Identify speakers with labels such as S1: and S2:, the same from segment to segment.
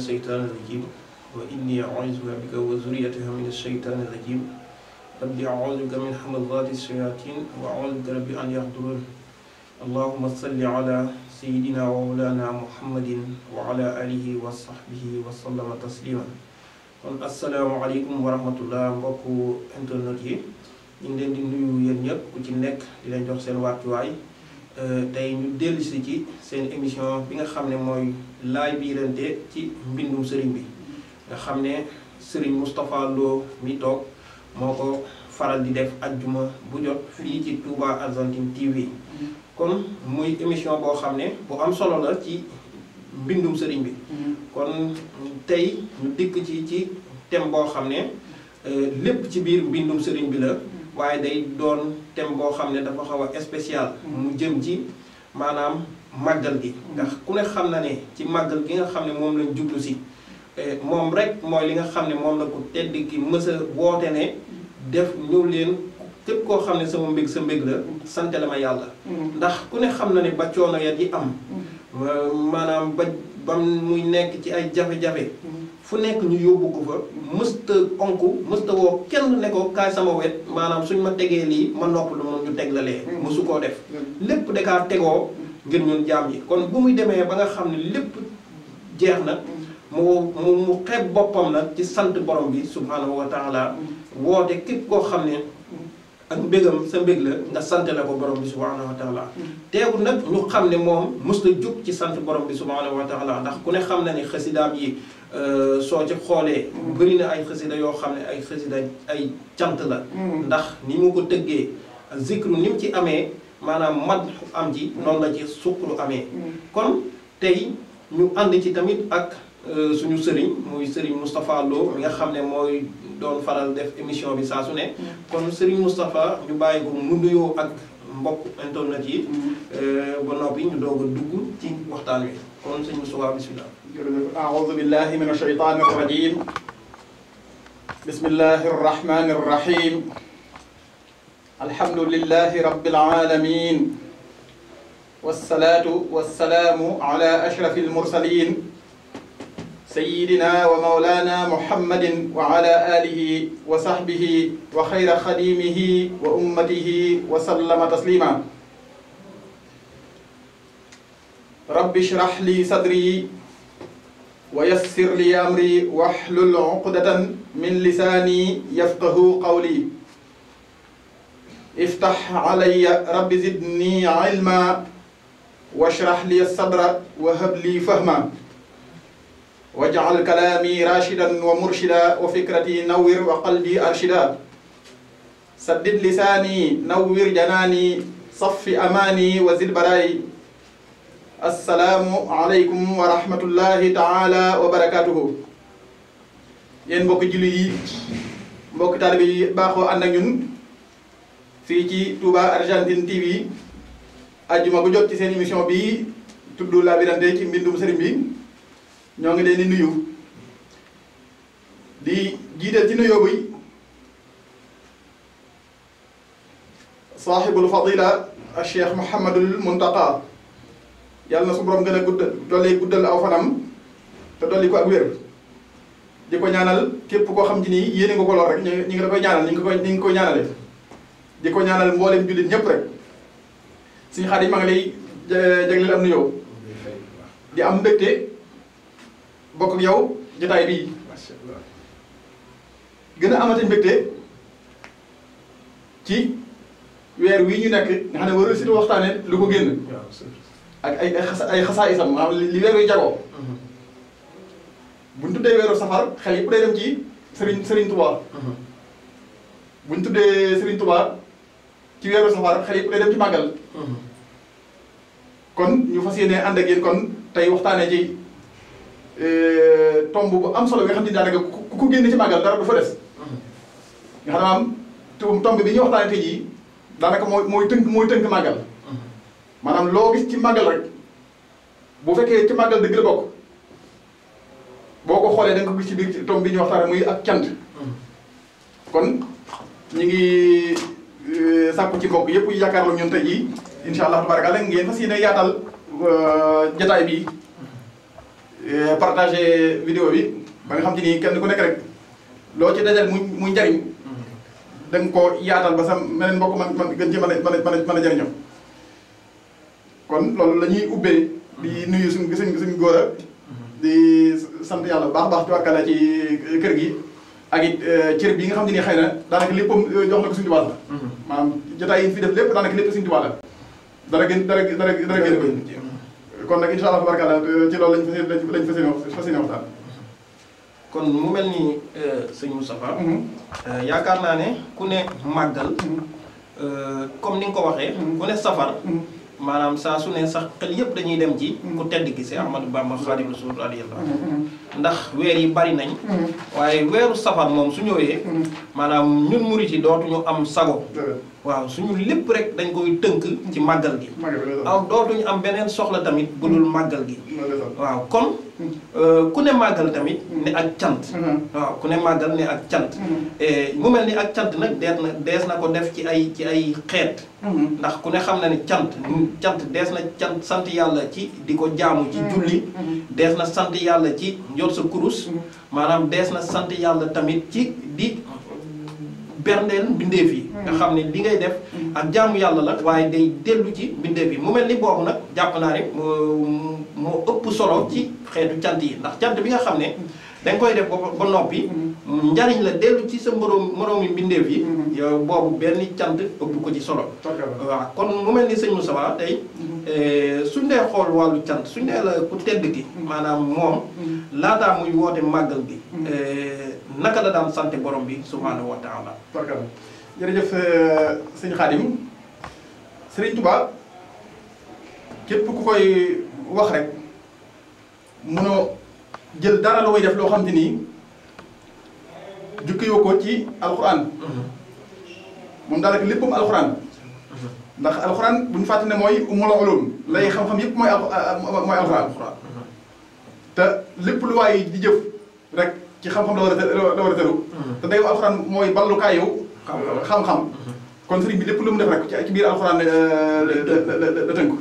S1: الشيطان الرجيم وإني أعوذ بك وذريتها من الشيطان الرجيم رب أعوذ بك من حمضات الشياطين وأعوذ بك رب أن يحضرون اللهم صل على سيدنا ومولانا محمد وعلى آله وصحبه وسلم تسليما kon asalaamaaleykum wa rahmatullah mbokku internet yi ñu ngi leen di nuyu yéen ñëpp ku ci nekk di leen jox seen wàccuwaay euh, tey ñu dellusi ci seen émission bi nga xam ne mooy laay biirante ci mbindum sëriñ bi nga xam ne sëriñ Moustapha Lo mi toog moo ko faral di def ajjuma bu jot fii ci Touba Argentine TV kon muy émission boo xam ne bu am solo la ci mbindum sëriñ bi kon tey ñu dikk ci ci thème boo xam ne euh, lépp ci biir mbindum sëriñ bi la waaye day doon thème boo xam ne dafa xaw a spécial mu jëm ji maanaam màggal gi ndax ku ne xam na ne ci màggal gi nga xam ne moom lañ jublu si eh, moom rek mooy li nga xam ne moom la ko tedd ki mës a woote ne def ñëw leen képp koo xam ne sama mbég sa mbég la sante la ma yàlla mm-hmm. ndax ku ne xam na ne ba coono ya di am
S2: mm-hmm.
S1: euh, maanaam ba ba muy nekk ci ay jafe-jafe mm-hmm. fu nekk ñu yóbbu ko fa mësta onk mësta woo kenn ne ko kaay sama wet maanaam suñ ma tegee lii ma nopp lu moom ñu teg la lee koo def lépp dakaa tegoo ngir ñun jaam yi kon bu muy demee ba nga xam ne lépp jeex na mu mu mu boppam nag ci sant borom bi subhaanahu wa taala woote képp koo xam ne ak mbégam sa mbég la nga sant la ko borom bi subhaanahu wa taala teewul nag ñu xam ne moom mos la jóg ci sant borom bi subhaanahu wa taala ndax ku ne xam na ne xasidaam yi euh, soo ci xoolee bëri na ay xasida yoo xam ne ay xasida ay cant la mm. ndax ni mu ko tëggee zikru ni ci amee maanaam man am ji noonu la ci suqlu amee kon tey ñu ànd ci tamit ak euh, suñu sëriñ muy sëriñ Moustapha Lo mi nga xam ne mooy doon faral def émission bi saa su ne kon sëriñ Moustapha ñu bàyyi ko mu nuyoo ak mbokk internet yi euh, ba noppi ñu doog dugg ci waxtaan wi kon sëriñ Moustapha bismillah jërëjëf aoudu billahi min ashaytani arrajim bismillahi arrahmani
S3: arrahim alhamdulillahi rabbil alamin wassalaatu wassalaamu ala ashrafil mursalin sayyidina wa mawlaana muhammadin wa ala aalihi wa sahbihi wa xayra xadimihi wa ummatihi wa sallama taslima rabbi shrah li sadri wa yassir li amri wahlul uqdatan min lisaani yafqahu qawli iftah alayya rabbi zidni ilma washrah li sadra wa hab li fahma waj'al kalaami rashidan wa murshida wa fikrati nawwir wa qalbi arshida saddid lisaani nawwir janaani saffi amaani wa zid baraayi assalaamu aleykum wa rahmatullahi taala wa barakaatuhu yéen mbokk jullit yi mbokk taalibe yi baaxoo ànd ak ñun fii ci Touba Argentine TV ajjuma bu jot ci seen émission bi tudd Labirante ci mbindum sëriñ bi ñoo ngi leen di nuyu di jiital ci nuyoo bi saaxibul fadila al cheikh Mouhamadul Muntaqa yàlla na su borom gën a guddal dolli guddal aw fanam te dolli ko ak wér di ko ñaanal képp koo xam ci nii yéene nga ko rek ñu ngi la koy ñaanal ñu ngi koy ñu ngi koy ñaanale di ko ñaanal mboolem jullit ñëpp rek suñu xaar yi lay eh, jagleel am nuyoo di am mbégte bokk yow jotaay bii gën a amati mbégte ci weer wii ñu nekk nga xam ne warul si waxtaanee lu ko génn ay xasaa isam nga li weer wi jagoo bu ñu tuddee weeru safar xel yëpp day dem ci Serigne Serigne Touba mhm. bu ñu tuddee Serigne Touba ci weeru safar rek xel yëpp day dem ci màggal. Mhm. kon ñu fas yéene ànd ak yéen kon tey waxtaanee ci e, tomb bu am solo bi nga xam ne daanaka ku ku génne ci màggal dara du fa des. Mhm. nga xam am daanaka mooy mooy tënk mooy tënk màggal. Mhm. maanaam loo gis ci màggal rek bu fekkee ci màggal dëgg la bokk boo ko xoolee da nga ko gis ci biir tomb bi ñuy waxtaanee muy ak cant. kon ñu ngi. Euh, sàkku ci mbokk yëpp yaakaarloo ñun tey jii incha allah tabaaraka ngeen fas yéene yaatal euh, jotaay bi euh, partage vidéo bi ba nga xam te ni kenn ku nekk rek loo ci dajal muy muy njariñ da ko koo yaatal ba sa meneen mbokk man man gën ci mën a mën a mën a kon loolu lañuy ñuy ubbee di nuyu suñ suñ suñ góor di sant yàlla bu baax baax ci wàkkale ci kër gi. ak it euh, bi nga xam ne nii xëy na daanaka léppam euh, jox na ko suñu diwaan la. Mhm. maanaam jotaay fi def lépp daanaka lépp suñu diwaan la. dara gën dara dara dara gën ko kon nag incha allah tabaarkalla euh, ci loolu lañ fas yéene lañ fas yéene wax fas
S1: kon mu mel ni sëñ Moustapha. Mhm. yaakaar naa ne ku ne màggal. Mhm. comme ni nga ko waxee. ku ne safar. maanaam saa su ne sax xel yëpp dañuy dem ci ku tedd ma si Ahmadou Bamba Xaadimu Rasuul radiyallaahu mm-hmm. Mm-hmm. ndax weer yi bari nañ mm-hmm. waaye weeru safar moom su ñëwee maanaam ñun murit yi dootuñu am sago waaw suñu lépp rek dañ koy tënk ci màggal gi aw dootuñu am beneen soxla tamit bu dul màggal gi waaw kon euh, ku ne màggal tamit mm-hmm. ne ak cant mm-hmm. waaw ku ne màggal ne ak cant mm-hmm. eh, mu mel ni ak cant nag dees na dees na ko def ci ay ci ay xeet ndax ku ne xam na ne cant cant dees na cant sant yàlla ci di ko jaamu ci julli dees na sant yàlla ci njot sa kurus maanaam dees na sant yàlla tamit ci di berndeel mbindeef yi hmm. nga xam ne li ngay def hmm. ak jaamu yàlla la waaye day dellu ci mbindeef yi mu mel ni boobu nag jàpp naa ne moo ëpp solo ci xeetu cant yi ndax cant bi nga xam ne hmm. da nga koy def ba noppi mm-hmm. njariñ la dellu ci sa moroom moroomi mbindeef yi mm-hmm. yow boobu benn cant ëpp ko ci solo waaw kon mu mel ni sëñ Moussa Ba tey mm-hmm. eh, suñ dee xool wàllu cant suñ dee la ku tedd ki maanaam moom laataa muy woote màggal bi eh, naka la daan sante borom bi subhaanahu wa taala jërëjëf eh, sëñ Xaadim sëriñ Tuubaa
S3: képp ku koy wax rek jël dara la woy def loo xam te nii jukkiyoo ko ci alxuraan moom daanaka léppam alxuraan ndax alxuraan bu ñu fàtte ne mooy umul ulum lay xam-xam yépp mooy ah, ah, mooy alxuraan te lépp lu waay di jëf rek ci xam-xam la te day alxuraan mooy ballukaayu xam-xam kon sëriñ bi lépp lu mu def rek ci biir alxuraan euh, la la la tënku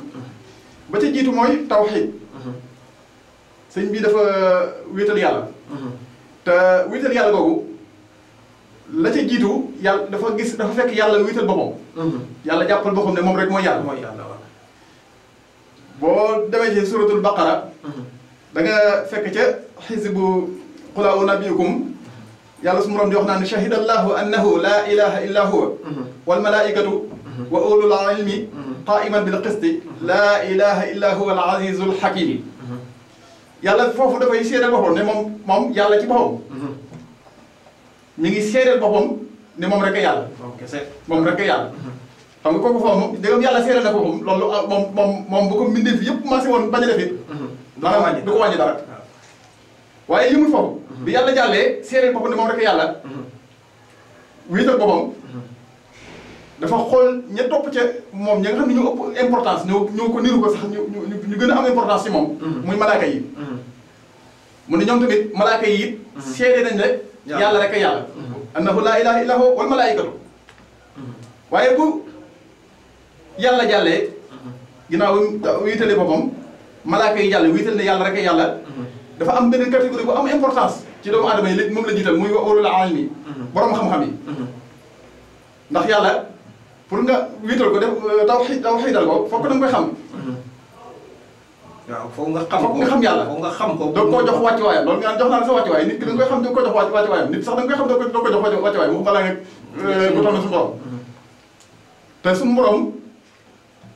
S3: ba jiitu mooy tawxiid sëñ bi dafa uh, wéetal yàlla. Mhm. te wéetal yàlla googu la ca jiitu yàlla dafa gis dafa fekk yàlla wéetal boppam. Mhm. yàlla jàppal boppam ne moom rek mooy yàlla. mooy yàlla waaw. boo demee ci suratul baqara. Mhm. da nga fekk ca xisbu qulaa unabbiukum yàlla su morom di wax naan shahida allahu annahu laa ilaha illa huwa wal malaikatu wa ulul ilmi qaiman bil qisti laa ilaha illa huwa al azizul hakim yàlla foofu dafay seedeel boppam ne moom moom yàlla ci boppam. Mhm. mi ngi seedeel boppam ne moom rek a yàlla. moom rek a yàlla. Mhm. xam nga kooku foofu moom dégam yàlla seedeel na boppam loolu ah, moom moom moom bu ko fi yëpp commencé bañ a def it. Mhm. dara wàññi du ko wàññi dara. waaye yëmul foofu. bi yàlla jàllee seedeel boppam ne moom rek a yàlla. wéetal boppam. dafa xool ña topp ca moom ña nga xam ne ñu ëpp importance ñoo ñoo ko niru ko sax ñu gën a am importance ci moom. Mm-hmm. muy malaaka yi. Mm-hmm. mu ne ñoom tamit malaaka yi it. Mm-hmm. seede nañ rek. yàlla rek a yàlla. annahu laa ilaaha illaa huwa wal waaye bu yàlla jàllee. ginnaaw wiitale boppam malaaka yi jàll wiital ne yàlla rek yàlla. dafa am benn catégorie am importance. ci doomu aadama yi lépp moom la jiital muy wa ulul ilmi borom xam-xam yi. ndax yàlla. pour nga wiital ko def euh, taw xi taw xiital ko foog nga koy xam.
S1: waaw foog nga xam ko nga xam
S3: yàlla foog nga xam ko. doo ko jox wàccuwaayam loolu nga jox naa la sa wàccuwaay nit ki da nga koy xam doo ko jox sax da nga koy xam doo ko jox wàccuwaayam waxuma la nag euh, bu toll suñu borom. te suñu borom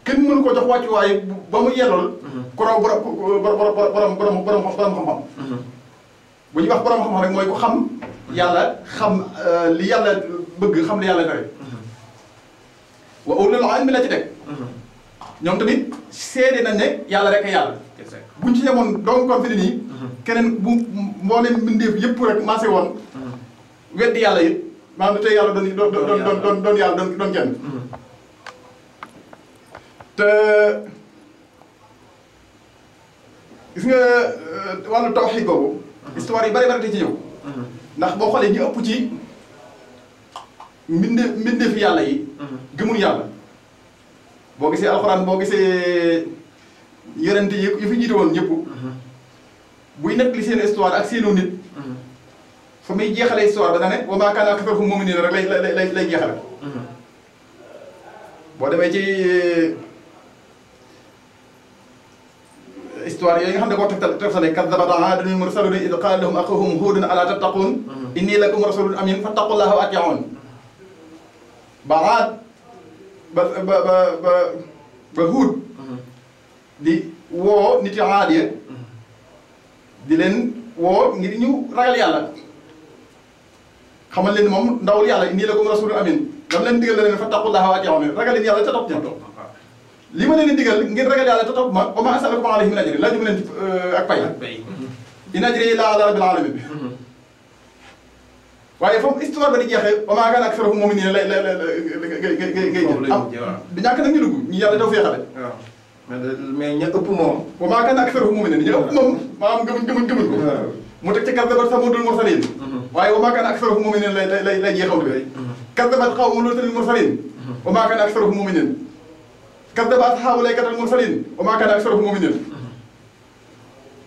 S3: kenn mënu ko jox wàccuwaay ba mu yellool. Mhm. ku raw borom borom borom borom xam-xam. Mhm. bu ñu wax borom xam-xam rek mooy ku xam mhm. yàlla xam euh, li yàlla bëgg xam li yàlla tere. wa ulul ilmi la ci teg mhm. ñoom tamit seede nañ ne yàlla rek a yàlla buñ ci yemoon donc kon nii mhm. keneen bu mbooleem mbindeef yëpp rek maase woon mhm. weddi yàlla it maanaam tey yàlla doon doon doon doon doon doon doon kenn te gis nga euh, wàllu tawxiid boobu histoire yi bari bari da ci ñëw ndax boo xoolee ñu ëpp ci mbinde mbindeefi yàlla yi. Mhm. gëmul yàlla. boo gisee alxuraan boo gisee yonent yi yu fi jiite woon ñëpp. Mhm. buy nekk li seen histoire ak seenu nit. Mhm. fa muy jeexalee histoire dana ne wa maa kaana aktharuhum mu'miniin rek lay lay lay jeexale boo demee ci histoire yooyu nga xam ne koo teftal teftale kaddabat aadun mursaluun idh qaala lahum axuuhum huudun alaa tattaquun. innii lakum rasuulun amiin fattaqullaaha wa atii'uun ba Aad ba ba ba ba Huud mhm. di woo nit yu Aad mhm. di leen woo ngir ñu ragal yàlla xamal leen moom ndawul yàlla nii la ko rasulul amin dam leen digal la leen fa taqullaha wa atii'uun ragal leen yàlla ca topp jëm li ma leen di digal ngir ragal yàlla ca topp ma wa maa as'alukum alayhi min ajrin laaju ma leen euh, ak pay mhm. in ajriya illaa alaa rabbil aalamiin waaye foofu histoire ba di jeexee wa maa kaana aktharuhum mu'miniin lay lay lay ngay ngay ngay jël. du ñàkk nag ñu dugg ñu yàlla dafa feexale. waaw mais mais ña ëpp moom. wa maa kaana aktharuhum mu'miniin ña ëpp moom maanaam gëmuñ gëmuñ gëmuñ ko. mu teg ci kazzabat samuudul mursaliin. Mhm. waaye wa maa kaana aktharuhum mu'miniin lay lay lay jeexal bi. Mhm. kazzabat qawmu luutin mursaliin. Mhm. wa maa kaana aktharuhum mu'miniin. kazzabat asxaabu laykatil mursaliin wa maa kaana aktharuhum mu'miniin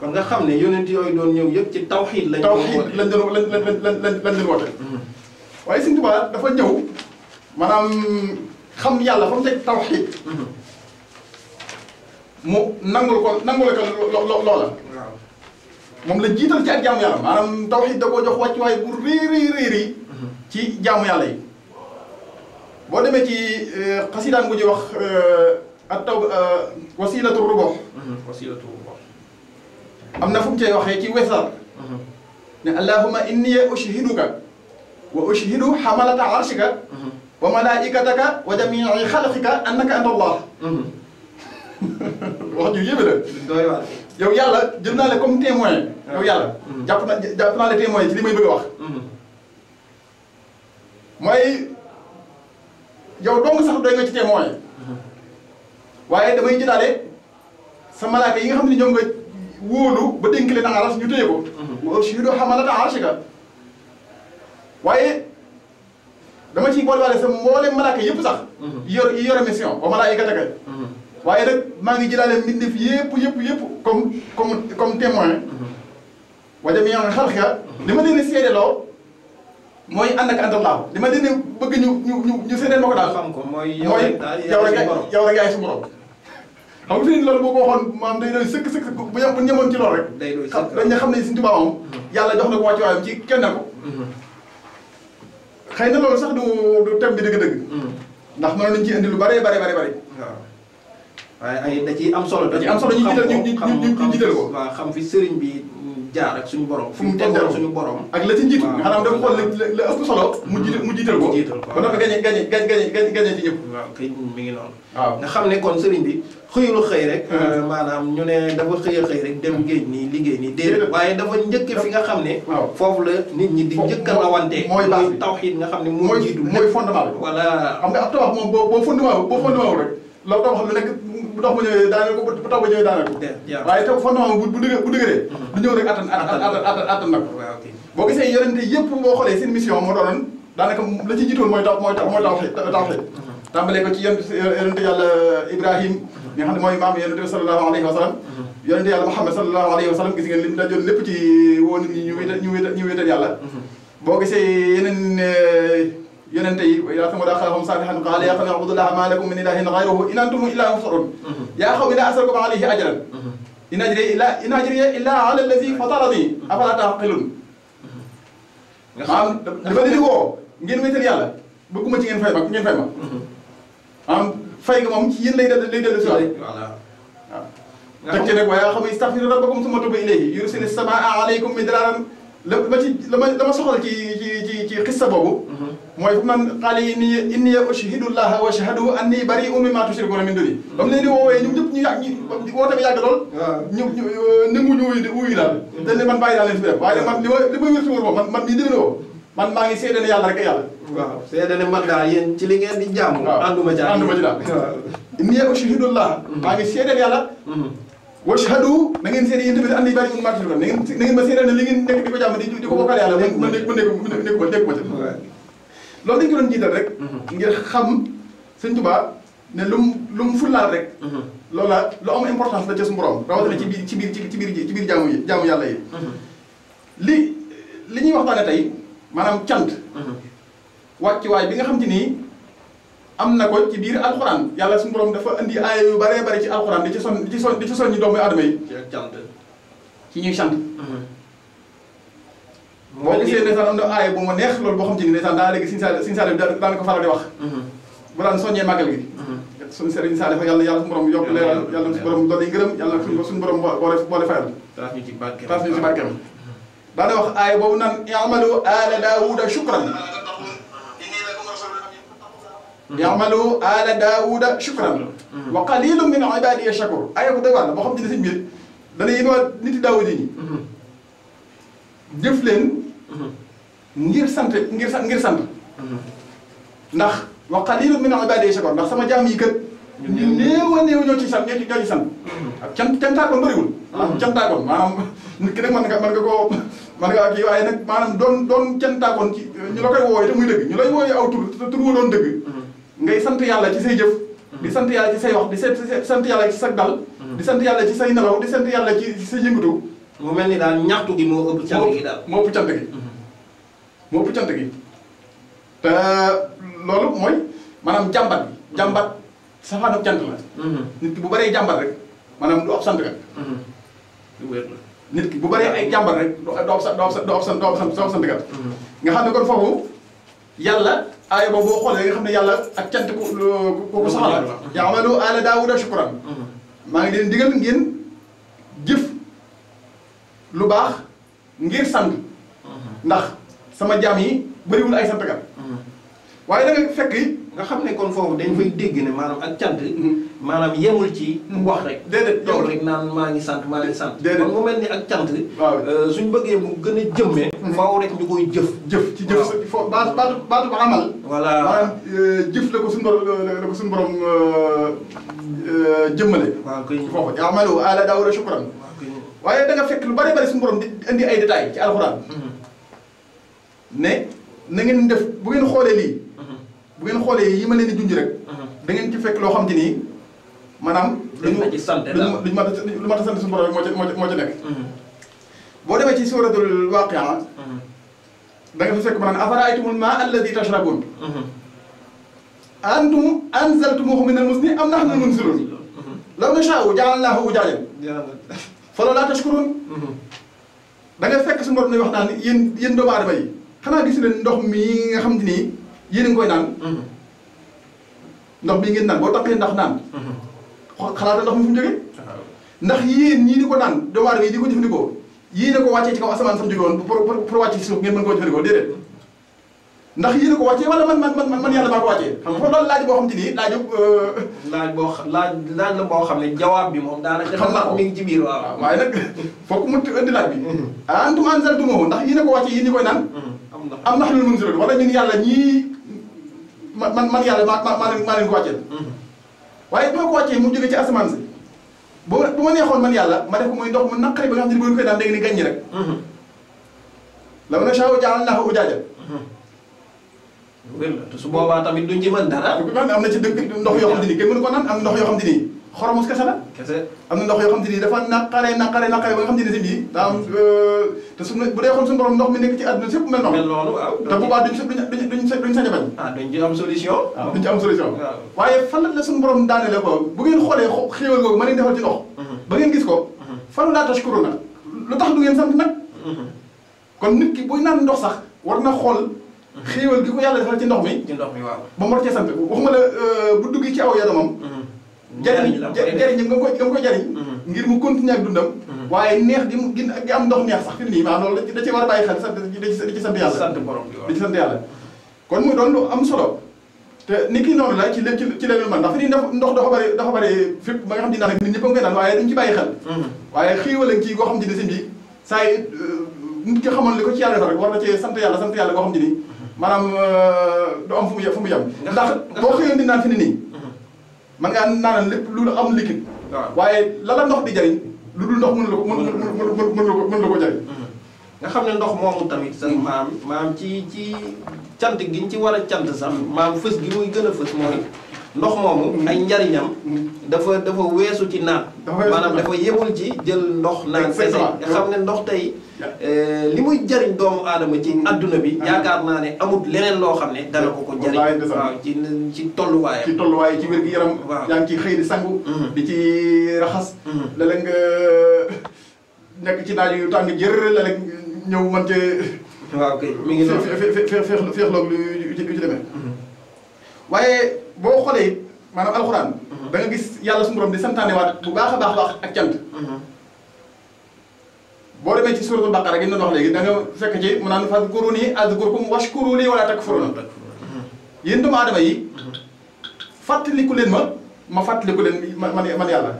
S3: kon nga xam ne yonent yooyu doon ñëw yëpp ci tawxiid lañ. tawxiid lañ doon lañ lañ lañ lañ woote. waaye Sëñ Tuubaa dafa ñëw maanaam yàlla fa mu teg tawxiid mu nangul ko nangul loola. moom la jiital ci ak jaamu yàlla maanaam tawxiid da koo jox wàccuwaay bu réer réer mhm. ci jaamu yàlla yi boo demee ci euh, xasidaan bu wax at taw wasilatu am na fu mu cay waxee ci wesar mhm. ne allahumma inni ushhiduka wa ushhidu hamalata arshika mhm. wa malaikataka wa jami'i xalqika annaka anta allah mhm. wax ju yéeme la doy waar yow yàlla jël naa la comme témoin yow yàlla jàpp naa la témoin ci li may bëgg a wax mooy yow dong sax doy nga ci waaye damay jëlaale sa malaaka yi nga xam ne ñoom wóolu ba dénk leen aras ñu téye ko. wa ashhadu hamalata arshika waaye dama ciy boolewaale sa mboolem malaaka yëpp sax. Mhm. yor yore mission wa malaa'ikataka mhm. waaye nag maa ngi jëlaale mbindeef yëpp yëpp yëpp comme comme comme témoin. Mhm. wa jamii'al xalqika li ma leen di seedeloo mooy ànd ak àndal li ma leen di bëgg ñu ñu ñu ñu seedeel ma ko daal. xam ko mooy yow rek yaay suñu borom xam nga fi loolu boo ko waxoon maanaam day doy sëkk sëkk bu ñu bu ñemoon ci loolu rek. day doy xam ne Sëriñ Tuubaa moom mm-hmm. yàlla jox na ko wàccuwaayam ci kenn ko. Mm-hmm. xëy na loolu sax du du
S1: thème bi dëgg-dëgg. Mm-hmm. ndax mënoon nañu ci indi lu bare bare bare bare. waaye ay da am solo. da ciy am solo ñu jiital ñu ñu ñu jiital xam fi sëriñ bi jaar ak suñu borom. fu mu teggoon suñu borom. ak la ci njiitu nga xam dafa xool mu mu jiital ko. mu jiital ko waaw ba noppi gañe gañe mi ngi noonu. waaw nga ne koon sëriñ bi xëyulu xëy rek hmm. euh, maanaam ñu ne dafa xëy a xëy rek dem géej nii liggéey nii déedéet waaye dafa njëkk fi nga xam ne foofu la nit ñi di njëkk a rawante mooy tawxiid nga xam ne moo jiitu mooy fondement
S3: bi voilà xam nga ab tabax moom boo boo fondement boo fondement rek la tabax xam ne nekk bu tax ba ñëwee daaneel ko bu tax ba ñëwee daaneel ko waaye taw fondement bu bu dëgg bu dëgëree hmm. du ñëw rek attan attan attan na ko boo gisee yorente yëpp boo xoolee seen mission moo doonoon daanaka la ci jiitoon mooy taw mooy taw mooy tawxiid tawxiid hmm. ko ci yonent yàlla Ibrahim bi nga xam ne mooy maam yonente bi sallallahu alayhi wa sallam yonente yàlla Muhammad sallallahu alayhi wa sallam gis ngeen li mu dajoon lépp ci woo nit ñi ñu wéetal ñu wéetal ñu wéetal yàlla boo gisee yeneen eh, yonente yi yaa sama daa xaaxam saalihan qaala yaa qawmi ubudullaha maa lakum min ilahin ghayruhu in antum illa muftarun yaa qawmi laa as'alukum alayhi ajran in ajriya illa in ajriya illa ala allazi fatarani afala taqilun maanaam dama leen di woo ngeen wéetal yàlla bëgguma ci ngeen fay ma ngeen fay ma fay nga moom ci yéen lay dellu lay dellu si waat voilà waaw ah. tekki nag waaye xam istaghfiru rabbakum summa tuubu ilayhi yursilis samaa alaykum midraaran la ma ci la ma ci ci ci ci boobu mhm. mooy fu man qaala inni inni ushhidu llaha wa ashhadu anni bari'un mimma tushrikuuna min duni mhm. ba mu leen di woowee ñoom ñëpp ñu euh, mhm. man bàyyi daal leen fi def waaye man li ma man man mii dina woo man maa ngi seede ne yàlla rek yàlla. waaw seede ne man daal yéen ci li ngeen di jàmm. ànduma ci ànduma ci daal nii ak ashhadullah maa ngi seede ne yàlla. Mm-hmm. washhadu na ngeen seede yéen tamit andi bari mun maa na ngeen na ngeen ma seede ne li ngeen nekk di ko jàmm di di ko bokkal yàlla man man nekk man nekk man nekk ma ca. loolu dañ ko rek. Mm-hmm. ngir xam sëñ Tuubaa ne lu mu lu rek. Mm-hmm. loola lu am importance la ca suñu borom rawatina ci biir ci biir ci biir ci yi jaamu yàlla yi. li li ñuy waxtaane tey maanaam cant wàccuwaay bi nga xam te nii am na ko ci biir alxuraan yàlla suñu borom dafa indi aaya yu baree bari ci alxuraan di ci son di ci son di ci son ñi doomu adama yi ci ñuy sant mhm. boo gisee ndeysaan am na léegi siñ saal siñ saal bi ko faral di wax mhm. bu daan soññee màggal gi mhm. suñu sëriñ Saalifa yàlla yàlla suñu borom yokk yàlla suñu borom doole ngërëm yàlla suñu borom boole taas ñu ci barkeem daana wax aaya boobu nan i'malu ala daawuda shukran i'malu ala daawuda shukran wa qalilun min ibadiya shakur aaya bu doy waar boo xam ne si mbir dana yéen waa niti daawud yi jëf ngir sant ngir sant ngir sant ndax wa qalilun min ibadiya shakur ndax sama jaam yi kët ñu néew a néew ñoo sant ñoo ci ñoo ci sant ak cant cantaakoon bëriwul cantaakoon maanaam nit ki nag nga mën nga man ngaa kii waaye nag maanaam doon doon cantaakoon ci ñu la koy wooyee te muy dëgg ñu lay wooy aw tur te tur wa doon dëgg mm-hmm. ngay sant yàlla ci say jëf mm-hmm. di sant yàlla ci say wax di sant yàlla ci sa mm-hmm. di sant yàlla ci say nelaw di sant yàlla ci sa yëngatu mu mel ni daal ñaxtu gi moo ëpp cant gi daal moo ëpp cant gi moo ëpp cant gi te loolu mooy maanaam jàmbat bi jàmbat safaanab cant la nit bu baree jàmbat rek maanaam du ab sant kat nit ki bu bëree ay jàmbar rek doo am sa doo am sa doo am sa doo am sa ndigal mm-hmm. nga xam ne kon foofu yàlla aaya boobu boo xoolee nga xam ne yàlla ak cant ku ku ku soxla mm-hmm. yaamalu aala daawuda shukran mm-hmm. maa ngi leen digal ngeen jëf lu baax ngir
S1: sant ndax sama jaam yi bëriwul ay santkat waaye da nga fekk nga xam ne kon foofu dañ fay dégg ne maanaam ak cant maanaam yemul ci wax rek déedéet toog rek naan maa ngi sant maa ngi sant kon mu mel ni ak cant euh, suñ bëggee mu gën a jëmmee mm-hmm. faaw rek ñu koy jëf jëf ci jëf foofu baatu baatu ba amal voilà maanaam
S3: euh, jëf la ko suñu borom la ko suñu borom euh, jëmmale waaw koy foofu amalu ala daawra shukran waaye da nga fekk lu bari bari suñu borom di indi ay détails ci alxuraan mm-hmm. ne na ngeen def bu ngeen xoolee lii bu ngeen xoolee yi ma leen di junj rek. Mhm. da ngeen ci fekk loo xam te ni maanaam. dañu ma ci sant daal lu ma ci sant suñu borom moo ci moo ci nekk. Mhm. boo demee ci suuratul waaqi'a mhm. da nga fa fekk maanaam afara'aytumul maa'a allazii tashrabuun. antum anzaltumuuhu minal muzni am nahnu munziluun. law nashaa'u ja'alnaahu ujaajan. falawlaa tashkuruun. da nga fekk suñu borom di wax naan yéen yéen doomu aadama yi xanaa gis leen ndox mi nga xam te ni. yéen a ngi koy naan. Mhm. ndox bi ngeen naan boo taxee ndax naan. Mhm. xalaata ndox mi fu mu jógee. ndax yéen ñii di ko naan doomaar yi di ko jëfandikoo yéen a ko wàccee ci kaw asamaan sam jóge woon pour pour wàcce ci suuf ngeen mën koo jëfandikoo déedéet. ndax yéen a ko wàccee wala man man man man yàlla maa
S1: ko wàccee. xam nga loolu laaj boo xam te ni laaj. Euh, laaj boo xa laaj laaj la boo xam ne jawaab bi moom daanaka. xam naa mi ngi ci biir waaw. waaye nag foog mu indi laaj bi. Mhm.
S3: antum anzaltumuhu ndax yéen a ko wàccee ko ñi koy naan. am na am na yàlla ñii man man man yàlla maa maa maa leen ko wàcceel. Mm-hmm. waaye bi ma ko mu jógee ci asamaan si bu ma bu ma neexoon man yàlla ma def ko muy ndox mu naqari ba nga xam ne bu ñu koy daan da ngeen di gàññi rek.
S1: Mm-hmm. la ma ne saa
S3: yoo jaaxal naa ko ujaaja.
S1: Mm-hmm. wér te su boobaa tamit duñ ci mën dara. am
S3: na ci dëkk ndox yoo xam ne nii kenn mënu ko naan am ndox yoo xam ne nii xoromus kese la. am na ndox yoo xam te ni dafa naqaree naqaree naqaree ba nga xam te ne si bii. daa am euh, bu dee xool suñu ndox mi nekk ci àdduna sépp mel noonu. duñ a bañ. ah duñ ci am solution. waaye fan la suñu borom daanelee ko bu ngeen xoolee xéewal googu ma leen defal ci ndox. Mhm. ba ngeen gis ko. Mhm. fan laa tashkuru na lu tax du ngeen sant nag. Mhm. kon nit ki buy naan ndox sax war na xool. xéewal gi ko yàlla defal ci ndox mi. ci ndox mi waaw ba mu war cee sant waxuma la euh, bu duggee ci aw yaramam jariñ jariñ nga ko nga ko jariñ mm-hmm. ngir mu continuer ak dundam mm-hmm. waaye neex di mu gin ak am ndox neex sax fi nii maa da ci war a bàyyi xel sant am solo te ni kii noonu la ci l ci leneen man ndax fi nii ndox dafa bari dafa bari fépp ba nga xam ne nag nit ñëpp a ngi koy naan waaye dañ ci bàyyi xel mm-hmm. waaye xiiwal ak ci goo xam ne sëñ bi saa yi euh, nit xamoon li ko ci yàlla defal rek war na sant yàlla sant yàlla goo xam ne nii maanaam euh, du am fu mu yem fu mu yem ndax boo xëyoon di naan fi nii man naan naanal lépp lu am liquide. waaye
S1: la la ndox di jariñ lu dul ndox mën la ko mën la ko jariñ nga xam ne ndox moomu tamit sax mm-hmm. maam maam ci ci cant gi ci war a cant sax maam fës gi muy gën a fës mooy ndox moomu ay njariñam dafa dafa weesu ci naan maanaam dafa yemul ci jël ndox naan kese nga xam ne ndox tey li muy jariñ doomu aadama ci adduna bi yaakaar naa ne amut leneen loo xam ne dana ko ko jariñ waaw ci ci tolluwaay ci tolluwaay ci wér-gu-yaram waaw yaa ngi ci xëy di sangu di ci
S3: raxas la nga nekk ci naaj yu tàng jër la ñëw man
S1: waaw kay mi ngi noonu
S3: féex féex loog lu waaye boo xoolee maanaam alxuraan. Mhm. da nga gis yàlla suñu di santaane bu baax a baax baax ak cant. Mhm. boo demee ci suuratul baqara gi ñu doon wax léegi da nga fekk ci mu naan fazkuruni azkurkum washkuru li wala takfurun. Mhm. yéen doomu aadama yi. fàttaliku leen ma ma fàttaliku leen man man yàlla.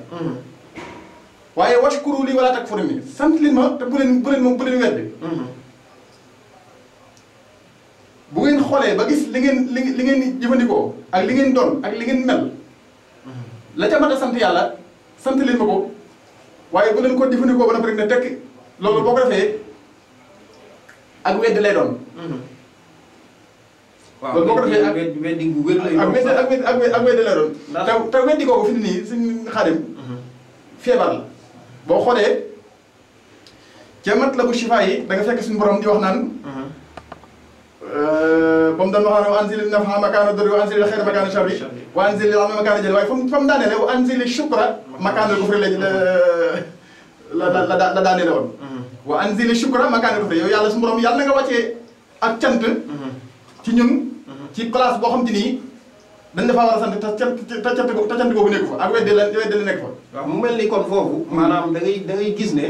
S3: waaye washkuru li wala takfurun sant leen ma te bu leen bu leen bu leen bu ngeen xoolee ba gis li ngeen li li ngeen jëfandikoo ak li ngeen doon ak li ngeen mel mm-hmm. la ca mat a sant yàlla sant leen ma ko waaye bu leen ko jëfandikoo ba noppi rek ne boo ko defee ak wedd lay doon.
S1: Mm-hmm. waaw boo ko defee ak weddi bu wér lay doon ak wedd
S3: ak wedd ak wedd lay doon. te te fi mu ne nii suñu xaadim mm-hmm. feebar boo xoolee ca la bu shifaa yi da nga fekk suñu borom di wax naan. Euh, ba mu doon waxoon wa anzilil naf'a makaana durri wa anzilil xayra makaana sharri wa anzilil ama makaana jëli waaye fa mu fa mu daaneele wa anzilil shukra makaana kufri la la la la daaneele woon. Mm-hmm. wa anzilil shukra makaana kufri yow yàlla su borom yàlla na nga wàccee mm-hmm. mm-hmm.
S1: a kon foofu. maanaam da ngay gis ne.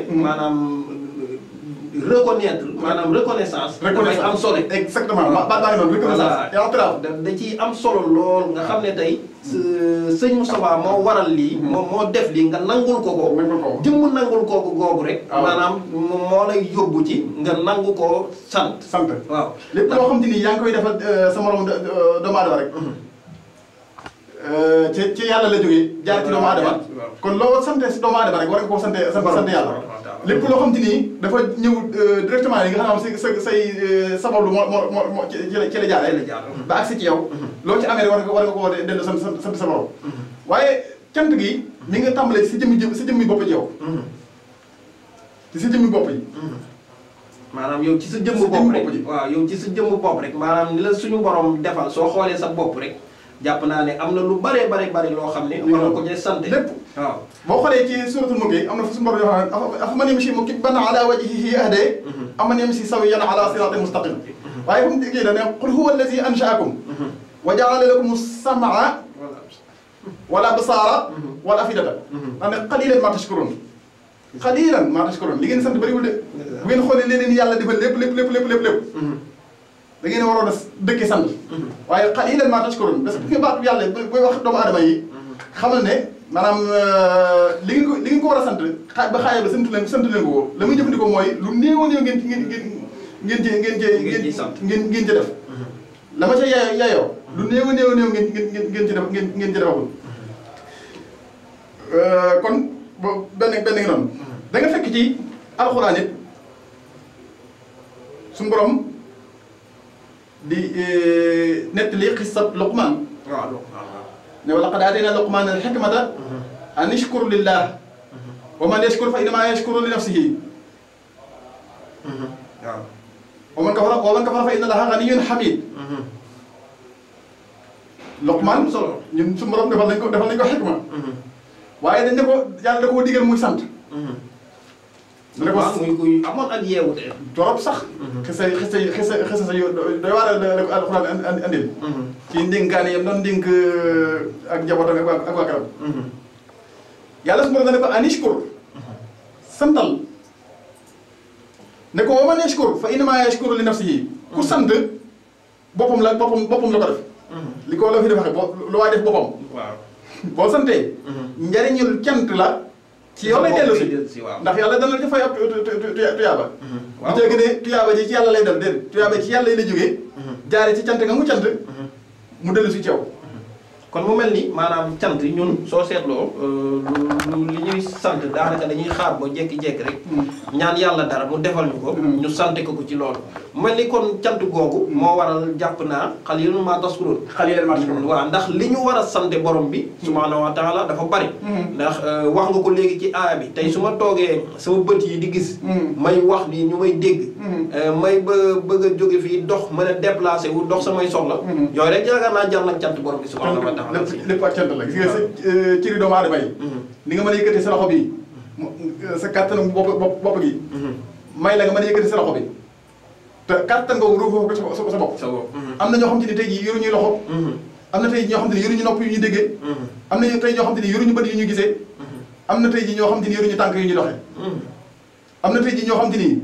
S1: reconnaître maanaam reconnaissance. dafay am solo exactement ba bàyyi noonu reconnaissance. voilà da ciy am solo lool nga xam ne tey. sëñ Moustapha moo waral lii. Mm-hmm. moom moo def lii nga nangul ko ko. nangul ko jëmm nangul kooku ko googu rek. Ah. maanaam moo lay yóbbu ci nga nangu ko sant. sant waaw lépp loo xam ne nii yaa ngi koy defal euh, rek.
S3: Mm-hmm. Euh, ci ci yàlla la jógee jaar ci doomu aadama kon loo sante si doomu aadama rek war nga koo sante yàlla lépp loo xam te nii dafa ñëw euh, directement yi nga xam ne sa say euh, sabablu moo moo moo ci la jaaree ba agsi ci yow mhm. loo ci amee rek war nga war sa koo sa borom mhm. waaye cant gi mhm. mi nga tàmbalee si jëmmi jëm
S1: si jëmmi bopp ci yow si jëmmi bopp yi maanaam yow ci sa jëmm bopp rek waaw yow ci sa jëmm bopp rek maanaam ni la suñu borom defal soo xoolee sa bopp rek jàpp naa ne am na lu bare bare bare loo xam ne war na ko cee sant lépp waaw boo xoolee
S3: ci suratul mulk am na fu suñu borom yoo xam ne afaman yamshi mukibban ala wajhihi ahdee mhm. aman yamshi sawiyan ala siratin mustaqim mhm. waaye fu mu déggee da ne qul huwa allazi anshaakum mhm. wa jaala lakum samaa wala basaara wala afidata daa ne qalilan ma tashkurun qalilan ma tashkurun li ngeen sant bëriwul de bu ngeen xoolee leneen yàlla defal lépp lépp lépp lépp lépp lépp da ngeen a waroon a dëkke sant. Mhm. waaye xalilan maa tashkurun parce que bu ngeen baatu yàlla booy wax doomu aadama yi. Mhm. xamal ne maanaam euh, li ngeen ko li ngeen ko war a sant xaaj ba xaajal ba sant leen sant leen ko la muy jëfandikoo mooy lu néewoon yow ngeen ngeen ngeen cee ngeen cee. ngeen ciy sant ngeen ngeen ci def. Mhm. la ma ca yaayoo yaayoo. lu néew a néew néew ngeen ngeen ngeen ci def ngeen ngeen ci defagul. Euh, kon boo benn benn ngi noonu. da nga fekk ci alxuraan it suñu borom. di eh, nettali xissab Luqman. waaw ah, Luqman waaw. ne wa laqad aatayna Luqmaana al-hikmata mhm. an ishkur lillah. Mhm. wa man yashkur fa innamaa yashkuru li nafsihi.
S2: Mhm. waaw.
S3: wa man kafara wa man kafara fa inna llaaha ganiyyun hamiid. Luqman solo ñun su borom defal nañ ko defal nañ ko xikma. waaye dañ ne ko yàlla da koo digal muy sant. waaw muy muy amoon ak yeewute. sax. Mhm. xese xese xese xese sa yoo doy waar la ko alxuraan an yàlla su ma doon ne ko mhm. santal. ne ko wa man yashkur fa innama yashkuru li nafsihi. ku mhm. sant boppam la boppam boppam la ko def. li ko la fi def waxe boo boppam. boo santee. njariñul cant la. ci yow lay si
S1: ndax
S3: yàlla dana la ci fay ab tuyaaba
S1: bu mhm. jégg ne tuyaaba ji ci yàlla lay dem déedéet tuyaaba ci yàlla lay la jógee mhm. jaare ci cant nga mu cant mhm. mu dellu si ci yow kon mu mel ni maanaam cant ñun soo seetloo euh, lu li ñuy sant daanaka dañuy xaar ba jékki-jékki rek ñaan yàlla dara mu defal ñu ko mm. ñu sante ko ko ci loolu mu mel ni kon cant googu mm. moo waral jàpp naa xalilan maa taskuroon xalilan maa taskuroon mm, waaw ndax li ñu war a sante borom bi subhaanahu wa taala dafa bari ndax euh, wax nga ko léegi ci aaya bi tey su ma toogee sama bët yi di gis may wax ni ñu may dégg euh, may ba bëgg a jóge fii dox mën a déplacé wu dox samay soxla yooyu rek yaakaar naa jar na cant lépp lépp ak cant la gis nga sa euh, doomu aadama yi mm-hmm. ni nga mën a yëkkati sa loxo
S3: bi euh, sa kàttan bopp bopp gi mm-hmm. may la a yëkkati sa bi te kàttan googu ruufoo ko sa bopp sa bopp mm-hmm. am na ñoo xam te ni tey jii yoruñuy loxo na tey ñoo xam te ni yoruñu nopp yu ñu déggee am na tey ñu gisee na tey jii ñoo xam te ni ñu tànk yu ñu doxee am na tey jii ñoo xam te ni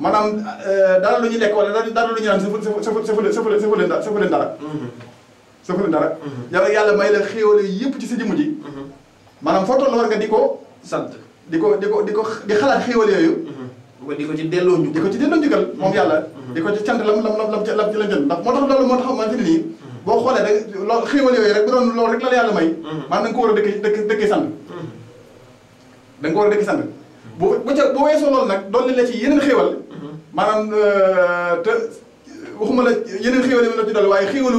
S3: maanaam euh, dara lu ñu lekk wala dara lu ñu naan sa sa leen dara soxla dara. Mhm. yàlla yàlla may la xéewale yëpp ci sa jëmm ji. Mhm. maanaam foo toll war nga di ko sant. di ko di ko di ko di xalaat xéewal yooyu.
S2: Mhm.
S3: di ko ci delloo njukkal di ko ci delloo njukkal moom yàlla. di ko ci cant lam lam lam lam ci lam jël ndax moo tax loolu moo tax man fi nii. boo xoolee rek loolu xéewal yooyu rek bu doon loolu rek la la yàlla may. maanaam da nga ko war a dëkk dëkk dëkk sant. da nga ko war a dëkk sant bu bu ca bu weesoo loolu nag dolli la ci yeneen xéewal. maanaam euh, te. waxuma la yeneen xéwal yi ma la ci dolli waaye xéwalu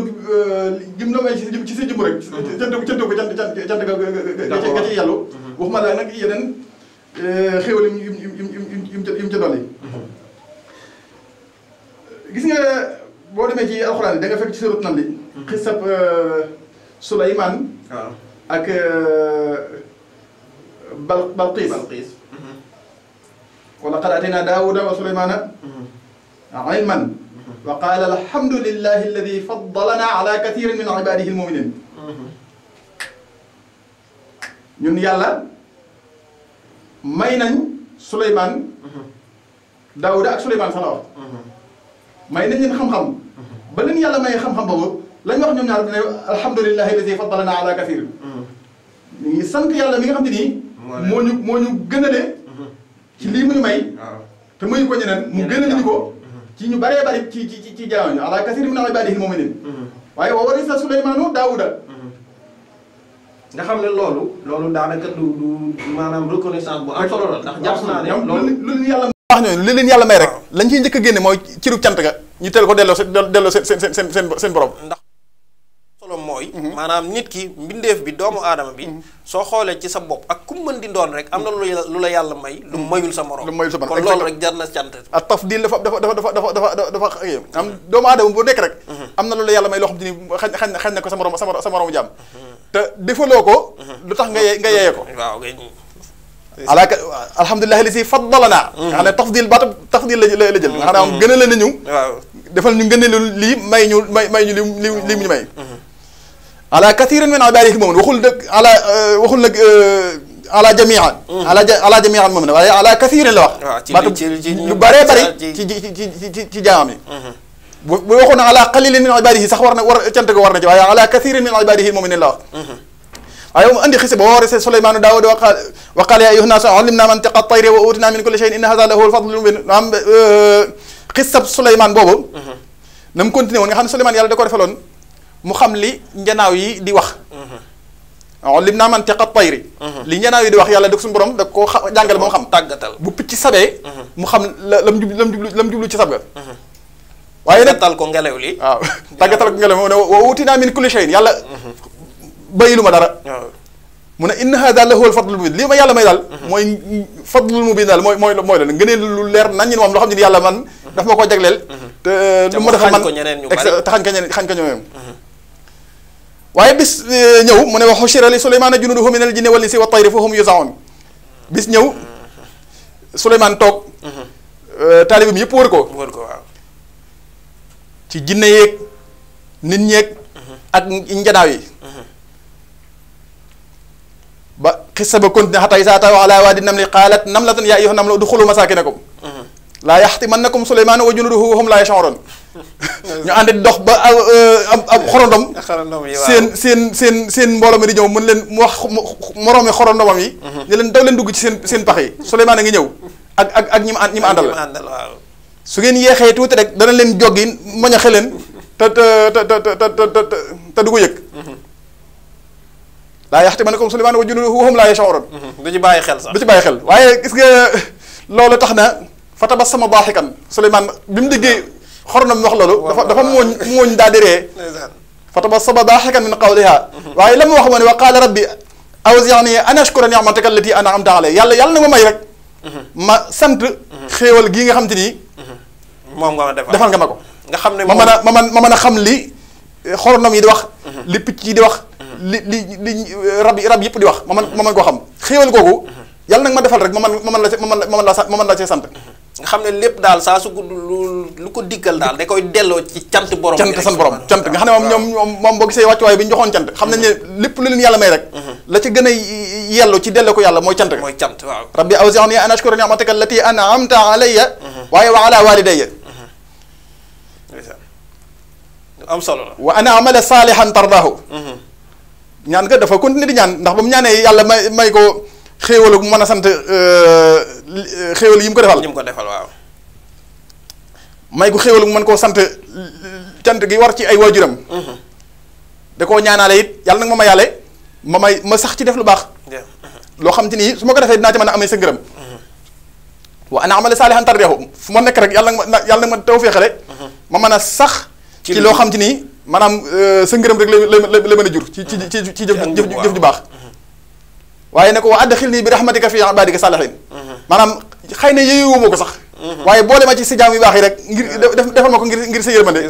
S3: gim euh, la may ci sa jëmm rek. cant mm-hmm. cant ko cant cant cant ga nga ci yàllu. Mm-hmm. waxuma la nag yeneen euh, xéwal yi mu yi mu yi mu ca dolli. Mm-hmm. gis nga boo demee ci alxuraan da nga fekk ci sërut nan li. xisab euh, Souleymane. waaw ah. ak Bal Balqis. Balqis. wala xalaatee naa Daawuda wa Souleymane. ilman wa qaala alhamdulillahi alladi faddalana ala kathirin min ibadihi almuminin ñun yàlla may nañ Souleymane Daawuda ak Souleymane sax la wax may nañ leen xam-xam ba leen yàlla may xam-xam boobu lañ wax ñoom ñaar ne alhamdulillahi alladi faddalana ala kathirin ñu ngi sant yàlla mi nga xam te nii moo ñu moo ñu gën a de ci lii mu ñu may te muy ko ñeneen mu gën a ñu ko ci ñu bëree bëri ci ci ci jaamu ala kasir min ibadihi muminin mm-hmm. waaye wa warisa
S1: mm-hmm. xam ne loolu loolu daanaka du du maanaam reconnaissance bu am solo la ndax jàpp lu
S3: leen yàlla wax ñooñu li yàlla may rek lañ ciy njëkk a génne mooy cirub cant ga ñu teel ko delloo delloo seen seen seen seen seen borom ndax
S1: solo mooy mm-hmm. maanaam nit ki mbindeef bi doomu aadama bi soo xoolee ci sa bopp ak ku mën di doon rek am na lu la lu la yàlla may. lu mm-hmm. mayul sa morom lu mayul sa morom kon loolu rek jar na cant. ak tafdil dafa dafa dafa dafa
S3: dafa dafa mm-hmm. am doomu aadama bu nekk rek. Mm-hmm. am na lu la yàlla may loo xam te ni xañ na xañ na ko sa morom
S1: tax nga ye nga yeye ko. waaw ngay. alaaka
S3: alhamdulilah li si faddalanaa. nga xam ne tafdil baatu tafdil la la jël. nga xam ne am gënale nañu. waaw defal ñu gënale lii may ñu may may ñu li mu ñu may. ala kathirin min ibadihi mu'min waxul nag ala waxul nag ala jamian ala ja ala jamian mu'min waaye ala kathirin la wax. waaw ci ci lu bëree bëri ci ci ci ci ci jaamam yi. bu bu waxoon na ala qalilin min ibadihi sax war na war cant ko war na ci waaye ala kathirin min ibadihi mu'min la wax. waaye mu andi xisa ba woore se Souleymane Daawud waqaal waqaal yaa ayyuhan naas allimnaa mantiqa at-tayri wa uutinaa min kulli shay'in inna haadhaa lahu al-fadlu al-mubiin am xisab Souleymane boobu. na mu continué woon nga xam ne Souleymane yàlla da ko defaloon mu xam li njanaaw yi di wax. waaw mhm. lim naa mantiqa tayri
S2: mhm. li njanaaw yi di wax
S3: yàlla da suñu borom da koo xa jàngale ba mu xam. tàggatal bu picc sabee. Mhm. mu xam la lam jub lam jublu lam jublu ci sab ga. waaye nag tàggatal ko ngelaw li. waaw tàggatal ko ngelaw moom ne wa wutinaa min kulli shay'in yàlla. bayilu ma dara. mu ne inna hada la huwa al fadlul mubin lii ma yàlla may daal. mooy fadlul mubin daal mooy mooy mooy loolu ngëneel lu leer nañ ñu moom loo xam ne yàlla man. daf ma koo jagleel. te lu waaye bis eh, ñëw mu ne wa hushira li Suleymaana junuuduhu minal jinni wal insi wat tayri fa hum yuzaun bis ñëw Suleymaan toog. Mhm. Eh, taalibam yëpp wër ko. wër ko waaw. ci jinne yeeg nit ñeeg. Mhm. ak njanaaw yi. Mhm. ba xissa ba continué xataa izaa ataw alaa waadi namli qaalat namlatun yaa ayyuhan namlu udxulu masaakinakum laa yaxtimannakum man wa junuuduhu wa hum laa yash'uruun ñu dox ba euh, am am xorondom.
S1: xorondom yi waaw seen
S3: seen seen seen mbooloo mi di ñëw mën leen mu wax moroomi xorondomam yi. ñu mhm. leen daw leen dugg ci seen seen pax yi Suleymaan a ngi ñëw. ak ak ak ñi mu su ngeen yeexee tuuti rek dana leen joggi moñ a xeleen te te te te te te du ko yëg. Mhm. laa yaxtimannakum Suleymaanu wa junuuduhu wa laa yash'uruun.
S1: Mhm. du ci bàyyi xel sax du ci bàyyi
S3: xel waaye gis nga loolu tax na. fa tabassama daaxikan Souleymane bi mu déggee xornam wax loolu. dafa dafa mooñ mooñ daa di ree. fa tabassama daaxikan min qawliha mhm. waaye la mu wax moo ne wa qaala rabbi awzi'ni an ashkura ni'mataka allati an'amta alayya yàlla yàlla ma may rek. Mhm. ma sant. Mhm. xéewal gii nga xam te ni.
S1: moom nga ma defal defal nga ma ko.
S3: nga xam ne ma mën a ma mën ma mën a xam li eh, xornam yi di wax. li picc yi di wax. li li li rab rab yëpp di wax ma man ma mën koo xam xéewal googu yàlla nag ma defal rek ma man la ma mën la ma mën la sant nga xam ne lépp daal saa su gudd lu lu ko diggal daal da
S1: koy delloo ci cant borom.
S3: cant san borom cant nga xam ne moom ñoom ñoom moom boo gisee wàccuwaay bi ñu joxoon cant. xam nañ ne lépp lu leen yàlla may rek. Mhm. la ci gën a yelloo ci delloo ko yàlla mooy cant. mooy cant rabbi awzi'ni an ashkura ni'mataka mhm. waaye wa ala walidayya.
S1: Mhm. am solo la
S3: wa ana amala saalihan tardaahu ñaan nga dafa continuer di ñaan ndax ba mu ñaanee yàlla may may ko. xéewal bu mën a sant euh, xéewal yi mu ko defal.
S1: yi ko defal waaw.
S3: may ko xewelu man koo sant cant gi war ci ay waajuram. Mm-hmm. da koo ñaanaale it yàlla nag ma ma yàlla ma may ma sax ci def lu baax.
S2: Mm-hmm.
S3: loo xam te ni su ma ko defee dinaa ci mën a amee sa ngërëm. Mm-hmm. wa ana amale saalihan tardeexu fu ma nekk rek yàlla nag ma yàlla nag ma tawféexale ma mën a sax. ci loo xam te ni maanaam euh, sa ngërëm rek la la la mën a jur. ci ci ci ci jëf jëf ju baax. waaye ne ko wa adxilnii bi rahmatika fi ibaadika saalihiin maanaam xay na yeyoo ma ko sax waaye boole ma ci si jaam yu baax yi rek ngir defal ma ko ngir ngir sa yërmande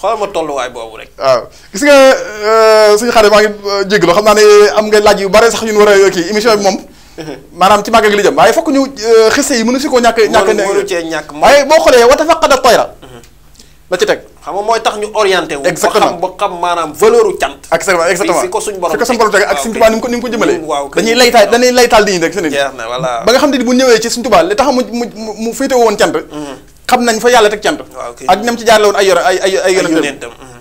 S1: xoolal ma tolluwaay boobu rek waaw
S3: gis nga euh, suñu xare maa ngi jégalu xam naa ne am nga laaj yu bare sax yu ñu war a kii émission bi moom maanaam ci màggal gi li jëm waaye fokk ñu euh, xiste yi mënu si koo ñàkk ñàkk
S1: waaye boo xoolee wa tafaqada tayra la ci teg xam nga mooy tax ñu orienté wu. exactement ba xam ba xam maanaam valeur u cant. exactement exactement fi ko suñ borom teg ak suñ tubaa ni mu
S3: ko ni mu ko jëmalee. dañuy laytaal dañuy laytaal di ñu rek seen
S1: ba
S3: nga xam ne bu ñëwee ci suñ tubaa li tax mu mu mu féete woon cant. Mhm. xam nañ fa yàlla teg cant. ak ñam ci jaarale woon ay yor ay ay ay yonentam mhm.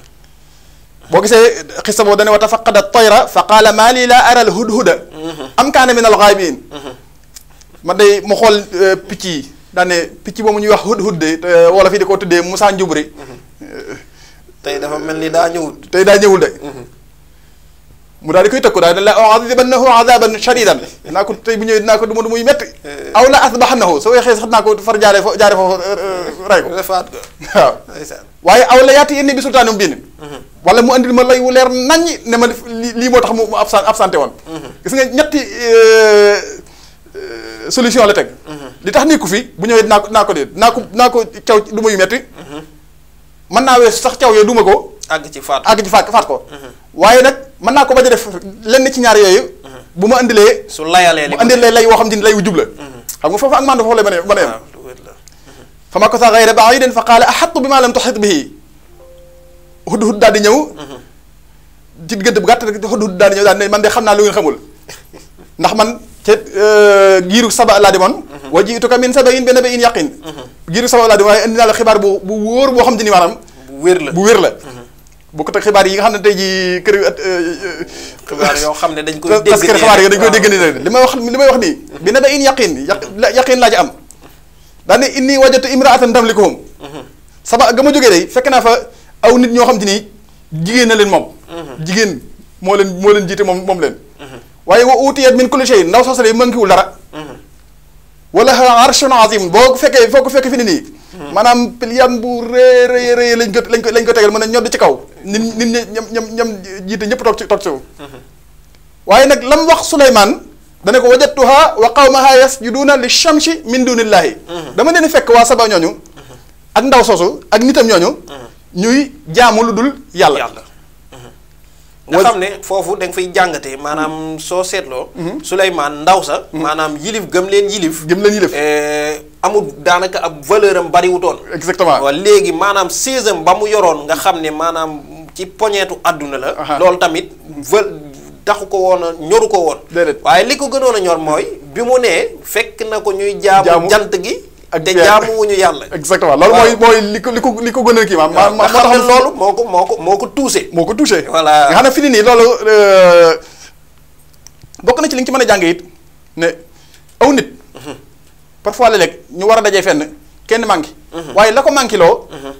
S3: boo gisee xista boobu dana wa tafaqada tayra fa qaala maa lii laa aral hudhuda mhm. am kaana min al ghaabiin ma day mu xool euh, picc yi daane picc moomu ñuy wax hud-hud de wala fii di ko tuddee Moussa Njubri mm-hmm. tey dafa mel ni daa ñëwul tey daa ñëwul de mm-hmm. mu daal di koy tëkku daal di la u'adhibannahu 'adhaban shadidan dinaa ko tey bu ñëwee dinaa ko duma du muy métti eh. aw la asbahannahu soo waxee sax naa ko far jaare fo jaare foofu eh, eh, rey ko waaw waaye aw la yaati inni bi sultaanin mubiin mm-hmm. wala mu andil ma lay wu leer naññ ne ma lii moo tax mu absenté woon gis nga ñetti Euh, solution la teg. Mhm. li tax nekku fi bu ñëwee dinaa ko dinaa ko ko dinaa ko caw duma yu metti mhm. mën naa wees sax caw yooyu duma ko. àgg ci faat àgg ci faat faat ko. Mhm. waaye nag mën naa ko bañ a def ci ñaar yooyu. bu ma indilee. su layalee li mu indilee lay woo xam ne lay wu jub la. xam nga foofu ak maanaam foofu lay mën a mën a yem. fa ma ko sax gayra baidin fa qaala axattu bi ma lam tuxit bihi hudd hudd daal di ñëw. ci diggante bu gàtt rek hudd hudd di ñëw daal man de xam naa lu ngeen xamul ndax man te euh, giiru saba laa demoon mhm. wa ji min saba in benn ba in yaqin mhm. giiru saba laa demoon waaye indi naa la xibaar bu bu wóor boo xam te ni maanaam bu wér la bu
S1: mhm.
S3: ko teg xibaar yi nga xam ne tey jii kër euh, euh,
S1: xibaar yoo xam ne dañ koy dégg parce que xibaar yi dañ koy dégg nii
S3: li may wax li may wax nii bi na ba in yaqin yaqin laa ci am daane inni wajatu imraatan tamlikuhum saba ga ma jógee day fekk naa fa aw nit ñoo xam te ni jigéen na leen moom jigéen moo leen moo leen jiite moom moom leen waaye wa uutiyat min kulli shay ndaw soosale yi manquéwul dara wala arshun azim boo ko fekkee foo ko fekkee fi ne nii hmm. maanaam yan bu rëy rëy lañ ko lañ ko lañ ko tegal mën a ñodd ci kaw nit nit ñi ñam ñam ñam jiite ñëpp toog ci toog ci hmm. waaye nag lam wax Suleymaan dana ko wajadtuha wa qawmaha yasjuduuna li shamsi min dunillahi hmm. dama leen fekk waa saba ñooñu ak ndaw soosu ak nitam ñooñu ñuy jaamu lu dul
S1: yàlla nga xam ne foofu da nga fay jàngatee maanaam soo seetloo mhm. Souleymane ndaw sax mhm. maanaam yilif gëm leen yilif gëm leen yilif eh, amul daanaka ab valeur am bariwutoon exactement waaw léegi maanaam saison ba mu yoroon nga xam ne maanaam ci poñeetu àdduna la loolu tamit val taxu ko woon ñoru ko woon waaye li ko gënoon a ñor mooy bi mu nee fekk na ko ñuy jaamu jant gi ak te jaamuwuñu yàlla. exactement loolu mooy mooy
S3: li ko li ko li a kii maanaam. moo tax
S1: loolu moo ko moo ko moo
S3: moo ko touché. voilà nga xam ne fi nii loolu euh, bokk na ci li nga ci mën a jàngee it ne aw nit. Mhm. parfois léeg ñu war a dajee fenn kenn manqué. Mhm. waaye la ko manqué loo. da mhm.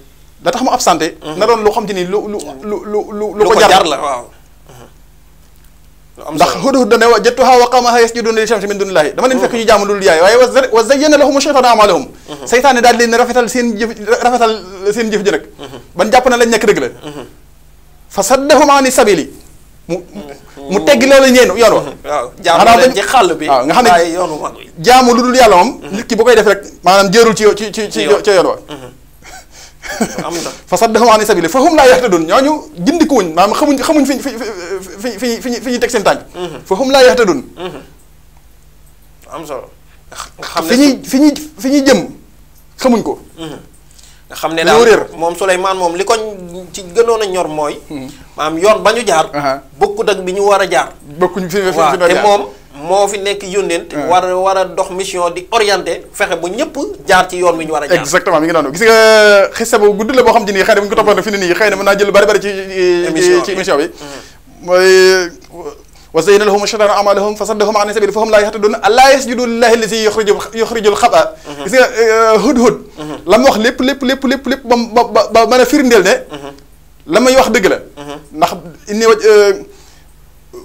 S3: tax mu absenté. na doon loo xam te ni lu lu lu
S1: lu lu ko jar la waaw.
S3: ndax hudhud dane wa jettuhaa wa qaamahaa yasjuduuna li shamsi min dunillahi dama leen fekk ñu jaamu dul yaay waaye wa zayyana lahum shaytaanu a mhm. saytaane daal leen rafetal seen jëf rafetal seen jëf ji nag mhm. ban jàpp na lañ nekk dëgg la mhm. fa saddahum ani sabili mu
S1: mu tegg loolu ñeen yoon wa maanaam dañ
S3: ci xàll bu koy def rek maanaam jërul ci ci yoon wa fasad daxam an sabili fa hum laa yaxtadoon ñooñu gindikuwuñ maanaam xamuñ xamuñ fi fi fi fi fi fi ñuy teg seen tànk mhm. fa hum mhm. solo fi ñuy fi ñuy fi ñuy jëm
S1: xamuñ ko mhm. xam ne daal moom Souleymane moom li ko ci ñor mooy maanaam yoon ba ñu jaar bokkut ak bi ñu war a jaar bokkuñ te moom moo fi nekk yónneent. war a war a dox mission di orienté fexe ba ñëpp jaar ci yoon wi ñu war a jaar. exactement mi ngi noonu gis nga xisa bu gudd la boo xam te ni xëy na bu ñu ko toppandoo fi ne nii xëy na mën naa jël bari bari ci.
S3: émission ci émission bi. Mm. mooy. wa zayyana lahum shaytaanu amalahum fa saddahum an sabili fahum laa yahtadun alaa yasjudu lillahi allazi yuxriju yuxrijul xaba mm-hmm. gis euh, mm-hmm. la ma wax lépp lépp lépp lépp ba ba ba mën a firndeel ne. Mm-hmm. la may wax dëgg la. ndax inni waj euh,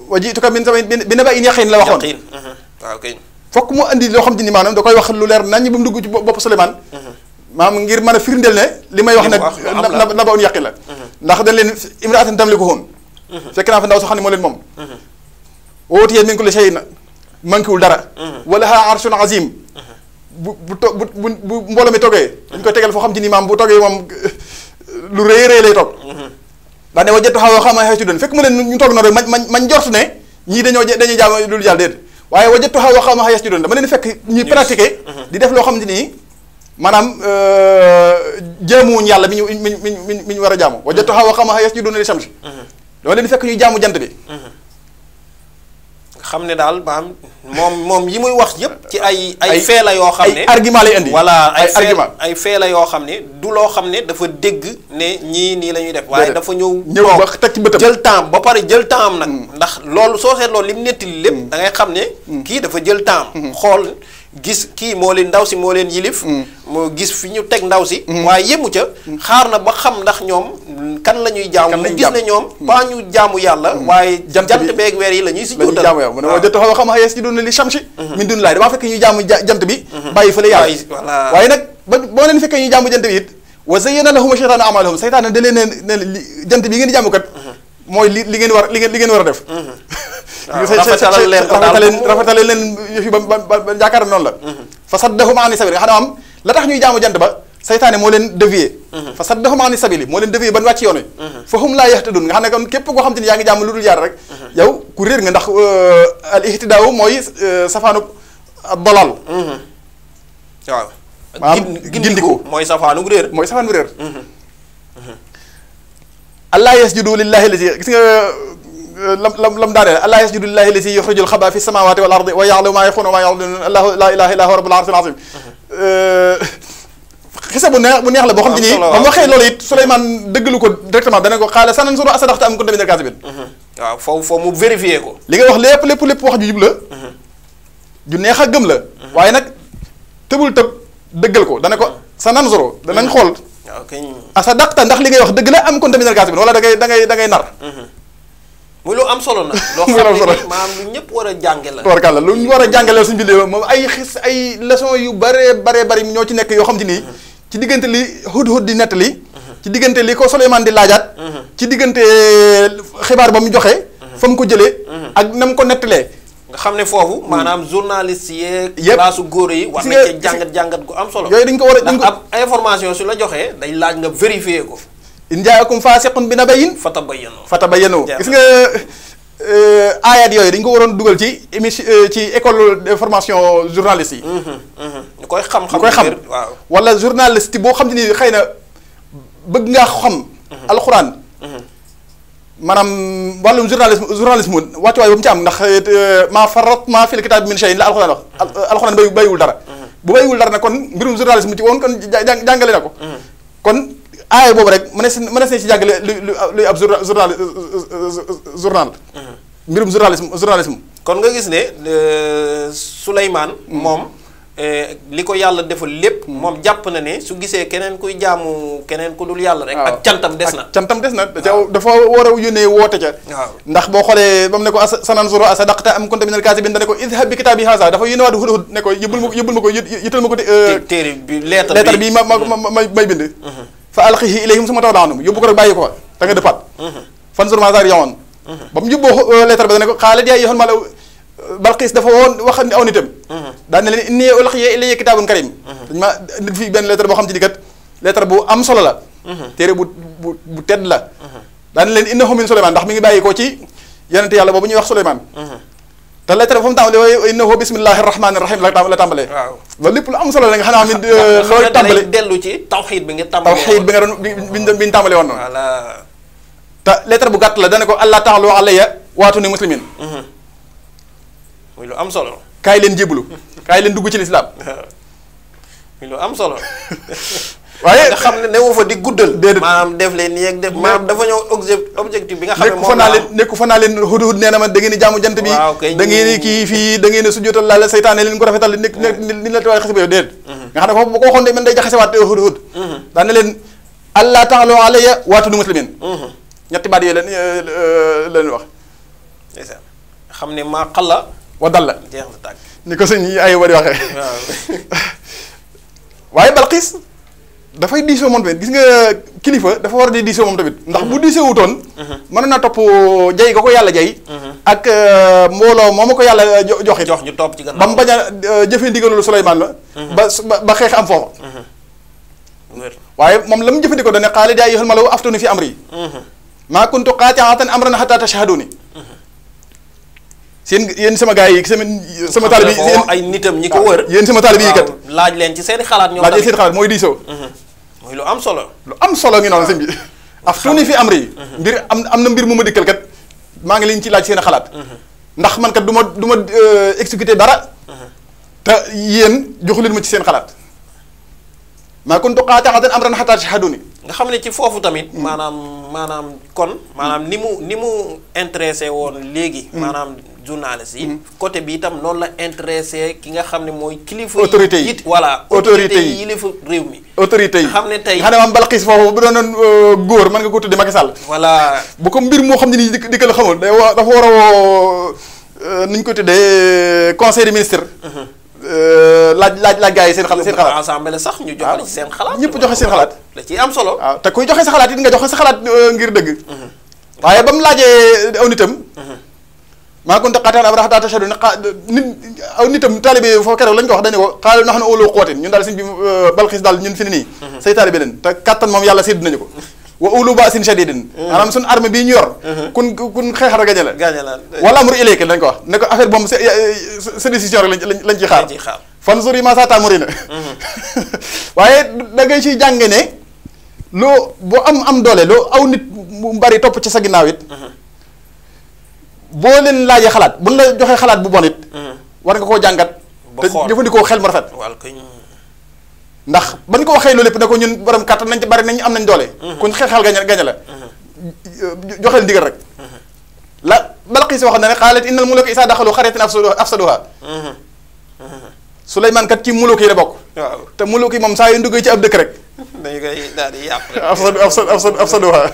S3: wa jiituka min sama bi naba in yaqin la waxoon
S1: uh-huh. waaw kay
S3: fokk mu andi loo xam te ni maanaam da koy wax lu leer nañ ba mu dugg ci bopp Souleymane uh-huh. maam ngir mën a firndeel ne li may wax nag naba un yaqin la uh-huh. ndax dañ leen a tam li ko xoon fekk naa fa ndaw soo xam ne moom wootiyee mi ngi ko la sey na manquéwul dara wala ha arshun azim bu bu to bu bu mbooloo toggee dañ koy tegal foo xam te ni maam bu toggee moom lu rëy rëy lay toog daa ne wa jot xaw xama xay tuddoon fekk mu ne ñu toog na rek mañ mañ mañ jortu ne ñii dañoo dañuy jaam dul jàll déet waaye wa jot xaw xama xay tuddoon dama leen fekk ñuy pratiquer mm-hmm. di def loo xam ne nii maanaam euh, jaamuwuñ yàlla mi ñu mi mi mi ñu war a jaamu wa jot a xama xay tuddoon
S1: li samsi mm-hmm. dama leen fekk ñu jaamu jant bi mm-hmm. xam ne daal maam moom moom yi muy wax yëpp ci ay ay fee yoo xam ne ay argument lay indi voilà ay argument ay fee la yoo xam ne du loo xam ne dafa dégg ne ñii nii la ñuy def waaye dafa ñëw ñëw wax teg ci jël temps ba pare jël temps am nag mm. ndax loolu soo seet loolu li mu nettali lépp mm. dangay xam ne mm. kii dafa jël temps am xool gis kii moo leen ndaw si moo leen yilif. Mm. moo gis fi ñu teg ndaw si. Mm. waaye yemu ca. Mm. xaar na ba xam ndax ñoom kan la jaamu. mu gis ne ñoom pas ñu jaamu yàlla. waaye jant beeg weer yi la si jootal. jaamu yàlla mu
S3: a a yees ci doon li chamsi. Mm-hmm. min dun laay damaa fekk ñuy jaamu jant bi. Mm-hmm. bàyyi fële yàlla waaye nag ba boo leen fekkee ñuy jaamu jant bi it. wa zayyana lahum shaytaanu a'maalahum seytaane da leen ne jant bi ngeen di jaamu kat mooy li li ngeen war li ngeen li ngeen war a def. Mhm. Ah, rafetalal leen ko daal rafetalal leen yëf yi ba ba ba jaakaar noonu la. Mhm. fa saddahum ani sabili nga xam ne am la tax ñuy jaamu jant ba saytaane moo leen dévier. Mhm. fa saddahum ani sabili moo leen dévier ban wàcc yoon wi. fa hum laa yahtadun nga xam ne kon képp koo xam te ne yaa ngi jaamu lu dul yaar rek. yow ku réer nga ndax euh, al ihtidaaw euh, mooy safaanu dalal. waaw. mooy safaanu réer. mooy safaanu réer. allah yasjudu lillahi lazi gis nga euh, lam lam lam daaneel allah yasjudu lillahi lazi yuxrijul xaba fi samawati wal ardi wa yaalamu maa yaxuuna wa maa yaxuunuun allahu laa ilaha illa huwa rabbul arsil azim euh, xisa bu neex bu neex la boo xam ne nii moom waxee loolu it Souleymane dëggalu ko directement dana ko xaale sanansuru asadaxta am kunta minal kaasibiin waaw foofu foofu mu vérifier ko li nga wax lépp lépp lépp wax ju jub la ju neex a gëm la waaye nag tëbul tëb dëggal ko dana ko sanansuru danañ xool asadaqta ah, ndax li ngay wax dëgg la am contaminal gaz bi wala da ngay da ngay da ngay nar
S1: mhm. muy lu am solo na loo xam ne maanaam lu ñëpp war a jànge
S3: la lu ñu war a jànge la suñu bindee moom ay xis ay leçon yu bare bare bari ñoo ci nekk yoo xam te nii mhm. ci diggante li hudhud di nettali mhm. ci diggante li ko Souleymane di laajaat ci diggante
S1: eh, xibaar ba mu joxe fa mu ko jëlee ak na mu ko nettalee nga xam ne foofu mm. maanaam journaliste yeeg. yëpp laasu góor yi war nañ jàngat jàngat gu am solo. yooyu dañ ko war a dañ ko information su la joxee day nga vérifier ko. in jaakum faasiqun bi nabayin. fatabayyanu fatabayyanu gis nga euh,
S3: ayat yooyu dañ ko waroon dugal ci émission euh, ci école de formation yi. Mhm, mhm. ñu koy xam xam koy xam. wala journaliste boo xam ne ni xëy na bëgg ngaa xam. Mhm. alxuraan. maanaam wàllum journalisme journalisme wàccuwaay bu mu ci am ndax eh, maa farat maa fil kitaab min shay la alxuraan wax eh, alxuraan bay bàyyiwul dara mm-hmm. bu bàyyiwul dara nag kon mbirum journalisme ci woon kon jàngale na ko mm-hmm. kon aaye boobu rek mënees mënees na ci jàngale lu luy ab journal
S1: journal eh, mm-hmm. mbirum journalisme journalisme kon nga gis ne Souleymane moom Eh, li ko yàlla defal lépp moom jàpp na ne su gisee keneen kuy jaamu keneen ku dul yàlla rek. ak cantam des na ak
S3: cantam dafa war a yónnee woote ca. ndax boo xoolee ba mu ne ko as sananzuru asadaqta dafa yónnee waat Hudhud ne ko yóbbul ma ko yóbbul ma ko yittal ma ko. Eh, téere bi lettre bi lettre bi ma ma ma may bind. Mm-hmm. fa alqihi ilayhim ko rek bàyyi ko fa mm-hmm. mm-hmm. bi eh, ne ko qaalat yaa ayyuhal mala'u Balqis dafa woon wax ni aw nitam. Mhm. daan na leen inni ulqiya ilayya kitaabun karim. Mhm. dañ ma nit fii benn lettre boo xam ci ni kat lettre bu am solo la. Mhm. téere bu bu la. daan na leen innahu mi ngi bàyyi ko ci yonent yàlla boobu ñuy wax Suleymaan. te lettre ba fa mu tàmbalee waaye innahu bismillahi rahmaani rahim la tàmbalee. waaw loolu lépp lu am solo la nga xam ne euh, looy tàmbalee dellu ci tawxiid bi nga tàmbalee woon tawxiid bi nga doon bi ñu bi ñu tàmbalee woon bu gàtt la dana ko allah taalu alayya waatu ni muslimin
S1: muy lu am solo. kaay leen jébbalu kaay leen dugg ci lislaam muy lu am solo. waaye nga xam ne newu fa di guddal. déedéet maanaam def leen nii ak def maanaam dafa ñëw objectif bi nga xam ne moom laa naa leen nekku fa leen hudhud nee da ngeen di jaamu jant bi. waaw kay da ngeen di kii fii
S3: leen ko rafetal li nekk ni la tawal xasib yow déedéet. Mhm. nga xam ne foofu bu ko waxoon de man day jaxasewaat eh, mhm. na leen allah taaloo alayya waatunu muslimin. Mhm. ñetti baat
S1: yooyu leen eh, eh, ne maa
S3: waa dalla ni ko sëñ ay wari waxee waaye Balxiis dafay diisoo moom tamit gis nga kilifa dafa war a di diisoo moom tamit ndax bu mhm. diisoo wutoon mhm. mën naa topp jay nga ko yàlla jay mhm. ak euh, mbooloo moo ma ko yàlla
S1: joxit jox ñu topp ci gannaaw ba mu bañ a
S3: euh, jëfe ndigalu Suleymaan la ba ba xeex am foofa waaye moom la mu jëfandikoo dana xaalis yaa ayyuhal malaa'u aftuni fi amri maa kuntu qaati'atan amran hattaa tashhaduuni seen yéen sama gars yi sama
S1: sama taalibe yi seen ay nitam ñi ko wër ah, yéen sama taalibe yi kat laaj leen ci seen xalaat ñoom laaj leen seen xalaat mooy diisoo mooy mhm. lu am solo
S3: lu am solo ngi noonu sëñ bi fi am rii mhm. mbir am na mbir mu ma dikkal kat maa ngi leen ci laaj seen xalaat mhm. ndax man kat du ma du ma euh, exécuté dara te yéen joxu leen ma ci seen xalaat maa kon te kuntu qaati'atan amran hattaa tashhaduun
S1: nga xam ne ci foofu tamit. Mm. maanaam maanaam kon. maanaam ni mu ni mu intéressé woon léegi. Mm. maanaam journaliste yi. côté bi itam noonu la intéressé ki nga xam ne mooy. kilifa yi autorité yi voilà autorité yi yilifa réew mi.
S3: autorité yi xam
S1: ne tey xam ne maam
S3: Balxiis foofu bu doonoon euh, góor mën nga ko tuddee Macky Sall. voilà ko mbir moo xam ne nii di ko la xamul day wa dafa war a woo euh, ni ñu ko tuddee euh, conseil des ministres. laaj laaj laaj gars yi seen xalaat seen xalaat assemblée sax ñu joxe seen xalaat ñëpp joxe seen xalaat
S1: da am solo waaw
S3: te kuy joxe sa xalaat it nga joxe sa xalaat ngir dëgg mhm. waaye ba mu laajee aw mhm. maa kunta qatan ab raxataa tashadu ne nit aw nitam taalibe foofu keroog lañ ko wax dañ ne ko xaaral nax na óoloo xootin ñun daal sëñ bi euh, balxiis daal ñun fi ne nii mhm. say taalibe leen te kattan moom yàlla sédd nañu ko wa ulu ba sin shadidin mhm. maanaam suñu arme bii ñu yor mhm. kun kun xeexal a gañe
S1: la wala amru
S3: ilayka lañ ko wax ne affaire boobu sa décision rek lañ lañ ciy xaar fan sori ma sa tamuri na waaye da ngay ciy ne loo boo am am doole loo aw nit mu bari topp ci sa ginnaaw it boo leen laajee xalaat buñ la joxee xalaat bu bon it. Mm. war nga koo jàngat. te jëfandikoo xel mu rafet. ndax ban ko waxee loolu lépp na ko ñun borom kàttan nañ ci bari nañ am nañ doole. Mm-hmm. kon xel xel gañ gañ la. Mm-hmm. joxeel ndigal rek. Mm-hmm. la Balqiis waxoon na ne xaalat innal muluuka izaa daxaluu sa afsaduuhaa Souleymane kat ci muluk yi la bokk. waaw te muluk yi moom saa yu duggee ci ab dëkk rek.
S1: dañu koy daal di yàq rek. afsad afsad afsad afsad waa.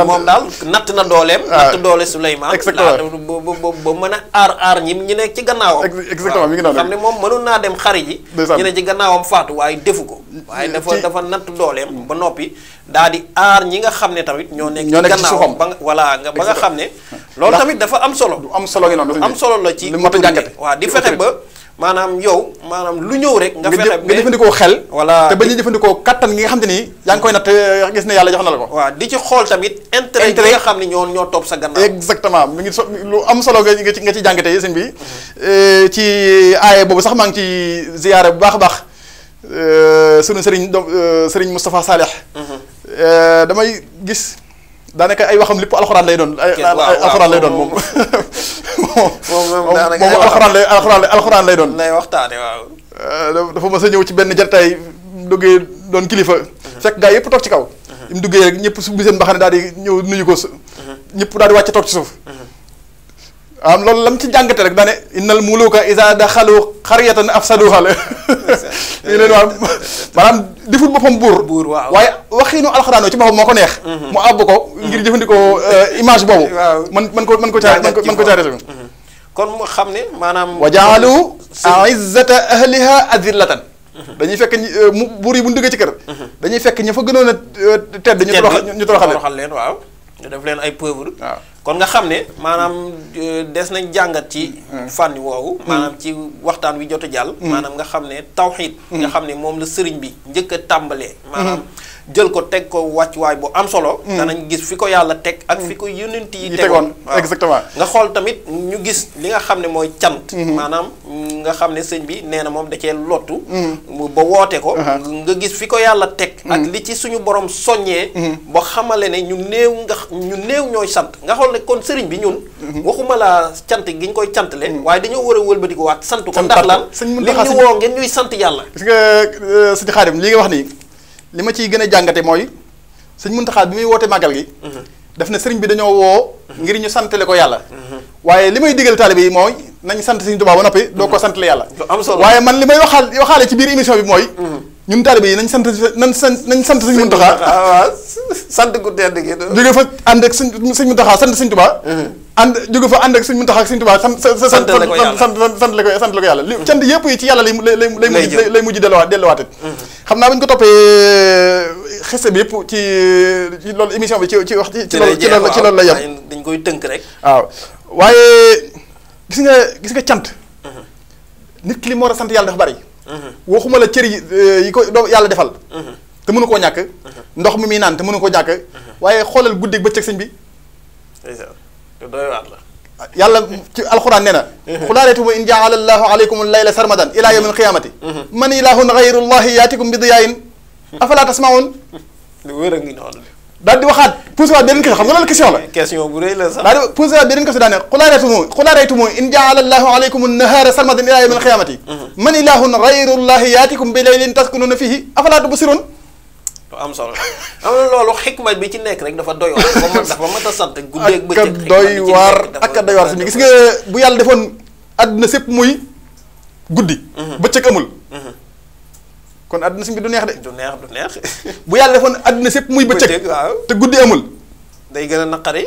S1: moom daal natt na dooleem. Ah. natt doole Souleymane. exactement ba ba mën a aar aar ñi ñu nekk ci gannaawam. exactement mi ngi noonu xam ne moom mënoon naa dem xari ji. ñu ne ci gannaawam faatu waaye defu ko. waaye dafa dafa natt dooleem ba noppi daal di aar ñi nga xam ne tamit ñoo nekk. ñoo nekk ci suufam ba nga voilà nga ba nga xam ne. loolu tamit dafa am solo. am solo gi noonu am solo la ci. li mot a jàngate waaw di fexe ba maanaam yow maanaam lu ñëw rek. nga fexe nga jëfandikoo xel. voilà te bañ a jëfandikoo kattan gi nga xam te ni. yaa ngi eh, gis ne yàlla jox na la ko. waaw di ci xool tamit. intérêt
S3: yi xam ne ñoo ñoo topp sa gannaaw. exactement mi ngi so lu am solo nga ci nga ci jàngatee sëñ bi. Eh, ci aaye boobu sax maa ngi ci ziyaare bu baax a baax eh, sunu sëriñ sëriñ Moustapha Saleh. Mm-hmm. damay gis. daanaka ay waxam lépp alxuraan lay doon. waaw alxuraan lay doon moom.
S2: moom daanaka moom
S3: alxuraan lay alxuraan lay alxuraan lay doon. lay waxtaane waaw. Eh, dafa mës a ñëw ci benn jataay duggee doon kilifa. Mhm. fekk gaa yëpp toog ci kaw. im mhm. duggee rek ñëpp su bu seen mbaxane daal di ñëw nuyu ko. Mhm. ñëpp daa di wàcc toog ci suuf. am ah, loolu mu ci jàngate rek daane innal muluka isa a xariyatan afsaduha la ñu leen waaw maanaam deful boppam buur buur waaw waaye waxiinu alxuraan ci boppam moo ko neex mhm. mu àbb ko ngir jëfandikoo euh, image boobu man man ko man ko caa man ko caa rese
S1: mhm. kon mu xam ne maanaam wa jaalu
S3: aizzata ahliha adillatan mhm. dañuy fekk euh, mu buur yi bu ñu ci kër dañuy fekk ña fa gënoon a euh, tedd ñu toroxal ñu toroxal
S1: leen waaw ñu def ay pauvre waaw kon nga xam ne maanaam euh, des nañ jàngat ci mm. fànn woowu mm. maanaam ci waxtaan wi jot a jàll mm. maanaam nga xam ne tawxiid nga xam ne moom la sëriñ bi njëkk a tàmbalee maanaam jël ko teg ko waay bu am solo. Hmm. danañ gis fi ko yàlla teg ak fi hmm. ko yonent yi. tegoon exactement nga xool tamit ñu gis li nga xam ne mooy cant. Hmm. maanaam nga xam ne sëñ bi nee na moom da cee lottu. ba woote ko. Uh-huh. nga gis fi ko yàlla teg. ak li ci suñu borom soññee. ba xamale ne ñu néew nga ñu néew ñooy sant nga xool ne kon sëriñ bi ñun. waxuma la cant gi ñu koy cantale waaye dañoo war a wëlbati ko waat sant ko. ndax laal li ñu woo ko ñuy sant yàlla.
S3: gis nga euh, li nga wax nii. li ma ciy gën a jàngate mooy sëñ Muntaxa bi muy woote màggal gi mhm. daf ne sëriñ bi dañoo woo mhm. ngir ñu santale ko yàlla mhm. waaye li may digal taalibe yi mooy nañ sant sëriñ Tuubaa ba noppi doo ko santale yàlla waaye man li may waxaal waxaale ci biir émission bi mooy ñun taalibe yi nañ sant nañ sant nañ sant sëñ Muntaxa waaw sant ku tedd gi jóge ànd ak sëñ sëñ Muntaxa sant sëñ Tuubaa ànd jóge fa ànd ak sëñ Muntaxa ak sëñ Tuubaa sant sant la ko yàlla sant la ko sant la ko yàlla cant yëpp yi ci yàlla lay lay lay mujj lay xam naa ba ñu ko toppee xese bi yëpp ci ci loolu émission bi ci ci wax ci ci loolu ci loolu la yem
S1: dañ koy tënk rek waaw
S3: waaye gis nga gis nga cant nit ki li mu war a sant yàlla dafa bari Mm-hmm. waxuma la a yi euh, yi ko doo yàlla defal mm-hmm. te mënu koo ñàkk mm-hmm. ndox mi muy naan te mënu koo ñàkk waaye xoolal guddeeg bëccëg sëñ bi
S1: doy waar la
S3: yàlla ci alxuraan nee na xulaaletuma in jaala allahu aleykum layla sarmadan ila yawm alqiyamati man ilahun xayrullahi yaatikum bi diyaayin afala tasmaun
S1: lu wér a ngi
S3: daal di waxaat posé waat beneen question xam nga loolu question eh, in jaala allahu aleykum nahaara sarmadan ilaa yawmil qiyaamati mm-hmm. man ilahun xayrullahi yaatikum bi laylin taskunuuna fihi afalaa tubsiruun
S1: am solo am na loolu xikma bi ci nekk rek dafa doy waar dafa a sant guddeeg
S3: bëccëg ak doy waar ak doy waar suñu gis nga bu yàlla defoon àdduna sépp muy guddi mm-hmm. bëccëg amul mm-hmm. kon àdduna si bi du neex de. du neex du neex. bu yàlla defoon àdduna sépp muy bëccëg waaw te guddi amul. day gën a naqari.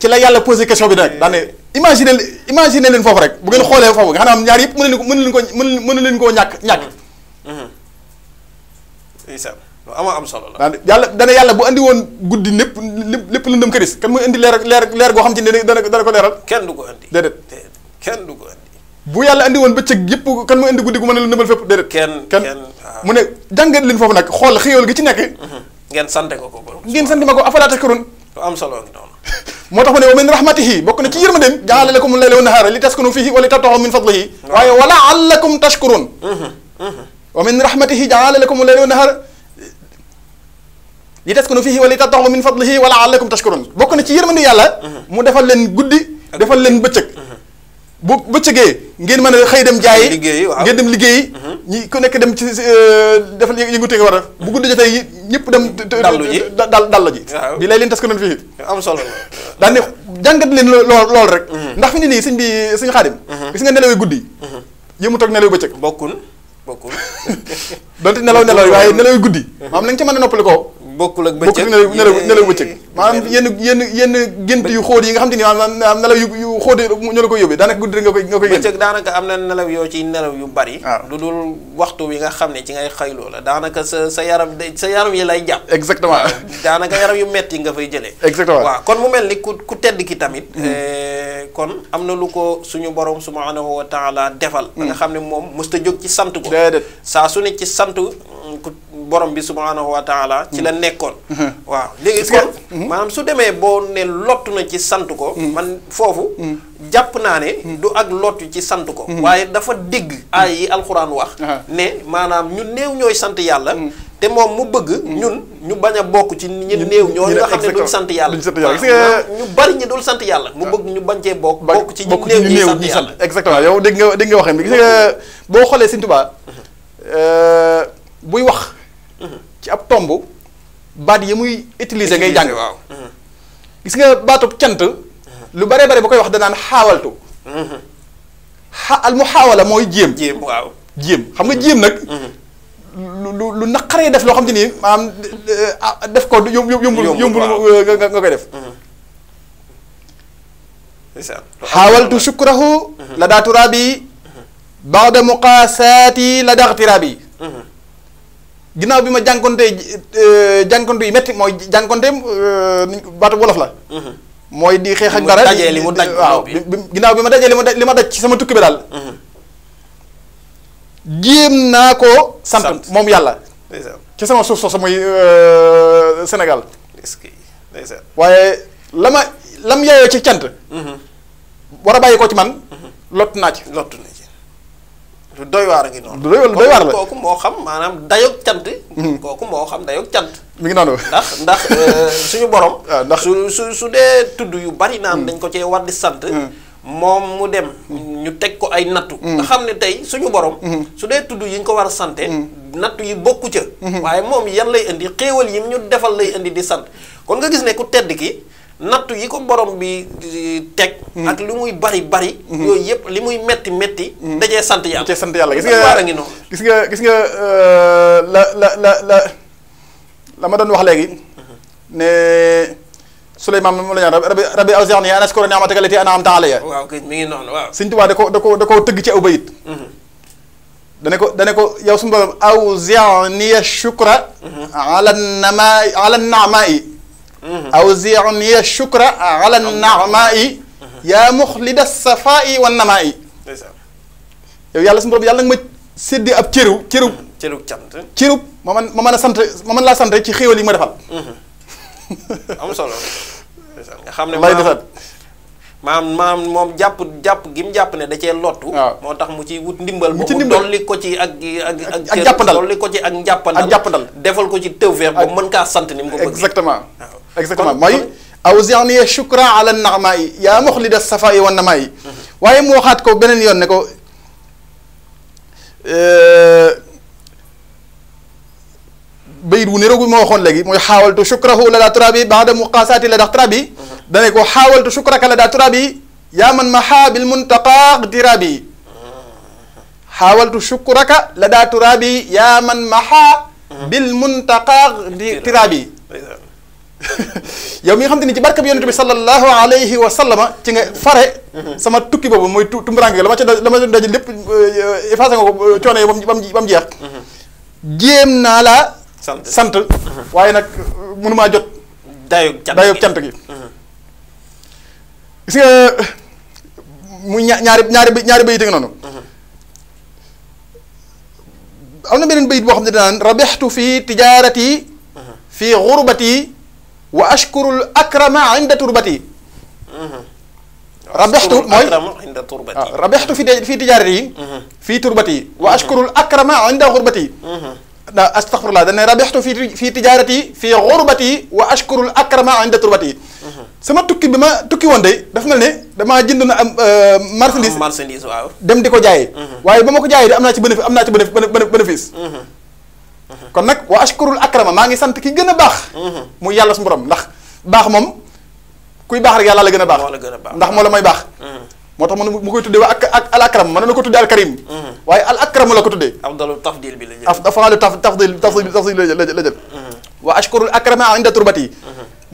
S3: ci la yàlla posé question bi nag daane imaginer imaginer leen foofu rek bu ngeen xoolee foofu nga xam ñaar yëpp mën leen ko mën leen ko mën leen koo ñàkk ñàkk.
S1: isa mm-hmm. mm-hmm. ama am solo
S3: la. yàlla dana yàlla bu andi woon guddi lépp lépp lëndëm këris kan muy indi leer leer leer goo xam ci ne dana dana ko leeral. kenn du ko indi déedéet. kenn du ko bu yàlla andi woon bëccëg yëpp kan mu indi guddi gu mën a la nëbal fépp déedéet. kenn kenn mu ne jàngat leen foofu nag xool xéewal gi ci nekk.
S1: Mhm. ngeen sante ko ko borom.
S3: ngeen sant ma ko afalaa tashkuruun. lu am solo ak noonu. moo tax mu ne wa min rahmatihi bokk na ci yërmandeem jaxale lakum layla wa nahaara li taskunu fihi wa li tabtaxu min fadlihi. waaye wa laallakum tashkuruun.
S2: Mhm, mhm.
S3: wa min rahmatihi jaxale lakum layla wa nahaara li taskunu fihi wa li tabtaxu min fadlihi wa laallakum tashkuruun bokk na ci yërmande yàlla. mu defal leen guddi defal leen bëccëg bu bëccëgee ngeen mën a xëy dem jaayi ngeen dem liggéeyi mhm. ñi ku nekk dem ci euh, defal yëngute nga war a mhm. bu guddi jotee ñëpp dem dallu ji dal dall ji bi lay leen tas ko noonu fii am solo daan ne jàngat leen lool lool rek mhm. ndax fi ne nii sëñ bi sëñ xaadim gis nga nelaw guddi yi mu toog nelaw bëccëg bokkul bokkul donte nelaw nelaw waaye nelaw guddi maam la nga ci mën a noppali ko bokkul ak bëccëg nelaw nelaw bëccëg maanaam yenn yenn yenn gént yu xóot yi nga xam te ni maanaam nelaw yu yu xóote ñoo koy yóbbee daanaka guddi
S1: nga koy nga koy gént daanaka am na ah. lu dul waxtu wi nga xam ne ci ngay xëy loola daanaka sa sa yaram day sa yaram yi lay jàpp exactement daanaka yaram yu metti nga fay jëlee exactement waaw kon mu mel ni ku ku tedd ki tamit mm-hmm. eh, kon am na lu ko suñu borom subhanahu wa taala defal da mm-hmm. nga xam ne moom mësta jóg ci sant ko déedéet saa su ne ci sant mm, ku borom bi subhanahu wa taala ci la mm-hmm. nekkoon waaw léegi kon Mhm. maanaam su demee boo ne lottu na ci sant ko mhm. man foofu mhm. jàpp naa ne du ak lottu ci sant ko waaye dafa dégg aay yi alxuraan wax ah. ne maanaam ñu néew ñooy sant yàlla te moom mu bëgg ñun ñu bañ a bokk ci ñi néew ñoo nga xam ne duñ sant yàlla ñu bari ñi dul sant yàlla mu ah. bëgg ñu bañ cee bokk bokk ci ñi néew ñi sant yàlla
S3: exactement yow dégg nga dégg nga waxee bi gis nga boo xoolee Sëñ Tuubaa euh, buy wax ci ab tomb baat yi muy utiliser ngay jàng waaw mhm. gis nga baatub cant mhm. lu bare bare ba koy wax danaan xaawaltu mhm. xa al mooy jéem jéem waaw jéem xam nga jéem nag lu lu naqaree def loo xam te ni maanaam eh, ah, def ko yomb yombul yombul
S1: nga koy def xaawaltu
S3: shukrahu la daa turaabi baada la daa ginnaaw bi ma jànkontee euh, jànkonte yi métti mooy jànkonteem euh, baatu wolof la. Mhm. mooy di xeex ak dara li mu daj waaw ginnaaw bi ma dajee li ma daj li ma daj ci sama tukki bi daal. Mhm. jéem naa ko sant moom yàlla. ci sama suuf sa muy euh, Sénégal. waaye la ma lam yeyoo ci cant. Mhm. war a bàyyi ko ci man.
S1: lot naa ci lot na ci. lu doy waar a ngi noonu. lu doy waar la kooku moo xam maanaam dayoog cant. Hmm. kooku moo xam dayoog cant. mi ngi noonu. ndax ndax euh, suñu borom. Ah, ndax su su su dee tudd yu bari naan hmm. dañ ko cee war di sant. Hmm. moom mu dem ñu teg ko ay nattu nga xam ne tey suñu borom su dee tudd yi ñu ko war a sante nattu yi bokku ca waaye moom yan lay indi xéewal yi mu ñu defal lay indi di sant kon nga gis ne ku tedd ki nattu yi ko borom bi teg. Hmm. ak li muy bari bari. Hmm. yooyu yëpp li muy metti metti. Hmm. dajee sant yàlla dajee sant yàlla gis
S3: nga gis nga euh, la la la la ma doon wax léegi. ne Souleymane moom la ñu wax rabbi rabbi awzi'ni an ashkura ni'mataka allati an'amta alayya.
S1: waaw kay mi ngi noonu waaw.
S3: Sëñ da ko da ko tëgg ci aw bayit. dane ko dane ko yow suñu borom awzi'ni shukra. ala namaa ala naamaa yi. aw awzi'ni ya shukra ala naamaai yaa muxlida safaai wa namaai yow yàlla suñu borom yàlla nga ma séddi ab cëru cërub cërub cant cërub ma man ma mën a sant ma mën laa sant ci xéewal yi ma defal
S1: am solo nga maam maam moom jàpp jàpp gi mu jàpp ne da cee lottu. moo tax mu ci wut ndimbal. mu ci ndimbal dolli ko ci ak ak ak. ak jàppandal dolli ko ci ak njàppandal. ak njàppandal defal ko ci tawfeex ba mën kaa sant ni mu ko bëgg. exactement exactement mooy.
S3: awzi'ni shukran ala naamaai yaa muxlida safaa'i wa namaai mhm. waaye mu waxaat ko beneen yoon ne ko. Euh, bayit wu niroog bi ma waxoon léegi mooy xaawaltu shukrahu la daa turabi baada muqaasaati la dax turabi dane ko xaawaltu shukraka la daa turabi yaa man mahaa bil muntaqa tirabi xaawaltu shukraka la daa turabi yaa man mahaa bil muntaqa tirabi yow mi nga xam te ni ci barke bi yonent bi sallallahu alayhi wa sallama ci nga fare sama tukki boobu mooy tumburanke la ma ca la ma daj lépp euh, euh, effacé nga ko euh, coono yi ba mu jeex mm-hmm. sant sant. waaye nag mënumaa jot. dayoo cant gi dayoo cant gi. Mhm. gis nga mu ñaari ñaari noonu. Mhm. am na beneen bayit boo xam ne dinaan fi tijaarati. Mhm. fi gurbati. wa ashkurul akrama inda turbati. rabextu mooy rabextu fi fii tijaarati yi. fii turbati yi wa ashkurul akrama inda astaghfirullah dañ ne rabixtu fii fii tijaarati yi fii xurbati wa a akrama inda turbati yi sama tukki bi ma tukki woon day dafa mel ne damaa jënd na am marchandise marchandise waaw dem di ko jaayee waaye ba ma ko jaayee di am naa ci bénéfice am naa ci bénéfice kon nag wa ashkurul akrama maa ngi sant ki gën a baax mu yàlla su borom ndax baax moom kuy baax rek yàlla la gën a baax ndax moo la mooy baax moo tax mu koy tuddee ak ak al akram mën na ko tuddee al karim mm-hmm. waaye al akram la ko tuddee
S1: afdalu tafdil bi la jël
S3: afdalu tafdil tafdil mm-hmm. tafdil la jël mm-hmm. wa ashkurul akrama inda turbati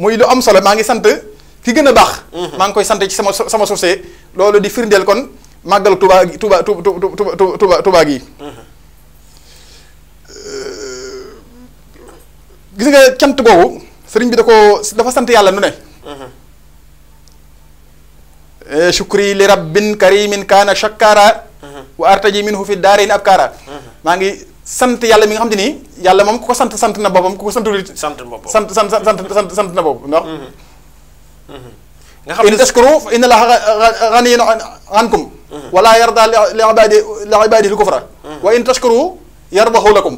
S3: muy lu am solo maa ngi sant ki gën a baax maa ngi koy sant ci sama sama loolu di firndeel kon màggal Tuubaa gi gis nga cant googu sëriñ bi da ko dafa sant yàlla nu ne Eh, shukri li rabbin karimin kaana shakkaara mhm. wa artaji minhu fi daarin abkaara mhm. maa ngi sant yàlla mi nga xam te ni yàlla moom ko ko sant sant na boppam ku ko santul sant boppam sant sant sant sant na boppam ndax nga xam ne in tashkuru fa inna Allaha ganiyyun ankum mhm. wala yarda li ibaadi li ibaadihi l-kufra wa in tashkuru yardahu lakum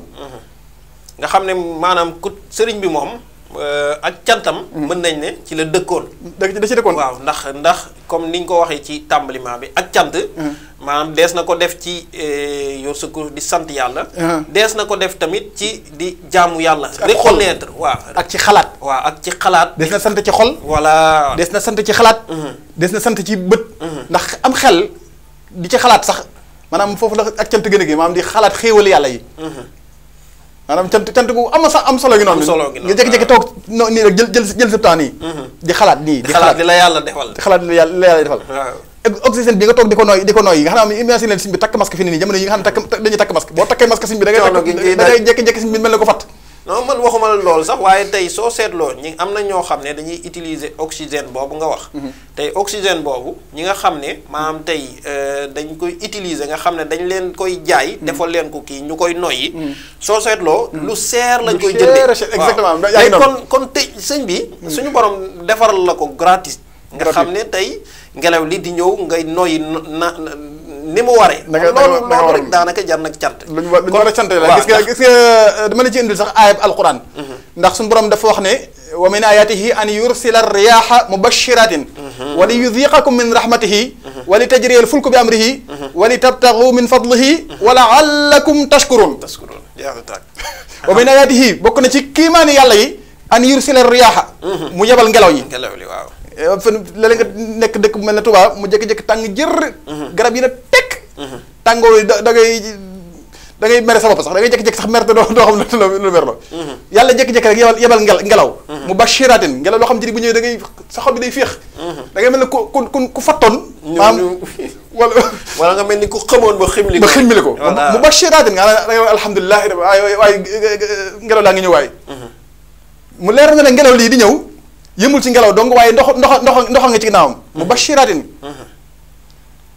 S1: nga xam ne maanaam ku sëriñ bi moom Euh, ak cantam. mën nañ ne ci la dëkkoon. da ci dëkkoon waaw ndax ndax comme ni ñu ko waxee ci tàmbaliment bi ak cant. maam hmm. dees na ko def ci euh, yor sa di sant yàlla. Hmm. dees na ko def tamit ci di jaamu yàlla. reconnaître waaw ak ci xalaat. waaw ak ci xalaat.
S3: des na sant ci xol.
S1: voilà
S3: des na sant ci xalaat. Hmm. des na sant ci bët. ndax am xel di ci xalaat sax maanaam foofu la ak cant gën a gi maanaam di xalaat xéewal yàlla yi. maanaam cant cant gu am sa am solo gi noonu. nga jékki-jékki toog noonu nii rek jël jël jël sa mhm. di xalaat nii di xalaat di la yàlla defal. di xalaat di la yàlla defal. waaw bi nga toog di ko nooy di ko nooy nga xam ne imagine leen siñ takk masque fi ne nii jamono yi nga xam ne dañuy takk masque boo takkee masque siñ bi da ngay. da mel na ko fat
S1: non man waxuma la loolu sax waaye tey soo seetloo ñi am na ñoo xam ne dañuy utiliser oxygène boobu nga wax. Mhm. tey oxygène boobu ñi nga xam ne maanaam tey euh, dañ koy utiliser nga xam ne dañ leen koy jaay. Mhm. defal leen ko kii ñu koy noyyi. Mhm. soo seetloo lu seer lañ koy jëndee exactement tey kon kon tey sëñ bi. suñu borom defaral la ko gratis. nga xam ne tey ngelaw li di ñëw ngay noyyi na. ni mu waree. da nga loolu loolu rek daanaka jar nag cant. lu ñu war lu ñu war a cant la gis nga gis
S3: nga euh, dama la ci indil sax aayab alquran. Mhm. ndax suñu borom dafa wax ne. wa min ayatihi an yursila riyaha mubashiratin mhm. wa li yudiqakum min rahmatihi mhm. wa li tajriya alfulku bi amrihi wa li tabtagu min fadlihi wa laallakum tashkurun tashkurun wa min ayatihi bokk na ci kiimaani yàlla yi an yursila riyaha
S1: mu yebal ngelaw yi ngelaw li waaw
S3: Euh, fen léeg nga nekk dëkk bu mel ne Touba mu jékki-jékki tàng jër. Mhm. garab yi na tekk. Mhm. tàngoor yi da da ngay da ngay mere sa bopp sax da ngay jékki-jékki sax mer te doo doo xam ne lu lu mer la. Mhm. yàlla jékki-jékki rek yebal yebal ngel ngelaw. mu bashiratin ngelaw loo da ngay sa xol bi day féex. da ngay mel ne ku ku ku fattoon. maam wala.
S1: wala nga mel ni ku xamoon ba ximli ko ba ximli ko. mu
S3: bashiratin nga da ngay wax alhamdulilah waay waay ngelaw laa ngi ñëw waay. na ne ngelaw lii di ñëw yëmul ci ngelaw dong waaye ndox ndox ndox ndox nga ci ginnaawam. mu bashiratin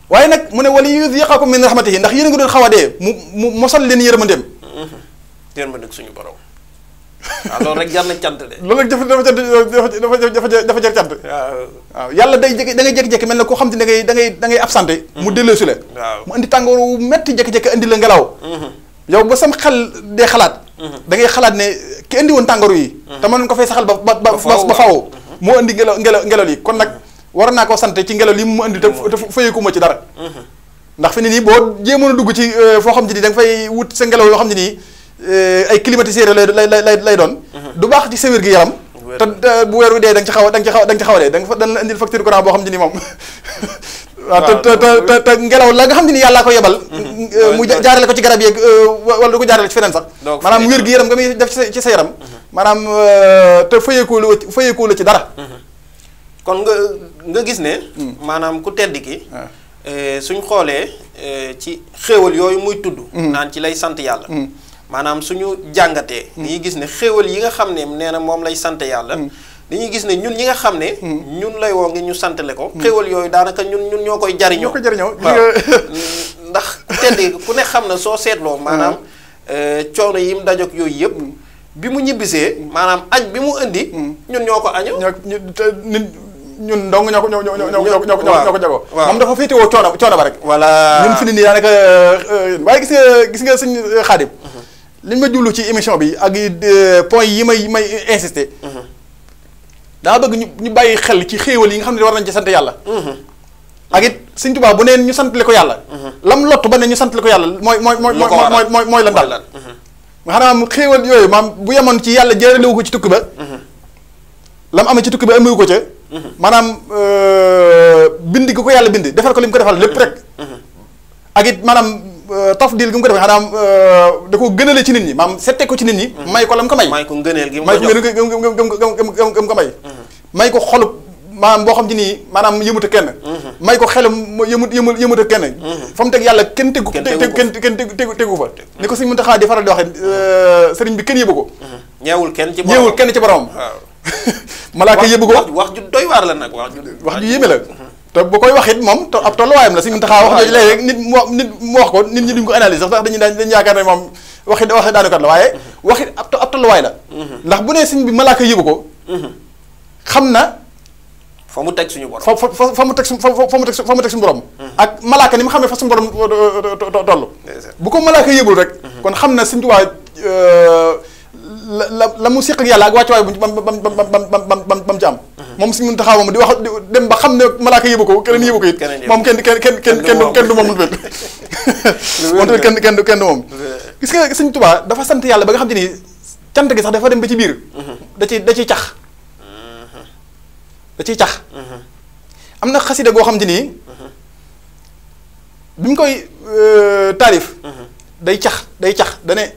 S3: waaye nag mu ne wala yudhiqakum min rahmatihi ndax yéen a ngi doon xaw a dee mu mu sal leen yërmandeem.
S1: Mm-hmm. yërmandeeg suñu borom. waaw ah, loolu rek jar na cant de. loolu rek dafa dafa dafa dafa dafa jar cant. waaw yàlla day
S3: jékki da ngay jékki-jékki mel ne koo xam te da ngay da ngay da ngay absenté. mu mm-hmm. delloosu la. waaw mu andi tàngoor wu metti jékki-jékki indi la ngelaw. Mm-hmm. yow ba sam xel dee xalaat. Mhm. da ngay xalaat ne ki indi woon tàngoor yi. Mhm. te mënoon ko fay saxal ba ba ba faaw. Mhm. moo indi ngelaw ngelaw ngelaw yi kon nag war naa koo sant ci ngelaw li mu indi te fayeeku ma ci dara. ndax fi ne nii boo jéemoon a dugg ci euh, foo xam ne nii da nga fay wut sa ngelaw yoo xam ne nii euh, ay climatiseur lay lay lay doon. du baax ci sa wér gi yaram te bu weer wi dee da nga ci xaw a ci xaw a da nga ci xaw da nga dañ la indil facture courant boo xam ne ni moom waaw te te te ngelaw la nga xam ne ni yàllaa ko yebal mhm. mm, euh, mu jaarale ko ci garab yeeg euh, wala du ko jaarale ci feneen sax maanaam wér gi yaram nga muy def ci sa yaram mhm. maanaam euh, te fayeekoo la fayeekoo la ci dara mhm.
S1: kon nga nga gis ne mm. maanaam ku tedd ki ah. suñ xoolee ci xéewal yooyu muy tudd mm. naan ci lay sant yàlla maanaam suñu jàngatee. Hmm. dañuy gis ne xéwal yi nga xam ne nee na moom lay sant yàlla. Hmm. dañuy gis ne ñun ñi nga xam ne. Hmm. ñun lay woo ngi ñu santale ko. xéewal yooyu daanaka ñun ñun ñoo koy jariñoo. ñoo koy jariñoo ndax tedd ku ne xam na soo seetloo. maanaam euh, coono yi mu yooyu yëpp. bi mu ñibbisee. maanaam añ bi mu indi. ñun ñoo ko añoo. ñun ndong ñoo ko ñoo ñoo ñoo ñoo ñoo ko jagoo. waaw moom
S3: dafa féetewoo rek. voilà ñun fi ni nii daanaka euh, euh, waaye gis nga gis nga siñ Xaadim liñ ma jublu ci émission bi ak euh, point yi may may insister. Mhm. daa bëgg ñu ñu bàyyi xel ci xéewal yi nga xam ne war nañ ci sant yàlla. Mhm. ak it Sëñ Tuubaa bu neen ñu santale ko yàlla. Mhm. lam lott ba ne ñu santale ko yàlla mooy mooy mooy mooy mooy mooy lan xéewal yooyu maam bu yemoon ci yàlla jëralewu ko ci tukki ba. lam amee ci tukki ba amewu ko ca. maanaam euh, bind gi ko yàlla bind defal ko li mu ko defal lépp rek. ak it maanaam. Euh, tafdil gi mu ko defee xanaa euh, da ko gënale ci nit ñi maam sette ko ci nit ñi. Mm-hmm. may ko lam mu ko may may. ko mm-hmm. xolub maanaam boo xam ci nii maanaam yëmuta kenn. Mm-hmm. may ko xelam yëmut yëmut yëmuta kenn. fa mu teg yàlla kenn tegu. kenn tegu kenn tegu tegu fa. ni ko suñu mënta xaar di faral di waxee euh, sëriñ bi kenn yëbu ko. ñeewul kenn ci boromam ñeewul kenn ci boromam. malaaka yëbu ko wax ju doy waar la nag wax ju yéeme la te bu koy wax moom te ab tolluwaayam la si taxaa wax jooju léeg-léeg nit mu nit mu ñi duñ ko analyse sax ndax dañu daan dañu yaakaar ne moom waxee waxi daanukat la waaye waxi ab tolluwaay la ndax bu nee sëñ bi malaaka yëbu ko xam na fa mu teg suñu borom fa fa mu teg su fa mu teg fa mu teg suñu borom ak malaaka ni mu xamee fa suñu borom toll bu ko malaaka yëbul rek kon xam na sëñ Tuubaa la la mu séq ak yàlla ak wàccuwaay bu bam bam bam bam bam bam ci am moom suñu Muntaxa moom di wax dem ba xam ne malaaka yëbu ko keneen yëbu ko it moom kenn kenn kenn kenn kenn du moom gis nga Sëñ Tuubaa dafa sant yàlla ba nga xam te ni cant gi sax dafa dem ba ci biir mm-hmm. da ci da ciy cax mm-hmm. da ciy cax mm-hmm. am na xasida goo xam te nii bi mu koy euh, taarif day cax day cax dane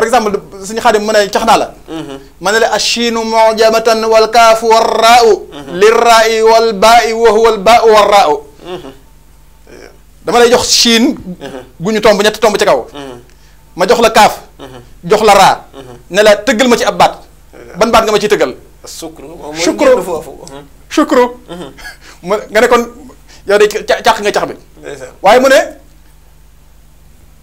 S3: par exemple suñu xaadim mu ne cax naa la mhm. ma ne la achiinu mujamatan wal kaafu war raau mhm. lirraai wal baai wa huwa al baau war raau mhm. dama la jox chiin gu ñu tomb ñetti tomb ci kaw ma jox la kaaf jox la raa ne la tëggal ma ci ab baat ban baat nga ma ci tëggal sukru foofu nga ne kon yow de nga cax bi waaye mu ne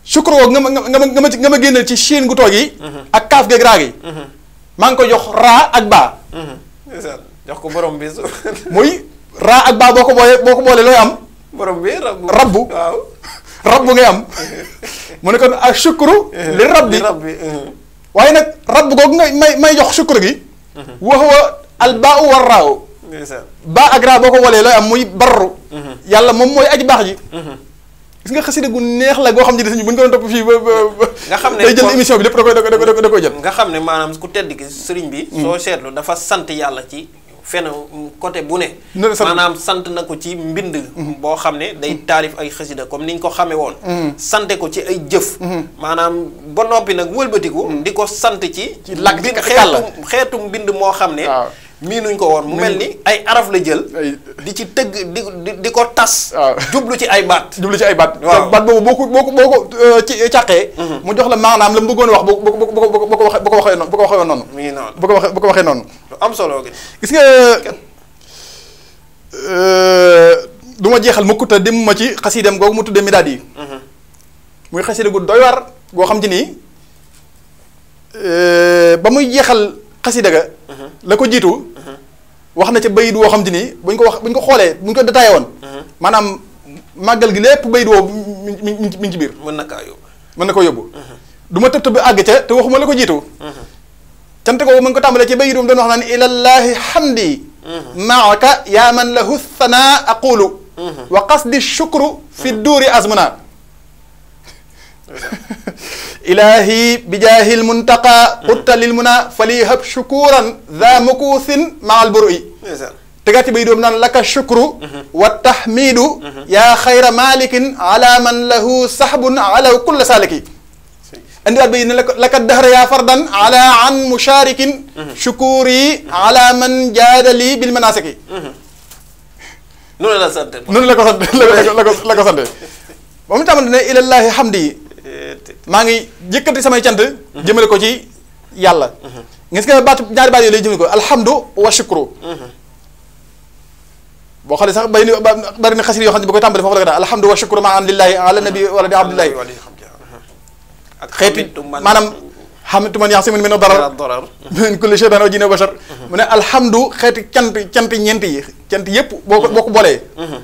S3: sukkur woo nga ma nga nga ma nga ma génneel ci Chine gu toog
S1: mm-hmm. ak
S3: kaaf geeg raag yi. Mm-hmm. maa ngi ko jox raa ak baa.
S1: Mm-hmm. ko borom bi
S3: muy raa ak baa boo ko boolee boo ko boolee looy am.
S1: borom bi rabbu rabbu. waaw
S3: rabbu ngay am. mu ne kon ak sukkuru.
S1: nag
S3: rabbu googu jox sukkuru gi. wa al baa u boo ko boolee looy am muy barru. yàlla moom mooy aji baax ji. gis nga xasida gu neex la goo xam ne dañu buñ ko doon topp fii ba ba. nga xam ne day jël émission bi
S1: lépp da koy da koy da koy jël. nga xam ne maanaam ku tedd gi sëriñ bi. Hmm. soo seetlu dafa sant yàlla ci. fenn côté bu ne maanaam sant na ko ci mbind hmm. boo xam ne day hmm. taarif ay xasida comme ni ñu ko xamee woon sante ko ci ay jëf maanaam ba noppi nag wëlbatiku di ko sant ci lak xeetu xeetu mbind moo xam ne miinuñ ko woon mel ni ay araf la jël di ci tëgg di di ko tas ah. jublu ci ay baat jublu ci ay baat baat
S3: boobu boo ko boo ko boo ko euh, ci euh, mhm. mu jox la maanaam la mu wax bu bu bu bu bu ko waxee bu ko waxee noonu bu ko waxee noonu bu ko waxee bu ko waxee am solo gis nga euh, du ma jeexal mukk te dem ma ci xasiidam googu mu tuddee midaad yi mhm. muy xasiida gu doy war goo xam ci nii ba muy jeexal xasiida la ko jiitu wax na ca bayit woo xam te ni buñ ko wax buñ ko xoolee buñ ko détaillé woon maanaam màggal gi lépp bayit woo mi mi ngi ci biir mën na kaa yóbbu na ko yóbbu mhm. du ma tëb tëb àgg ca te waxuma la ko jiitu mhm. cant ko mu ngi ko tàmbalee ci bayit wam nan wax naan ilallahi hamdi
S2: mhm.
S3: maaka yaa man lahu thana aqulu wa qasdi shukru fi duuri azmana ilaahi bijaahil muntaqa xuttalil muna fali hab shukuran za makuusin maal bur'i tegaat ci bay doom naan laka shukru wa tahmidu yaa xayra malikin ala man lahu sahbun ala kulla saliki indiwaat bay ne laka dahra yaa fardan ala an musharikin shukuri ala man jaadali bil manasiki
S1: noonu la sant noonu
S3: la ko sant la ko la ko sante ba mu tàmm ne ilallaahi hamdi maa ngi yëkkati samay cant jëmale ko ci yàlla ngeen si nga baatu ñaari baat yooyu lay jëmale ko alhamdu wa shukru boo xoolee sax bay ni bari na xasir yoo xam ne ba koy tàmbali foofu la ko daal alhamdu wa shukru ma an lillahi ala nabi wala di abdillahi xeeti maanaam xamtu man yaxsimun min darar min kulli shaytan wa jinni wa bashar mu ne alhamdu xeeti cant cant ñeent yi cant yëpp boo ko boo ko boolee mm-hmm.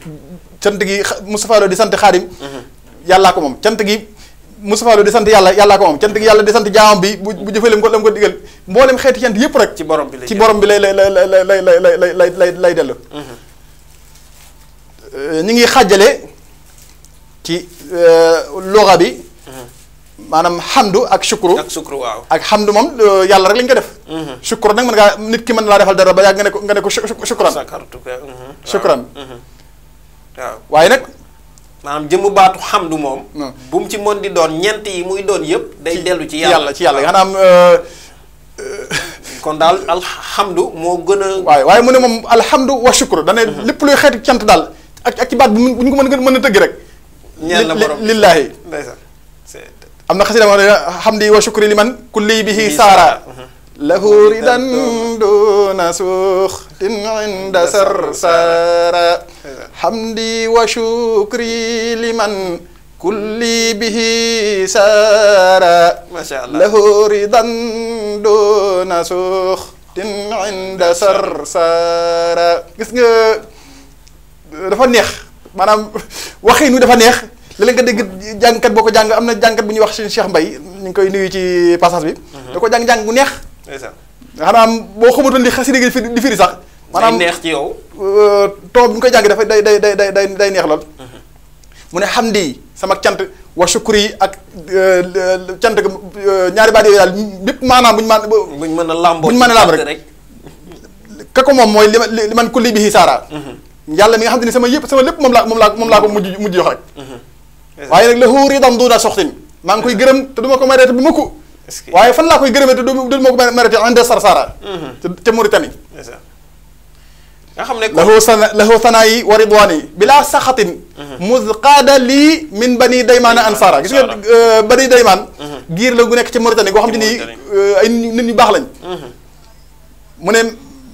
S3: cant gi Moustapha Lo di sant xaadim mm-hmm. yàllaa ko moom cant gi Moustapha Lo di sant yàlla yàllaa ko moom cant gi yàlla di sant jaamam bi bu bu jëfee lam ko lam ko digal mboolem xeeti cant yëpp rek. ci borom bi lay ci borom bi lay lay lay lay lay lay lay dellu. ñu ngi xàjjale ci loxa bi. maanaam xamdu ak sukru. ak sukru waaw ak xamdu moom yàlla rek lañ ko def. sukru nag mën ngaa nit ki mën laa defal dara ba yàgg nga ne ko
S1: nga waaye nag. maanaam jëmm baatu xamdu moom. bu mu ci mën di doon ñent yi muy doon yëpp. day dellu ci yàlla ci yàlla xanaa euh, euh, kon daal alhamdu moo gën a. waaye waaye mu ne moom
S3: alhamdu wa shukru da ne mhm. lépp luy xeeti cant daal ak bi bu mën a mën a tëgg rek. ñeel na borom lillaahi am na xasida ma ne hamdi wa shukri liman kulli bihi saara. Mhm. lahu ridan duna suux tin sar saara hamdi wa shukri liman kulli bihi saara macha allah lahu ridan duna suxtin inda sarsaara gis nga dafa neex maanaam waxiinu dafa neex léeg-léeg nga dégg jàngkat boo ko jàng am na jàngkat bu ñuy wax seen Cheikh Mbaye ñu ngi koy nuyu ci passage bi mhm. da ko jàng-jàng bu neex xanaa boo xamatoon li xasida gi di firi sax maanaam neex ci yow. Euh, taw bi ñu koy jàngi dafay day day day day day neex lool. Mhm. mu ne xam di sama cant wa sukkur yi ak euh, cant euh, ñaari baat yooyu daal bépp maanaam bu ñu maan. bu ñu mën a làmboo bu ñu mën a làmb rek. kako moom mooy li ma li man kulli bi xisaara.
S2: Mhm.
S3: yàlla mi nga xam te ni sama yëpp sama lépp moom laa moom laa moom laa ko mujj mujj jox rek. Mhm. waaye nag la xuuri dam duuna soxtin maa ngi koy gërëm te du ma ko mereete bi mukk waaye fan laa koy gërëmee te du ma ko mereete ande sarsara. te Mauritanie. nga xam ne lahu sana lahu yi wa ridwaani bilaa saxatin mus mhm. qaada lii min bani daymaana ansaara gis nga euh, bani daymaan mhm. giir la gu nekk ci Mauritanie goo xam te nii euh, nit ñu baax lañ mhm. mu ne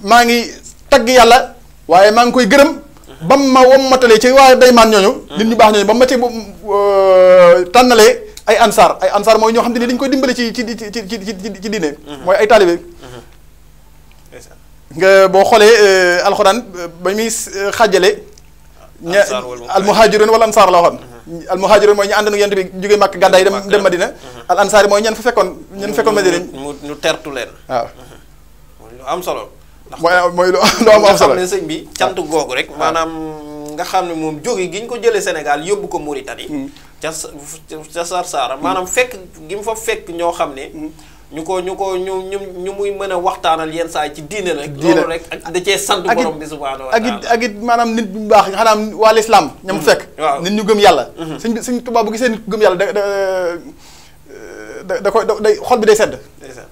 S3: maa ngi tagg yàlla waaye maa ngi koy gërëm ba mu ma wommatalee ci waaye daymaan ñooñu nit ñu baax ñooñu ba mu ma ci euh, tànnalee ay ansaar ay ansaar mooy ñoo xam te nii dañ koy dimbale ci ci ci ci ci diine mooy ay taalibe nga boo xoolee euh, alxuraan ba muy euh, xajale ña almuhaajiroon wala ansaar la waxoon. Mhm. almuhaajiroon mooy ñu àndoon ak yonent bi jóge Màkk gàddaay dem Madina. Mhm. al mooy ñan fa fekkoon
S1: ñan fekkoon Madina. mu ñu tertu leen. Mhm. solo.
S3: mooy mooy lu am
S1: bi cant googu rek maanaam. nga xam ne moom jóge gi ñu ko jëlee Sénégal yóbbu ko Mauritanie. ca ca Sarsara maanaam fekk gi mu fa fekk ñoo xam ne. ñu ko ñu ko ñu ñu ñu muy mën a waxtaanal yenn saa yi ci diine rek. loolu rek ak da cee sant borom bi subhaanahu wa taala ak it
S3: ak it maanaam nit bu baax xanaa waa lislaam ñam mm. fekk. waaw nit ñu gëm yàlla. Mm-hmm. sëñ bi sëñ Tuubaa bu gisee nit ku gëm yàlla da da koy day xol sedd.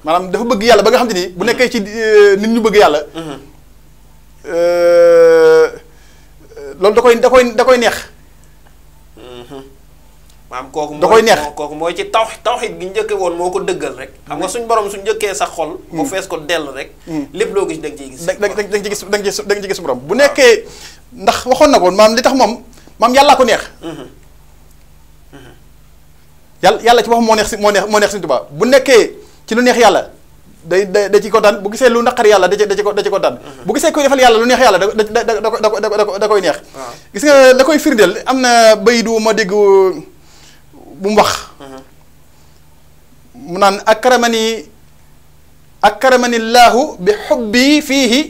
S3: maanaam dafa bëgg yàlla ba nga xam te ni bu mm-hmm. nekkee ci euh, nit ñu bëgg yàlla. Mm-hmm. Euh, koy da koy da koy neex.
S1: maam kooku da koy neex kooku mooy ci taw tawxit gi njëkke woon moo ko dëggal rek xam nga mm. suñ borom suñ njëkkee sa xol mu mm. fees ko dell rek mm. lépp loo gis da nga ciy gis da nga ciy gis da nga ciy da
S3: nga ciy gis borom bu nekkee ndax waxoon na ko li tax moom moom yàllaa ko neex mm-hmm. Mm-hmm. yàlla yàlla ci boppam moo neex si moo neex moo neex Sëñ Tuubaa bu nekkee ci lu neex yàlla da da da ci kontaan bu gisee lu naqari yàlla da ci da ci da ci kontaan mm-hmm. bu gisee koy defal yàlla lu neex yàlla da da da da da koy neex gis nga da koy firndeel am na bay du ma dégg bu mu wax mu naan akramani akramani llaahu bi xubbi fiihi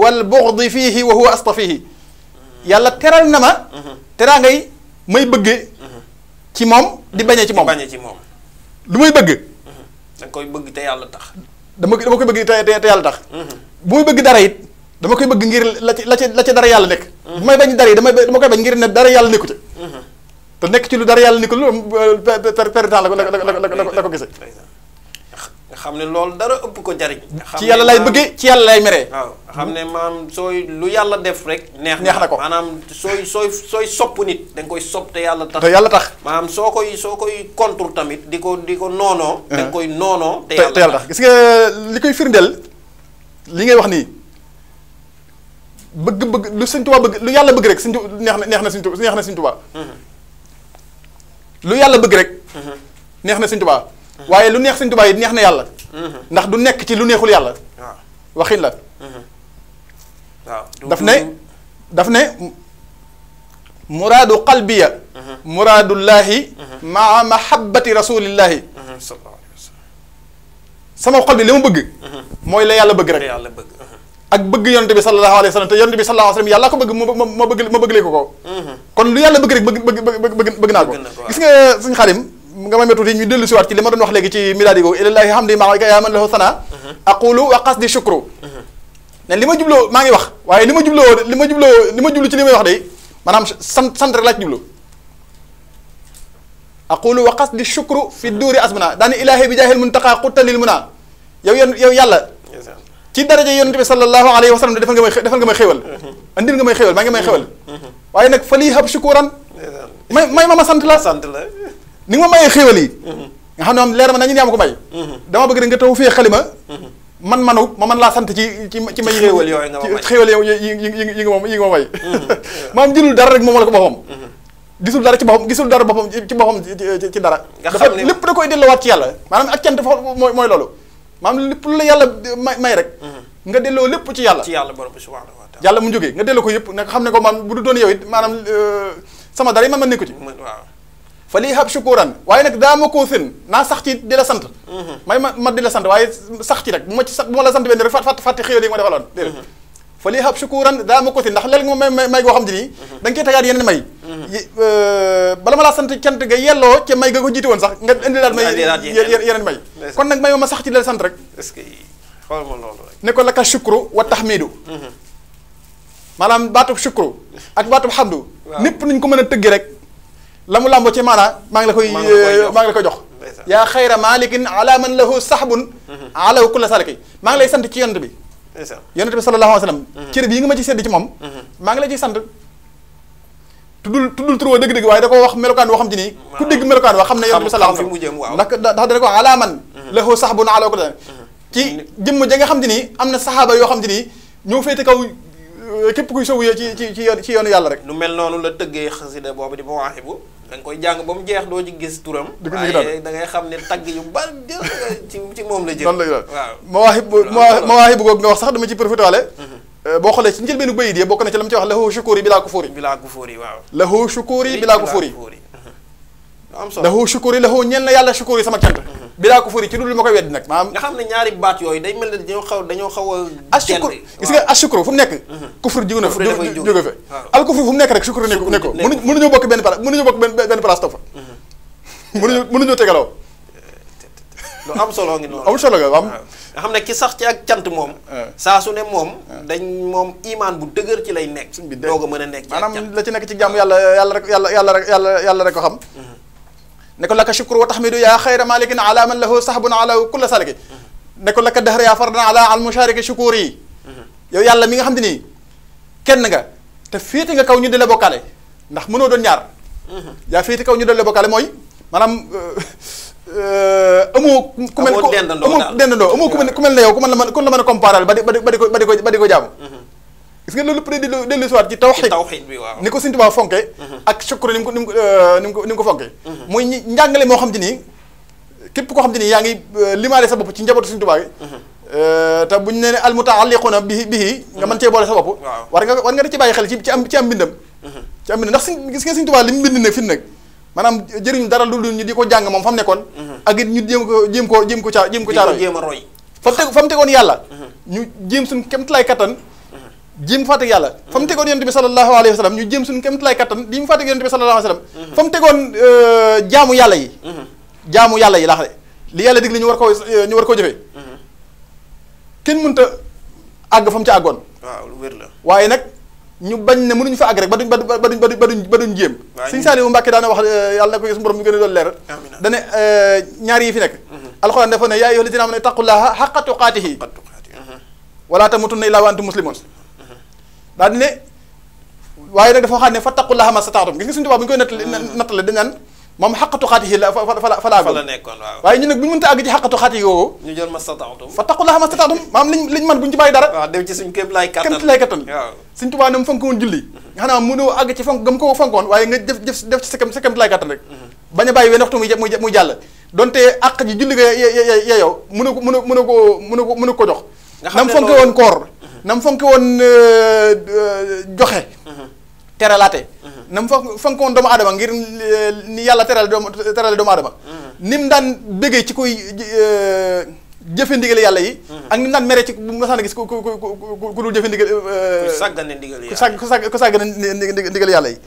S3: wal buxdi fiihi wa huwa astafihi yàlla teral na ma teraa may bëgge ci moom di bañee ci moom bañee ci moom lu may bëgg
S1: da koy te
S3: yàlla tax dama dama koy bëgg te yàlla tax bu may bëgg dara it dama koy bëgg ngir la ci la ci la ci dara yàlla nekk mhm. bu may bañ dara yi dama koy bañ ngir ne dara yàlla nekku ca mhm. te nekk ci lu dara yàlla ni ko loolu perte la ko la ko la ko gisee.
S1: nga xam ne loolu dara ëpp ko jariñ. ci yàlla lay bëggee ci yàlla lay xam ne maanaam sooy lu yàlla def rek. neex na ko maanaam sooy sooy sooy sopp nit da koy sopp te yàlla tax. te yàlla tax maanaam soo koy soo koy contre tamit di ko di ko noonoo. da koy noonoo. te
S3: yàlla tax gis nga li koy firndeel li ngay wax nii. bëgg bëgg lu sëñ Tuubaa bëgg lu yàlla bëgg rek sëñ neex na neex na sëñ Tuubaa na
S2: sëñ
S3: lu yàlla bëgg rek mhm. neex na sëñ tubaa waaye lu neex sëñ tubaa yi neex na yàlla mhm. ndax du nekk ci lu neexul yàlla waxin la
S2: mhm. waaw
S3: daf ne daf ne muraadu qalbiya muraadullaahi maa mahabbati rasulillahi sama xol bi li mu bëgg mooy la yàlla bëgg rek ak bëgg yonte bi sallallahu alayhi wa sallam te yonte bi sallallahu alayhi wa sallam ko bëgg ma bëgg ma bëgg lee ko ko mhm. kon lu yàlla bëgg rek bëgg naa ko gis nga suñ xalim nga may metuuti ñu dellu si waat ci li ma doon wax léegi ci milaadi googu ilallaahi hamdi maa ya man lahu sana mhm. aqulu wa qasdi shukru mhm. ne li ma jubloo maa ngi wax waaye li ma jubloo li ma jubloo li ma jublu ci li may wax day maanaam sant sant rek laa ci jublu aqulu wa qasdi shukru fi duuri asmana daani ilaahi bi jaahil muntaqa quttalil muna yow yow yàlla ci daraja yonent bi sallallahu alayhi wa sallam defal nga may defal nga nga may xéwal maa ngi may xéwal waaye nag fali hab shukuran may may ma ma sant la sant la ni nga ma mayee xéwal yi nga xam ne moom leer ma nañu yaa ma ko may dama taw fee xalima man manu ma man laa sant ci ci ci may xéwal yooyu nga ma may xéwal yow yi yi nga ma maam jëlul dara rek moom la ko boppam gisul dara ci boppam gisul dara boppam ci boppam ci dara lépp da koy delluwaat ci yàlla maanaam ak cant foofu mooy mooy loolu maanaam lépp lu la yàlla may may rek mhm. nga delloo lépp ci yàlla ci
S1: yàlla borom bi subhanahu wa
S3: taala yàlla mu jógee nga delloo ko yëpp nag xam ne ko maam bu du doon yow it maanaam euh, sama dara yi man ma nekku ci fa lii hab shukuran waaye nag daa ma koo seen naa sax ci di la sant mhm. may ma di la sant waaye sax ci rek bu ma la sant benn rek fàtte fàtte xëy na ma defaloon déedéet mhm. fa li xab sukuran daa ma ko si ndax léeg moom may may goo xam te nii mhm. da yeneen may mhm. euh, bala ma laa sant cant ga yelloo ca may ga ko jiite woon sax nga indilaat may yeneen may kon nag may ma sax ci del sant rek xool ma loolu rek ne ko laka sukru wa tahmidu mhm. maanaam baatub sukru ak baatub xamdu népp nañ ko mën a tëggi rek la mu làmboo ci maanaa maa ngi la koy maa ngi la koy jox yaa xayra malikin ala man lahu sahbun alaw kulla saliki maa ngi lay sant ci yont bi yonent bi sallallahu alayhi wa sallam cër bi yi nga ma ci sedd ci moom maa ngi la ciy sant tuddul tuddul tur wa dëgg-dëgg waaye da ko wax melokaan woo xam ci nii ku dégg melokaan wax xam ne yonent bi sallallahu alayhi wa sallam ndax ndax dana ko wax alaa man mhm. lahu sahbun mhm. ci jëmm ja nga xam ci nii am na saxaaba yoo xam ci nii ñoo féete kaw
S1: Euh, képp kuy sowuyee ci ci ci yoon ci yoonu yàlla rek. lu mel noonu la tëggee xasida boobu di Mawaahibu da nga koy jàng ba mu jeex doo ci gis turam. waaye da ngay xam ne tagg yu bari ci ci moom la jëm. noonu la ñu waaw
S3: Mawaahibu Mawaahibu googu nga wax sax dama ci profité waale. Mhm. Euh, boo xoolee ci njëlbeenu bayit yi bokk na ci la mu ci wax lahu shukuri bilaa bilaa kufuri waaw. lahu shukuri bilaa kufuri. am solo na yàlla shukuri sama cant. bilaa ko furi ci dul ma koy weddi nag maanaam nga
S1: xam ne ñaari baat yooyu day mel ne dañoo xaw dañoo xaw a ashukru
S3: gis nga ashukru fu mu nekk mhm. kufur jóge na fa jóge fa al kufur fu mu nekk rek shukru nekk nekk ko mënuñu bokk benn place
S1: mhm. lu am solo ngi noonu am solo nga am nga xam ne ki sax ci ak moom ah. saa ne moom ah. dañ moom imaan bu dëgër ci lay nekk doog a mën a maanaam la ci nekk ci jàmm yàlla yàlla rek yàlla yàlla rek yàlla yàlla rek ko xam mhm.
S3: ne ko laka shukru wa taxmidu yaa xayra malikin ala man lahu sahbun ala kulla saliki ne ko laka yaa fardan ala al mushariki shukuri yi yow yàlla mi nga xam te nii kenn nga te féete nga kaw ñu di la bokkaale ndax mënoo doon ñaar yaa féete kaw ñu de la bokkaale mooy maanaam amoo ku mel amoo dendandoo amoo ku mel ku mel ku mën la mën ku la mën a jaamu gis nga loolu peut être dellu si waat ci tawxiid tawxiid bi ni ko Sëñ Tuubaa mhm. ak sukkur ni ko ni mu koo xam te nii yaa ngi euh, limaale sa bopp ci njabootu Sëñ Tuubaa mhm. euh, te ne almutaalliquuna bihi bihi nga mhm. mën cee boole sa bopp war nga war nga ci bàyyi xel ci dara di ko jàng moom fa mu nekkoon ak it ñu jéem ko jéem ko jéem ko caa ko caa roy fa mu tegoon yàlla ñu jéem suñ kémtalaay kattan jéem fàttali yàlla fa mu tegoon yonent bi sallallahu alayhi wa sallam ñu jéem suñu kéem tolluwaay kattan di mu fàttali yonent bi sallallahu alayhi wa sallam mhm. fa mu tegoon euh, jaamu yàlla yi mhm. jaamu yàlla yi laax li yàlla digle ñu war ko euh, ñu war koo jëfee mhm. kenn mënta àgg fa mu ca àggoon
S1: waaw lu wér la
S3: waaye nag ñu bañ ne mënuñu fa àgg rek ba duñ ba duñ ba duñ ba duñ jéem sëñ Saaliwu Mbàkke daana wax euh, yàlla na ko suñu ñu gën a ñaar yi fi nekk alxuraan ne yaa ayyuhal lazina aamanu ittaqullaaha haqqa tuqaatihi wa laa tamuutunna illaa wa antum daal di ne waaye nag dafa waxaat ne fattaqullaha mastata'tum hmm. la fa fa fa laa nekkoon waaw waaye ñun nag bu ñu mënta àgg ci xaqatu xaati yi woowu ñu jël a fattaqullaha mastata'tum maam liñ liñ man bu ñu ci bàyyi dara waaw dem ci suñ képp lay kattan képp lay kattan waaw suñ tubaab ne mu fonk woon julli hmm. nga ko fonkoon waaye nga sa képp rek hmm. bañ a bàyyi wenn waxtu muy muy jàll donte àq ji julli nga yeyow mënu ko ko mënu ko ko jox nam fonk koor na euh, euh, mu mhm. mhm. fonk woon joxe. teralaate. na mu fonk fonk woon doomu aadama ngir euh, ni yàlla teral doomu terale doomu aadama. Mhm. ni mu daan bëggee ci kuy jëfe ndigal yàlla yi. ak ni mu daan mere ci bu ma gis ku ku ku ku ku dul jëfe ndigal. ku
S1: sàggane ndigal yàlla
S3: yi ku sàgg ku sàggane ndigal yàlla yi.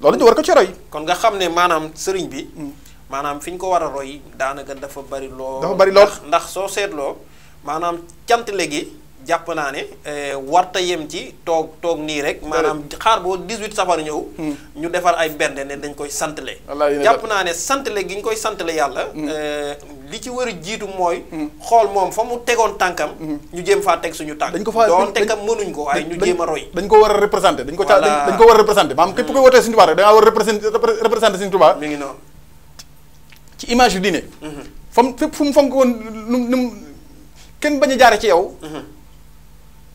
S3: loolu ñu war ko ci roy.
S1: kon nga xam ne maanaam sëriñ bi. Mm. maanaam fi ñu ko war a roy daanaka dafa bari lool. bari lool ndax soo seetloo maanaam cant léegi. jàpp naa ne eh, warta yem ci toog toog nii rek eh. maanaam xaar boo 18 safar ñëw hmm. ñu defar ay bernde ne dañ koy santale jàpp naa ne santale gi ñu koy santale yàlla hmm. eh, li ci war a jiitu mooy hmm. xool moom fa mu tegoon tànkam ñu jéem faa teg suñu tànk dañ ko fa doon tegam am ko waaye ñu jéem a roy dañ ko war a représenté dañ ko ca a
S3: représenté maanaam képp koy wootee Sëriñ Tuubaa rek da ngaa war a représenté représenté Sëriñ fu mu fonk woon nu mu kenn bañ a jaare ci yow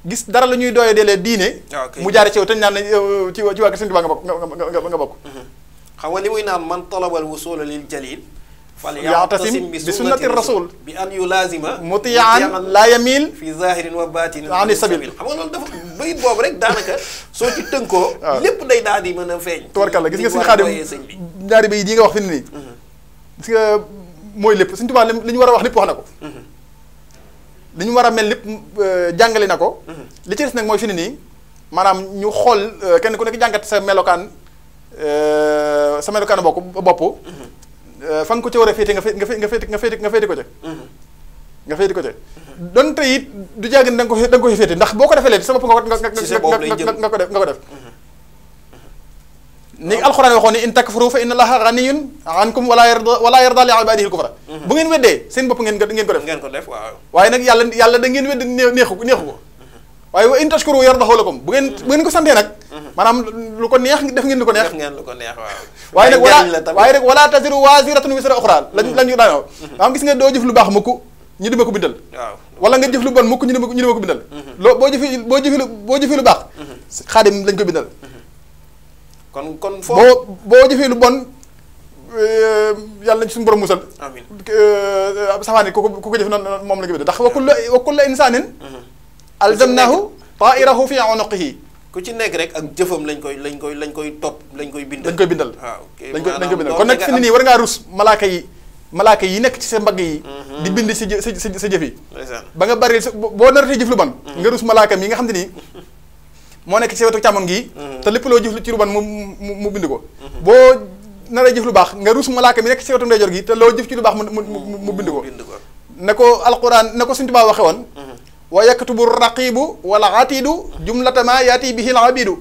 S3: gis dara la ñuy dooyee deelee diine.
S2: Ah, mu
S1: jaare ci yow te ñu naan euh, ci waa ci waa Sëñ Tuubaa nga bokk nga nga bokk. Mm-hmm. xam nga li muy naan man talabal wusula lil jalil. fal yaxtasim bi sunnati rasul bi an yu laazima. mutiyaan laa yamiil fi zahirin wa baatin ani sabil xam nga loolu dafa bayit boobu rek daanaka soo ci tënkoo. Ah. lépp day daal di mën a feeñ. tubarkalla gis nga suñu xaadim
S3: ñaari bayit yi nga wax fi mu nii. Mm-hmm. gis nga mooy lépp Sëñ Tuubaa li ñu war a wax lépp wax na ko mm-hmm. li ñu war a mel lépp euh, jàngale na ko. Mhm. li ci des nag mooy fi ne nii maanaam ñu xool euh, kenn ku nekk jàngat sa melokaan euh, sa melokaan bokk bopp. Mhm. fa nga ko ca war a féete nga fé nga fé nga féete nga féete nga féete ko ca. Mhm. nga féete ko ca donte it du jàng da nga ko da nga ko féete ndax boo ko defee léegi sa bopp nga ko def nga ko def. ni alxuraan waxoon ne in takfuru fa inna allaha ganiyun ankum wala yarda wala yarda li ibadihi al kufra mhm. bu ngeen weddee seen bopp ngeen ngeen ko def ngeen ko def waaye nag yàlla da ngeen wedd neexu neexu ko mhm. waaye wa in tashkuru yardahu lakum bu ngeen mhm. ngeen ko santee nag maanaam lu ko neex def ngeen lu ko neex waaye nag waaye rek wala taziru waziratun wisra ukhra lañ lañ ñu daanoo gis nga doo jëf lu baax mukk ñu dima ko bindal waaw nga jëf lu bon mukk ñu dima ko bindal
S1: kon kon foo boo
S3: boo jëfee lu bon euh, yàlla nañ suñu borom musal. amiin euh, safaani ku ko ku ko jëfee noonu moom la ñu ko ndax wa kullu wa kullu insaanin mhm. alzamnahu taa'irahu fi unuqihi
S1: ku ci nekk rek ak jëfam lañ koy lañ koy lañ koy topp lañ koy bindal. lañ koy bindal waaw ah, lañ koy lañ koy bindal kon nag fi nii war
S3: ngaa rus malaaka yi. malaaka yi nekk ci sa mbagg yi. Mhm. di bind si sa sa sa jëf yi. ba nga bari boo naratee jëf lu bon. Mhm. nga rus malaaka mi nga xam te moo nekk ci wetu càmmoñ gi mm-hmm. te lépp loo jëf ci ruban mu mu bind ko mm-hmm. boo nar a jëf lu baax nga ruus malaaka mi nekk ci wetu ndeyjoor gi te loo jëf ci lu baax mu mu bind ko ne ko alquran ne ko suñu tubaab waxe woon mm-hmm. wa yaktubu raqibu wala atidu jumlatama
S1: yaati bihi labidu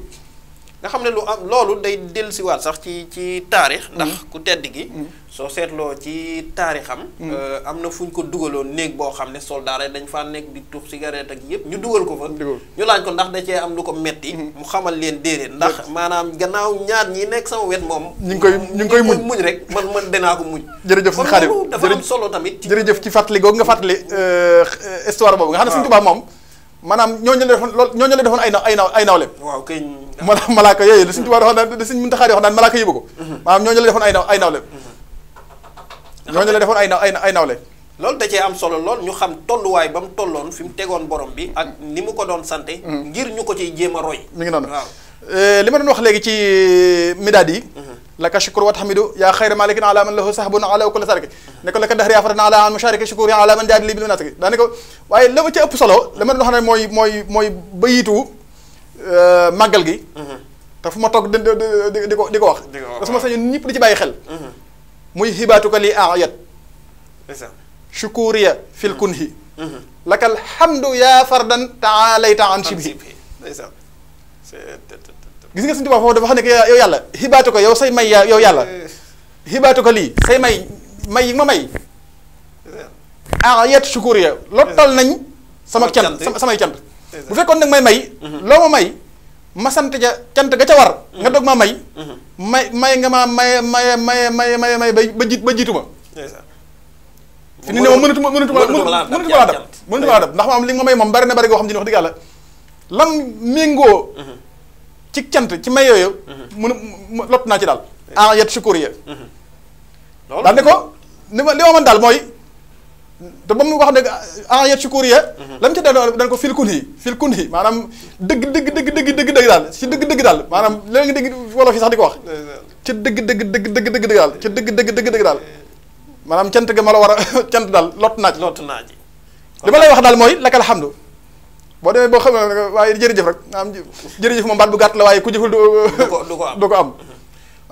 S1: nga xam ne lu am loolu day dellusiwaat sax ci ci taarix ndax ku tedd gi soo seetloo ci taarixam. Hmm. Euh, am na fu ñu ko dugaloon néeg boo xam ne soldaar yi dañ faa nekk di tux cigarette ak yëpp ñu dugal ko fa. ñu laaj ko ndax da cee am lu ko metti hmm. mu xamal leen déedéet ndax maanaam gannaaw ñaar ñi nekk sama wet moom. ñu koy ñu ngi koy muñ rek man man danaa ko muñ. jërëjëf si xarit kon dafa am tamit. jërëjëf ci fàttali googu nga fàttali
S3: euh, histoire boobu nga xam ne tubaab moom. maanaam ñooñu la defoon lool ñooñu la defoon ay naw ay naw ay nawle waaw malaaka yooyu la suñu tubaab dafa malaaka yóbbu ko mm-hmm. maanaam ñooñu la defoon ay
S1: naw ñooñu la defoon ay na ay nawle loolu da cee am solo lool ñu xam tolluwaay ba mu tolloon fi mu tegoon borom bi ak ni mu ko doon sante mm. ngir ñu ko ciy jéem a roy mi ngi noonu waaw
S3: eh, li ma doon wax léegi ci eh, midaad yi mm-hmm. laka shukru wa tahmidu yaa xayra malikin ala man lahu sahbun ala wa kulli sarki ne ko laka dahri afatan ala an mushariki shukuri ala man jaadili ko waaye la ma ci ëpp solo li ma doon wax ne mooy mooy mooy bayitu eh, màggal gi mm-hmm. te fu ma toog di di ko di ko wax da su ma sañu ñëpp di ci bàyyi xel mm-hmm. muy hibaatuka li ayat shukuriya fil mm-hmm. kunhi mm-hmm. lakal hamdu yaa fardan taalayta an shibhi
S1: gis
S3: nga suñu tubaab foofu dafa xam ne que yow yàlla xibaatu ko yow say may yow yàlla eh. xibaatu ko lii say may may yi ma may ah yet sukkur ya lottal nañ sama cant samay cant bu fekkoon nag may may mm-hmm. loo ma may ma sant ja cant ga ca war. Mm-hmm. nga dog mm-hmm. ma may. may may nga ma maye maye maye maye maye maye ba jiit jiitu ma.
S2: fi mu ne ma mënatu ma ma mënatu ma laa
S3: dab mënatu ma laa dab ndax ma am li nga may moom bari na bari goo xam ne wax dëgg yàlla lam méngoo. Mm-hmm. ci cant ci may yooyu. mun a lott naa ci daal. ah yet sukkur loolu daal ne ko li ma li ma mën daal mooy. te ba mu wax nag en yet si courrier la mu ca delloo dañ ko fil kun yi fil kun yi maanaam dëgg dëgg dëgg dëgg dëgg dëgg daal si dëgg dëgg daal maanaam léeg nga dégg wolof yi sax di ko wax ci dëgg dëgg dëgg dëgg dëgg daal dëgg dëgg dëgg dëgg daal maanaam cant ga ma la war a cant daal lot naaj lot naaj li ma lay wax daal mooy lakal xamdu boo demee boo xam ne waaye jërëjëf rek maanaam
S1: jërëjëf moom baat bu gàtt la waaye ku jëful du ko am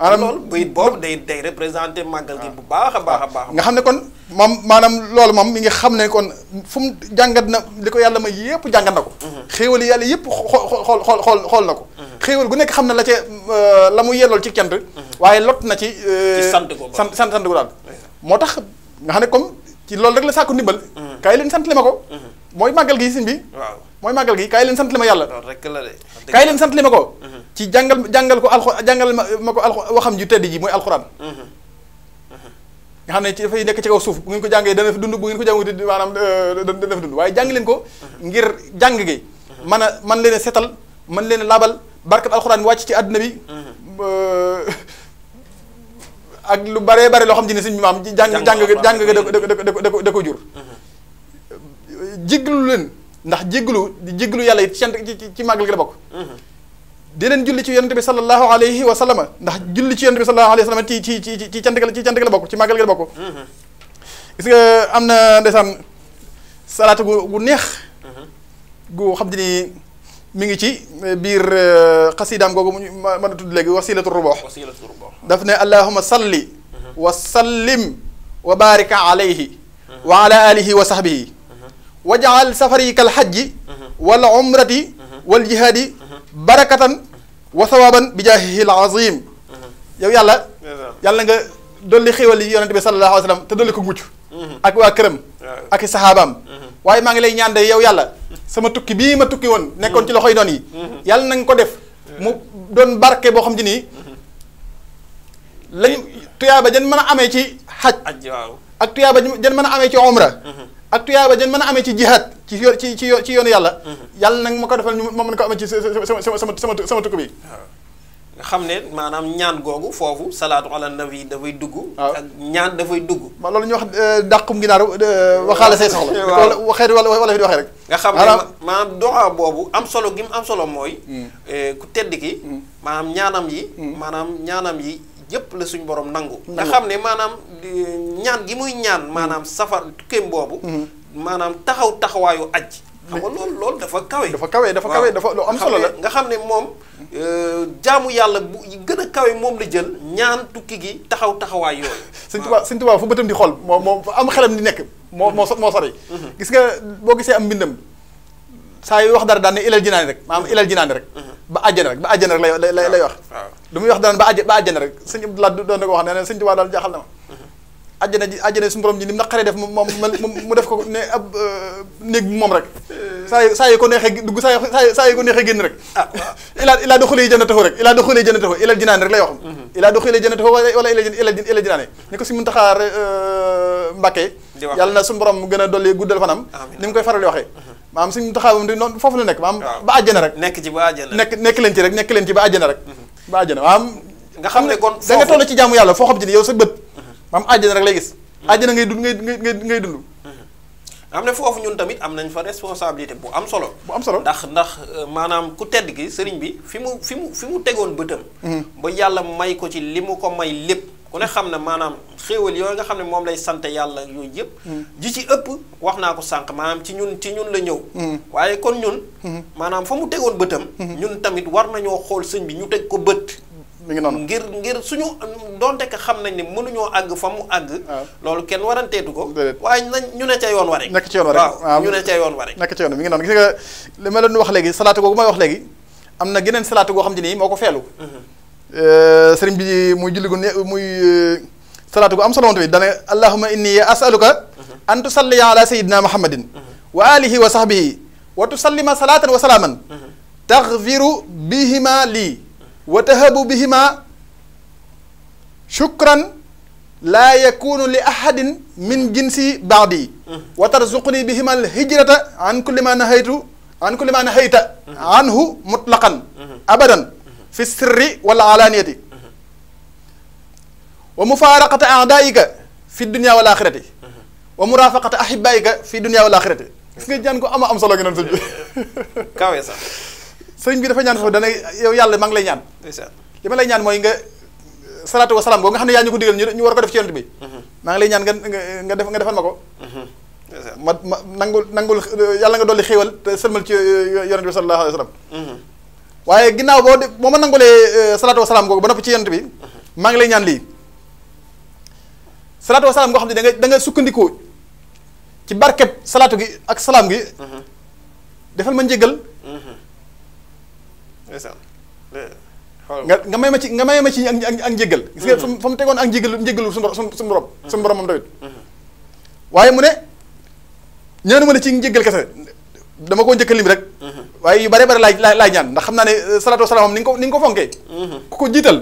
S1: maanaam ah, loolu bayit boobu day day représenté màggal gi ah. bu baax a baax a baax.
S3: nga xam ne kon moom maanaam loolu moom mi ngi xam ne kon fu mu jàngat na li ko yàlla may yëpp jàngat na ko. Mhm. xéewal yi yàlla yëpp xool xool xool xool na ko. Mhm. xéewal gu nekk xam na la ca euh, la mu yellool ci cant. Mhm. waaye lot na ci. Euh, ci sant ko sant sant daal. moo tax nga xam ne comme ci loolu rek la sàkku ndimbal. kaay leen sant li ma ko. mooy màggal gi sin bi mooy màggal gi kaay leen sant li ma yàlla rek leen sant li ma ko mm-hmm. ci jàngal jàngal ko alxu jàngal ma ko alxu waxam ju tedd ji mooy alxuraan mm-hmm. nga xam ne ci dafay nekk ci kaw suuf bu ngeen ko jàngee dana fi dund bu ngeen ko jàngute maanaam euh, dana fi jàng ko mm-hmm. ngir jàng gi man a man leen a setal man leen a laabal barkat alxuraan bi wàcc ci àdduna bi euh, ak lu baree bare loo xam ne suñu maam jàng jàng jàng ga da ko da ko da ko jur jiglu leen ndax jéggalu jéggalu yàlla it ci ci màggal bokk di leen julli ci yonente bi sallallahu alayhi wa sallama ndax julli ci yonente bi sallallahu alayhi wa ci ci ci ci cant ci cant bokk ci màggal am na ndeysaan salaatu gu gu neex gu xam te ni ngi ci biir euh, xasidaam googu mu mën a tudd léegi wasilatu ruboox daf ne allahuma salli wa sallim wa barika alayhi wa ala alihi wa sahbihi wajaal safari kal xajji wal umrati wal jihaadi barakatan wa sawaban bi jaahihi al azim yow yàlla yàlla nga dolli xéwal yi yonente bi sallallahu alayhi wa sallam te dolli ko mucc ak waa këram ak i waaye maa ngi lay ñaan de yow yàlla sama tukki bii ma tukki woon nekkoon ci loxoy noon yi yàlla na ko def mu doon barke boo xam ci nii lañ tuyaaba jan mën a amee ci xaj ak tuyaaba jan mën a amee ci omra ak tuyaaba jën mën a amee ci jihaad ci yoon ci ci ci yoonu yàlla mm-hmm. yàlla nag ma ko defal ñu ma mën ko amee ci sama sama sama sama bi
S1: nga xam ne maanaam ñaan googu foofu salaatu ala nabi dafay dugg ak ñaan dafay dugg ma loolu ñuy wax euh, dàqum ginaar euh, waxaale say soxla waxee wala wala fi di waxee rek nga xam ne maanaam doxa boobu am solo gi am solo mooy mm. euh, ku tedd ki mm. maanaam ñaanam yi mm. maanaam ñaanam yi yëpp la suñu borom nangu. nga xam ne maanaam ñaan gi muy ñaan maanaam mm-hmm. safar tukkeem boobu. Mm-hmm. maanaam taxaw taxawaayu aj mm-hmm. xam nga loolu lool dafa kawe. dafa kawe dafa kawe dafa lu am solo la nga xam ne moom euh, jaamu yàlla bu gën a kawe moom la jël ñaan tukki gi taxaw
S3: taxawaay yooyu. Sëñ Tuubaa Sëñ Tuubaa fu bëtam di xool moo moo am xelam di nekk moo moo moo sori. gis nga boo gisee am mbindam. saa yu wax dara daan ne ilal jinaani rek maanaam ilal jinaani mm-hmm. rek ba àjjana rek lay wax lu muy wax daan ba àjj ba àjjana rek sëñ Abdoulaye doon wax ne ne sëñ Tuubaa daal jaaxal na ma mm-hmm. àjjana ji àjjana moom euh, moom rek saa yu ko neexee dugg rek ah ilaa ilaa doxalee yi jëna taxu rek ilaa doxalee yi jëna taxu ilal jinaani rek lay wax mm-hmm. ilaa doxalee yi euh, gën a dolli guddal fanam ni mu koy faral di waxee maam suñu taxawam di noonu foofu la nekk maam ba àjjana
S1: rek nekk ci ba àjjana nekk
S3: nekk leen ci rek nekk leen ci ba àjjana rek mhm. ba na maam nga xam ne kon da nga toll ci jaamu yàlla foo xam ci ni yow sa bët mhm. maam rek lay gis mhm. àjjana ngay dund ngay ngay ngay dund
S1: am ne foofu ñun tamit am nañ fa responsabilité bu am solo. bu am solo ndax ndax euh, maanaam ku tedd gi sëriñ bi fi mu fi mu fi mu tegoon bëtam. ba yàlla may ko ci li mu ko may lépp. ku ne xam na maanaam xéewal yooyu nga xam ne moom lay sant yàlla yooyu yëpp. Mm. ji ci ëpp wax naa ko sànq maanaam ci ñun ci ñun la ñëw. Mm. waaye kon ñun. Mm-hmm. maanaam fa mu tegoon bëtam. Mm-hmm. ñun tamit war nañoo xool sëñ bi ñu teg ko bët. mu ngi noonu ngir ngir suñu donte ko xam nañ ne mënuñoo àgg fa mu àgg. loolu kenn waranteetu ko. waaye nañ ñu ne ca yoon wa rek. nekk ca yoon wa waaw ñu ne ca yoon wa
S3: rek. nekk ca yoon mi ngi noonu gis nga li ma leen wax léegi salaatu googu may wax léegi am na geneen salaatu goo xam ne nii moo ko feelu mm-hmm. Euh, sëriñ bi muy julli gu ne muy euh, salaatu gu am solo tamit dana allahumma inni asaluka mhm. an tusalli ala sayyidina muhammadin mhm. wa alihi wa sahbihi wa tusallima salatan wa salaaman mhm. taxfiru bihima lii wa tahabu bihima shukran laa yakunu li ahadin min jinsi baadi wa tarzuqni bihima alhijrata an kulli ma nahaytu an kulli ma nahayta anhu mutlaqan abadan fi sirri wala alaaniyati wa mufaaraqata aadaayika fi dunya wal axirati wa murafaqata ahibaayika fi dunya wal axirati gis nga ñaan ko ama am solo ngi noonu sëñ bi kawe sax sëñ bi dafa ñaan foofu dana yow yàlla maa ngi lay ñaan li ma lay ñaan mooy nga salaatu wa salaam nga xam ne yaa ñu ko digal ñu war ko def ci yonent bi mhm. maa ngi lay ñaan nga nga def nga defal ma ko mhm. ma ma nangul nangul yàlla nga dolli xéewal te sëlmal ci euh, yonent bi sallallahu alayhi
S2: wa
S3: waaye ginnaaw boo de boo ma nangulee euh, salaatu wa salaam googu ba noppi ci yonent bi maa ngi lay ñaan lii salaatu wa salaam goo xam ne da nga da nga sukkandikoo ci barkeb salaatu gi ak salaam gi. Mhm. defal ma njëgal. Mhm. nga nga may ma ci nga may ma ci ak ak njëgal. gis nga mhm. fa mu tegoon ak njëgal njëgalu suñu suñu borom. suñu borom moom tamit. waaye mu ne ñaanu ma ne ci njëgal kese dama koo njëkkalim rek. waaye yu bare bare laay laay ñaan ndax xam naa ne euh, salaatu wa salaam ni nga ko ni nga ko fonkee. Mm-hmm. ku ko jiital.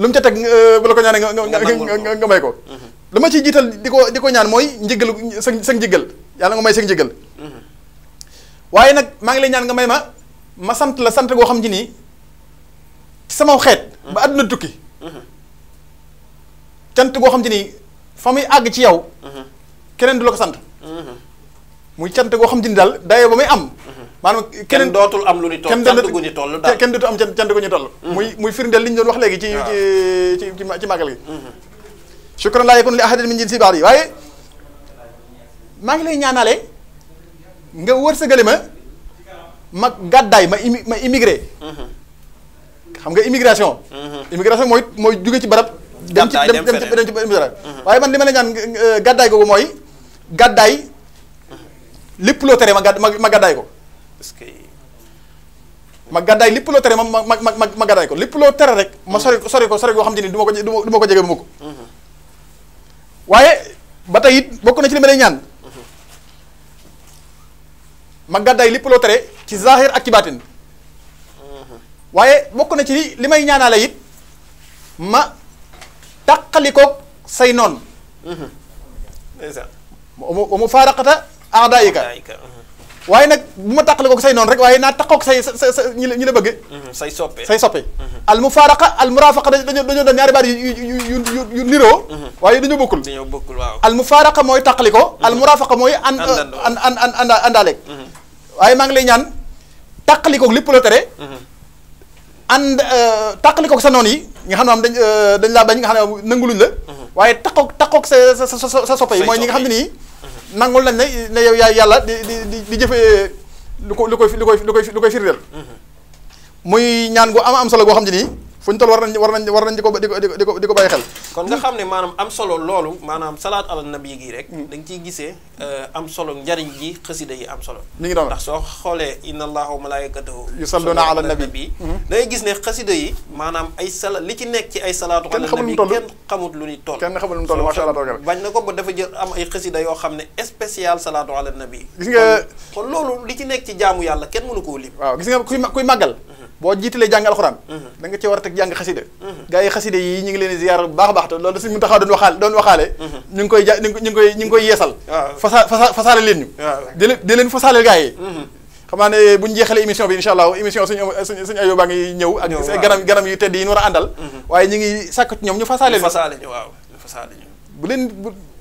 S3: lu mu ca teg euh, bu la ko ñaanee nga nga nga may ko. Mm-hmm. lu ma ciy jiital di ko di ko ñaan mooy njëggalu sa sa njëggal yàlla nga may sa njëggal. Mm-hmm. waaye nag maa ngi lay ñaan nga may ma ma sant la sant goo xam ji nii ci sama xeet. ba àdduna tukki. cant goo xam ji nii fa muy àgg ci yow. keneen du la ko sant. muy cant goo xam ji ni daal dayoo ba muy am. maanaam keneen dootul am lu ñu toll cant gu ñu toll daal kenn dootul am cant gu ñu toll mm-hmm. muy muy firndeel li ñu doon wax léegi ci ci ci ci màggal gi mm-hmm. shukran laa yakun li ahadin min jinsi baax yi waaye maa ngi lay ñaanale nga wërsëgale ma ma gàddaay ma imi ma immigré mm-hmm. xam nga immigration immigration mooy mooy jóge ci barab dem ci dem ci dem ci barab waaye man li ma la ñaan gàddaay googu mooy gàddaay lépp loo tere ma gàddaay ko est-ce que ma gàddaay lépp loo tere ma ma gàddaay ko lépp loo tere rek. ma sori ko sori ko sori koo xam te ni du ko jege mukk waaye ba tey bokk na ci li ma lay ñaan. ma gàddaay lépp loo tere ci zahir ak ci waaye bokk na ci li may ñaanaale it ma taqalikoog say noon. mu mu aadaayika waaye nag bu ma tàqale ko say noonu rek waaye naa taqoo say sa sa sa ñi la ñi la bëgge
S1: mhm, say soppe
S3: say soppe mhm. al mufaaraqa al murafaqa dañoo dañoo doon ñaari baat yu yu yu yu niroo mhm. waaye dañoo bokkul dañoo bokkul waaw al mufaaraqa mooy tàqali ko al murafaqa mooy an an an an àndaaleeg waaye maa ngi lay ñaan tàqali ko lépp la euh, ko sa noonu yi nga xam ne am dañ euh, dañ laa bañ nga xam ne nangu luñ la waaye taqoo taqoo sa sa sa soppe yi mooy ñi nga xam ne nii nangul la ne ne yow yaay yàlla di di di jëfee lu ko lu koy lu koy lu koy firndeel mm-hmm. muy ñaan gu am am solo goo xam ne nii fuñ toll war nañ war nañ war nañ di ko di ko di ko bàyyi xel
S1: kon nga xam ne maanaam am solo loolu maanaam salaat ala nabi gi rek mm. da nga ciy gisee euh, am solo njariñ gi xasida yi am solo mi ngi doon ndax soo xoolee inna allaha wa malaikatahu yusalluna ala nabi mm-hmm. da ngay gis ne xasida yi maanaam ay sala li ci nekk ci ay salaatu ala nabi kenn xamut lu ni toll kenn xamul lu ni toll macha allah taala bañ na ko ba dafa jël am ay xasida yoo xam ne spécial salaatu ala nabi gis nga kon loolu li ci nekk ci jaamu yàlla kenn mënu koo lim waaw gis nga kuy kuy
S3: boo jiitalee jàng alxuraan mhm. da nga cee war a teg jàng xasida mhm. gars xasida yi ñu ngi leen ziyaar baax a baax te loolu da suñu taxaw doon waxaale ñu ngi koy yeesal fasaale leen ñu di leen di leen fasaale gars yi mhm. ne bu ñu jeexalee émission bi incha allah émission suñu suñu suñu ayoo ngi ñëw ak ganam ganam yu tedd yi ñu war a àndal waaye ñu ngi sàkk ci ñoom ñu fasaale ñu
S2: waaw
S1: fasaale ñu
S3: bu leen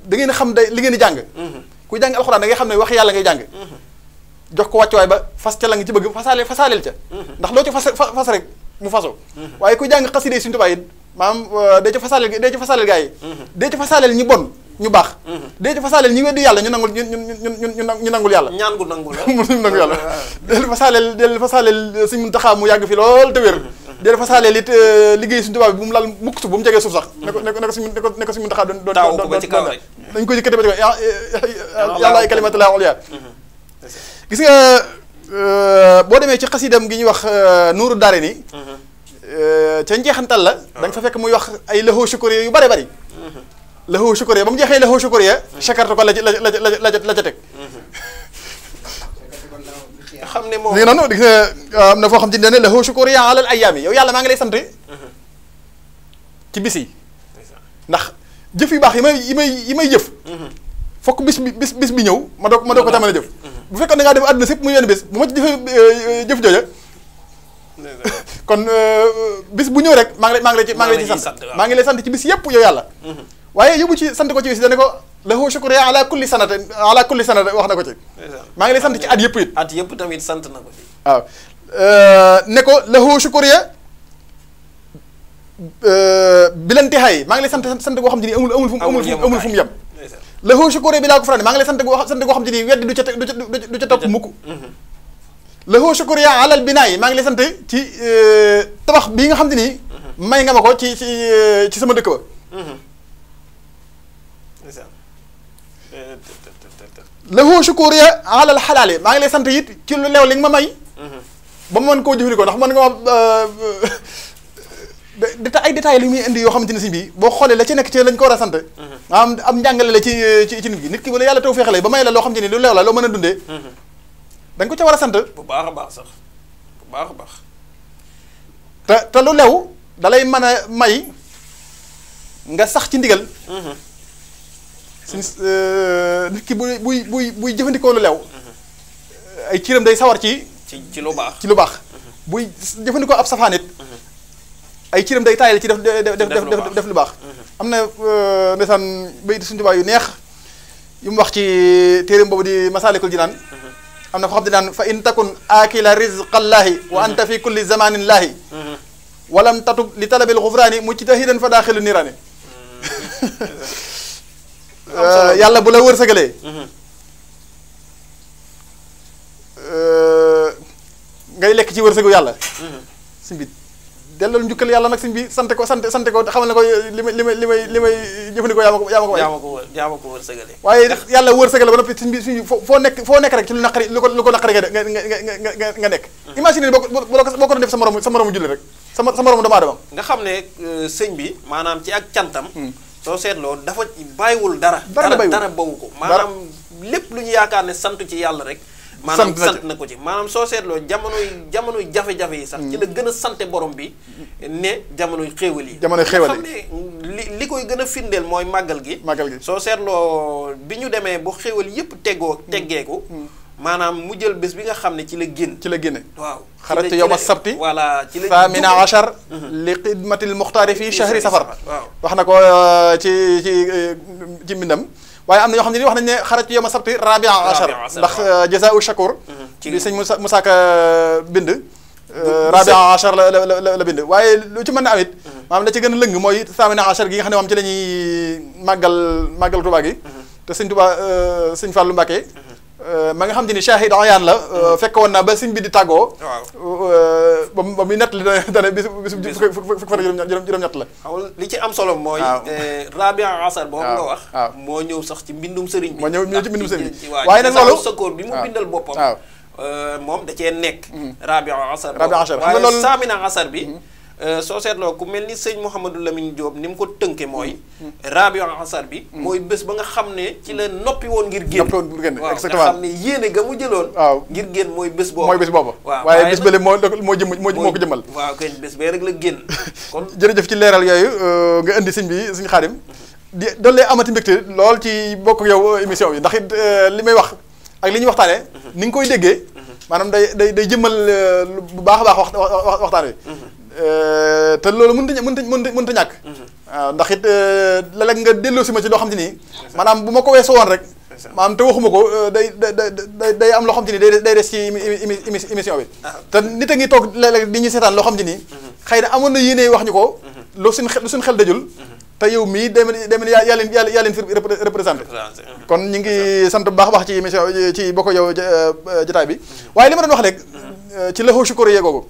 S3: da ngeen xam day li ngeen di jàng ku jàng alxuraan da ngay xam ne wax yàlla ngay jàng jox ko wàccuwaay ba fas ca la nga ci bëgg fasaale fasaaleel ca ndax loo ci fas fas rek mu faso waaye ku jàng xasida yi suñu tubaay yi maanaam dee ci fasaaleel gaa yi dee ci fasaaleel ñi bon ñu baax dee ci fasaaleel ñi weddi yàlla ñu nangul ñu ñu ñu nangul yàlla ñaan gu nangul yàlla deel fasaaleel deel fasaaleel suñ mun taxaa mu yàgg fi lool te wér deel fasaaleel it liggéey suñu tubaab bi bu mu laal mukk suuf bu mu jegee suuf sax ne ko suñu mun taxaa doon doon gis nga euh, boo demee ci xasidam gi ñuy wax euh, nuuru daare ni euh, ca njeexantal la ah. da fa fekk muy wax ay lëxoo sukkuré yu bare bari lëxoo sukkuré ba mu jeexee lëxoo sukkuré mm-hmm. chakartu ko la la la la la ca teg xam ne moom li noonu gis nga am na foo xam ci ne lëxoo sukkuré alal ayaam yi yow yàlla maa ngi ndax jëf yu baax yi may yi may yi may jëf mm-hmm. fokk bis bi bis bis bi ñëw ma doo ma doog ko tamale jëf mm-hmm. bu fekkoon da ngaa def àdduna sépp muy wenn bés bu ma ci euh, jëf jooja kon euh, bis bu ñëw rek maa ngi lay maa ngi lay sant maa ngi lay sant ci bis yëpp yow yàlla mhm. waaye yóbbu ci sant ko ci bis dane ko lahu shukru ala kulli wax na maa ngi lay sant ci at yëpp it at yëpp tamit sant na ko ci euh, ne ko lahu shukru bilanti xay maa ngi lay sant sant koo xam ne amul amul fu amul fu amul fu mu lahu shukuru bi laa ko farani maa ngi lay sant goo sant goo xam te weddi du ca du ca topp mukk mhm. lahu shukuru yaa alal binaay maa ngi lay sant ci euh, tabax bii nga xam te ni mhm. may nga ma ko ci ci euh, ci sama dëkk ba mhm. lahu shukuru yaa alal xalaale maa ngi lay sant it ci lu leew li nga ma may ba ma mën koo jëfandikoo ndax mën nga ma euh, déta ay détails li muy indi yoo xamante ne si bii boo xoolee la ci nekk ci lañ ko war a sant am am njàngale la ci ci ci nit gi ki wala yàlla taw feexale ba may la loo xam te ni lu a dañ ko ca war a sant bu
S1: baax a baax sax baax a baax
S3: te te a may nga sax ci ndigal mhm. suñ euh, ki buy buy buy buy jëfandikoo lu leew ay ciiram day sawar ci
S1: ci lu baax
S3: ci lu baax buy jëfandikoo ab safaanit mhm. ay ciram day la ci def def def lu baax mhm. am na euh, ndeysaan bayit Sëriñ Tuubaa yu neex yu mu wax ci téeréem boobu di Masaalikul Jinaan mhm. am na foo xam ne naan fa in takun aakila rizqallaahi wa mhm. anta fi kulli zamanin laahi walam tatub li talabil xufraani mujtahidan fa daaxilu niraani euh, yàlla bu la wërsëgalee euh, ngay lekk ci wërsëgu yàlla simbit dellal njukkal yàlla nag sëñ bi sante ko sante sante ko xamal ne ko li may li may li may jëfandikoo yaa ko waaye
S1: yaa ma ko wërsëgale
S3: waaye yàlla wërsëgale ba noppi sëñ bi suñu foo nekk foo nekk rek ci lu naqari lu ko lu ko naqari nga nga nga nga nekk hmm. imagine boo ko boo ko def sa moromu sa moromu julli rek sa sa moromu aadama
S1: nga xam ne euh, sëñ bi maanaam ci ak cantam hmm. soo seetloo dafa bàyyiwul dara dara dara bawu ko maanaam lépp lu ñu yaakaar ne sant ci yàlla rek maanaam sant na ko ci maanaam soo seetloo jamonoy jamonoy jafe-jafe yi sax ci la mm. gën a sante borom bi ne jamonoy xéewal yi jamonoy xéewal yi li li koy gën a findeel mooy màggal gi màggal gi soo seetloo bi ñu demee bu xéewal yëpp tegoo mm. teggeeku mm. maanaam mu jël bés bi nga xam ne ci la génn ci la génne waaw xarajtu yawma sabti voilà ci la thamina achar
S3: mm-hmm. li xidmatil muxtaari fii chahri safar wax na ko euh, ci ci euh, ci mbindam waaye am na yoo xam ne ni wax nañ ne xarajtu a sabti rabia achar ndax euh, jazaa'u shakur bi mhm. sëñ Moussa Moussa Ka euh, bind euh, rabia achar la la la bind waaye lu ci mën na am maam maanaam la ci gën a lëng mooy samina achar gi nga xam ne moom ci la ñuy màggal màggal Tuubaa gi mhm. te sëñ Tuubaa Euh, ma nga xam te ni shahid ayaan la euh, mm-hmm. fekk woon naa ba sëñ bi di tàggoo euh, ba ba muy nett li
S1: dane bis bis fukk fan juróom-ñett la li ci am solo mooy rabia asar boobu nga wax moo ñëw sax ci mbindum sëriñ bi moo ñëw ci mbindum sëriñ bi waaye nag loolu sëkkoor bi mu bindal boppam moom da cee nekk mm-hmm. rabia asar rabia asar waaye saamina asar bi mm-hmm. Euh, soo seetloo ku mel ni sëñ Mouhamadou Lamine Diop ni mu ko tënke mooy rabion ansar bi mm. mooy bés ba nga xam ne ci la noppi woon ngir génn noppi woon ngir génn exactement nga xam ne
S3: yéene ga mu jëloon waaw ngir génn mooy bés boobu mooy bés boobu waaw waaye bés bële moo moo jëm moo ko jëmal
S1: waaw kay bés bee rek la génn
S3: kon jërëjëf ci leeral yooyu euh, nga indi sëñ bi sëñ Xaadim mm-hmm. di doole amati mbégte lool ci bokk yow euh, émission bi ndax it li may wax ak li ñuy waxtaanee mm-hmm. ni nga koy déggee mm-hmm. maanaam day day day jëmmal bu baax wax wax waxtaan wi Euh, te loolu mënut a mënut a mënut a ñàkk. Mhm. waaw ndax it euh, léeg-léeg nga delloo si ma ci loo xam te ni. maanaam bu ma ko weesoo woon rek. maanaam te waxuma ko euh, day day day am loo xam te ni day day des ci bi. Ah. te nit a ngi toog léeg di ñu seetaan loo xam te ni. Mhm. xëy na amoon na yéene wax ñu ko. Mhm. lu suñ xel lu suñ xel dajul. te yow mii day mel day mel yàlla yaa leen yaa leen fi représenté. kon ñu ngi sant bu baax a baax ci émission ci bokk yow jotaay bi. waaye li ma doon wax rek. ci la xoo sukkur yeegoogu.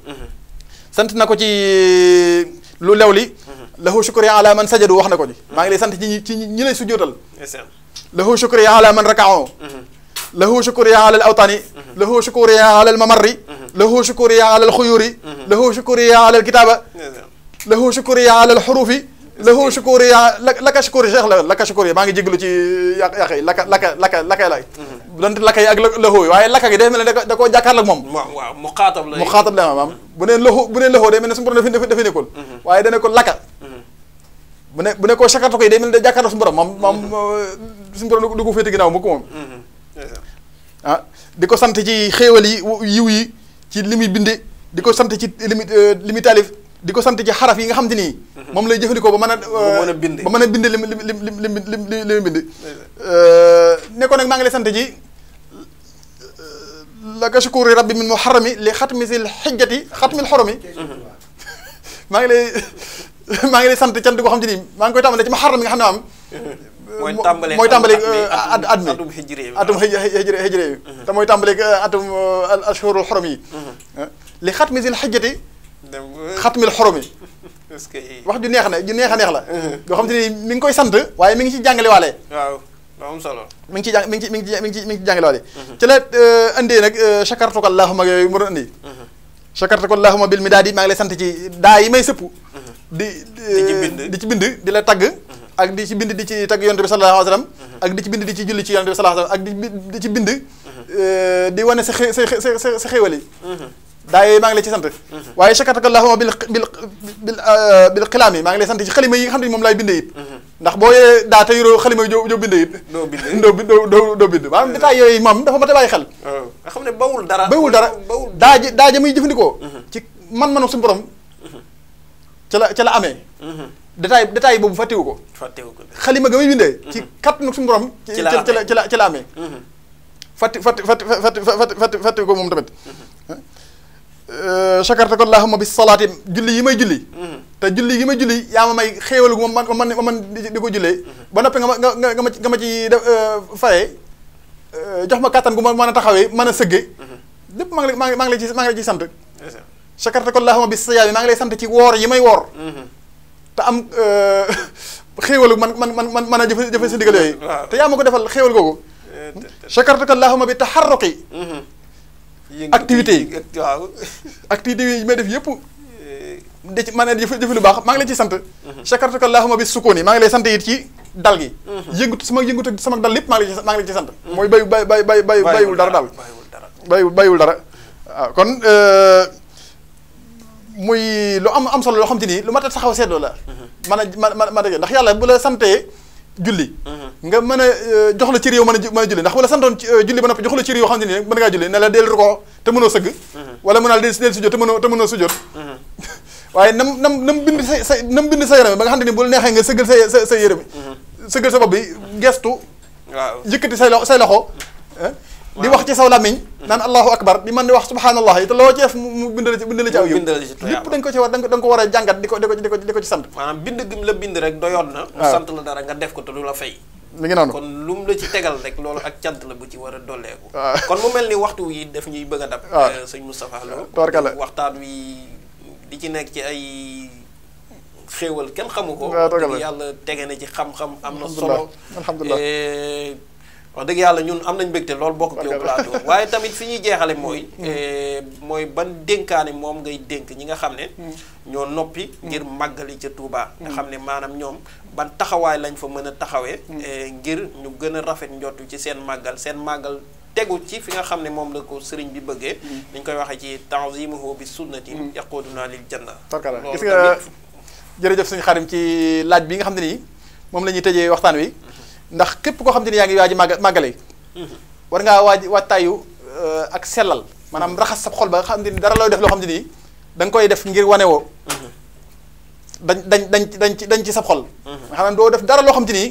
S3: sant na ko ci euh, lu lew li mm-hmm. lahu shukri ala man sajadu wax na ko ci mm-hmm. maa ngi lay sant ci ci ñi lay sujjóotal lahu shukri ala man rakao mm-hmm. lahu shukri ala al awtani lahu shukri ala al mamarri lahu shukri ala al xuyuri lahu shukri ala al kitaba lahu shukri ala al xurufi lahu shukuri yaa ah, laka shukuri cheikh la laka shukuri maa ngi jégalu ci yàq yàq yi laka laka laka lakay lay mhm. donte laka yi ak lahu yi waaye laka gi day mel ne da koo jàkkaarloo ak moom
S1: waaw mu xaatab la mu
S3: xaatab la maam bu nee lahu bu nee lahu day mel ne suñu borom dafa dafa nekkul mhm. waaye dane ko laka mhm. bu ne bu ne koo chakarta ko yi day mel ne da jàkkaarloo suñu borom moom moom suñu borom du ko féete ginnaaw mukk moom ah di ko sant ci xéewal yi yiw yi ci li muy binde di ko sant ci limi euh, li muy taalif di ko sant ci xaraf yi nga xam te nii moom lay jëfandikoo ba mën a ba mën a bind lim lim lim lim lim li mu bind ne ko nag maa ngi lay sant ci laka shukuri rabbi min muharrami li xatmi sil xijjati xatmil xoromi maa ngi lay maa ngi lay sant cant goo xam te nii maa ngi koy tàmbalee ci muharram yi nga xam ne am mooy tàmbale mooy tàmbale at at mi atum hijri atum hijri te mooy tàmbale atum ashhurul xorom yi li xatmi sil xijjati xatmil xoromi wax ju neex na ju neex a neex la uh-huh. yoo xam te ni mi ngi koy sant waaye mi ngi ci jàngale waale
S1: waaw solo
S3: mi ngi ci jàng mi ngi ci mi ngi ci mi ngi ci mi ngi ci jàngale waale uh-huh. ci la indee uh, nag chakartuka uh, yooyu mu doon indi chakartuka uh-huh. allahuma bil mi daa di maa ngi lay sant ci daa yi may sëpp di uh, di ci bind di la tagg ak di ci bind di ci tagg yonte bi sallallahu alayhi bind di ci julli ci yonte bi sallallahu alayhi wa di ci bind di wane sa sa sa sa sa xéwal yi daa yooyu maa ngi lay ci sant waaye chakkataka allahuma bil bil bil bil xilaam maa ngi lay sant ci xalima yi nga xam ne moom laay binde ndax boo yee daa te yuroo xalima yi joo joo binde doo bind doo doo doo bind maanaam mm-hmm. détail yooyu xel oh. xam ne bawul dara bawul dara daa ji daa ji muy jëfandikoo mm-hmm. ci man manu suñu borom mm-hmm. ca la ca la amee détail détail boobu fàttewu ko ko xalima ga muy bindee ci kat nag suñu borom ci la ci la ci la amee fa fàtte fàtte fàtte ko moom tamit chakarta euh, ko allahumma bi salaati julli yi may julli mm-hmm. te julli yi may julli yaa ma may xéewal gu ma man ma man di ko jullee mm-hmm. ba noppee nga ma nga nga ma nga ma ci euh, faye euh, jox ma kàttan gu ma mën a taxawee mën a sëggee mm-hmm. lépp maa ngi maa ngi lay ci maa ngi lay ci sant chakarta ko allahumma bi siyaami maa ngi lay sant ci woor yi may woor te am xéewalu man man man man mën a jëfe jëfe sa ndigal yooyu te yaa ma ko defal xéewal googu chakarta eh, ko allahumma bi taxarruqi
S1: activité yi
S3: activité yi may def yëpp eh, da ci ma ne jëf jëf lu baax maa ngi leen ci sant chakartuka mhm. allahumma bi sukkooni maa ngi lay sant it ci dal gi mhm. yëngutu sama yëngutu sama dal lépp maa ngi maa ngi leen ci sant mhm. mooy bayu bay bay bay bay bayiwul dara daal bayiwul bayiwul dara waaw kon eh, muy lu am am solo loo xam te nii lu ma ta saxaw seetloo la man a ma ma ndax yàlla bu la santee julli mm-hmm. nga mën a euh, jox la cër yow mën a mën a julli ndax wala santoon euh, julli ba noppi jox la cër yoo xam ne nii mën ngaa julli ne la del ruko te mënoo sëgg mm-hmm. wala mën naa del del sujjoot te mënoo te mënoo sujjoot mm-hmm. waaye nam nam nam bind sa sa nam bind sa yaram ba nga xam te ni bu la neexee nga sëggal sa sa sa yërëm sëggal sa bopp bi gestu yëkkati say loxo say loxo di wax ci saw làmmiñ naan allahu akbar di man di wax subhanallah yi te loo ceef mu bindal ci bindal ci aw yiw dañ ko
S1: ci war da ko war a jàngat di ko di ko di ko di ko ci sant maanaam bind gi la bind rek doyoon na mu sant la dara nga def ko te du la fay mi ngi noonu kon lu la ci tegal rek loolu ak cant la bu ci war a dolleeku kon mu mel ni waxtu yi def ñuy bëgg a dab eh, sëñ Moustapha Lo tubarkalla waxtaan wi di ci nekk ci ay xéewal kenn xamu ko yàlla tege na ci xam-xam am na solo alhamdulilah eh, wax dëgg yàlla ñun am nañ mbégte loolu bokk ak yow waaye tamit fi ñuy jeexale mooy mm. eh, mooy ban dénkaane moom ngay dénk ñi nga xam ne mm. ñoo noppi mm. ngir màggali ca tuubaa nga xam ne maanaam ñoom ban taxawaay lañ fa mën a taxawee eh, ngir ñu gën a rafet njottu ci seen màggal seen màggal tegu ci fi nga xam ne moom la ko sëriñ bi bëggee dañ koy waxee ci tanzimuhu bi sunnati yaquduna lil janna gis nga
S3: jërëjëf suñu xarim ci laaj bi nga xam ne nii moom la ñuy tëjee waxtaan wi ndax képp koo xam te ne yaa ngi waaj a màggale
S2: mm-hmm.
S3: war ngaa waaj wattaayu euh, ak sellal maanaam raxas sa xol ba nga xam ne dara loo def loo xam ne nii da koy def ngir wane woo mm-hmm. dañ dañ dañ ci dañ ci sab xol mm-hmm. nga xam ne doo def dara loo xam ne nii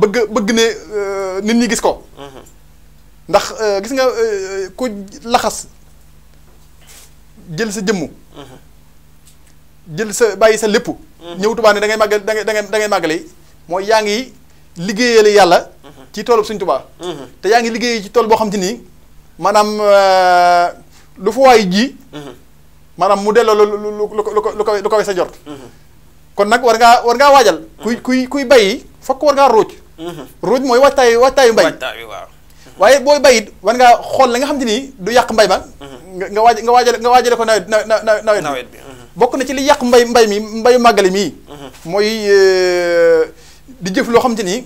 S3: bëgg bëgg ne euh, nit ñi gis ko ndax euh, gis nga ku laxas jël sa jëmm jël sa bàyyi sa lépp ñëw tubaa ne da ngay màggal da ngay da ngay màggale yi mooy yaa ngi liggéeyal yàlla mhm. ci toolu Sëñ Tuubaa mhm. te yaa ngi liggéey ci tool boo xam te nii maanaam euh, lu fa waay ji mhm. maanaam mu delloo lu lu lu ko lu ko sa jort kon nag war ngaa war nga waajal kuy kuy kuy bayi fokk war ngaa ruuj ruuj mooy waajtaay waajtaayu mbay waaye booy bayit war ngaa xool la nga xam te nii du yàq mbay ma nga waaj nga waajale nga waajale ko nawet nawet bokk na ci li yàq mbay mbay mi mbayu màggale mii mooy euh, di jëf loo xam te ni.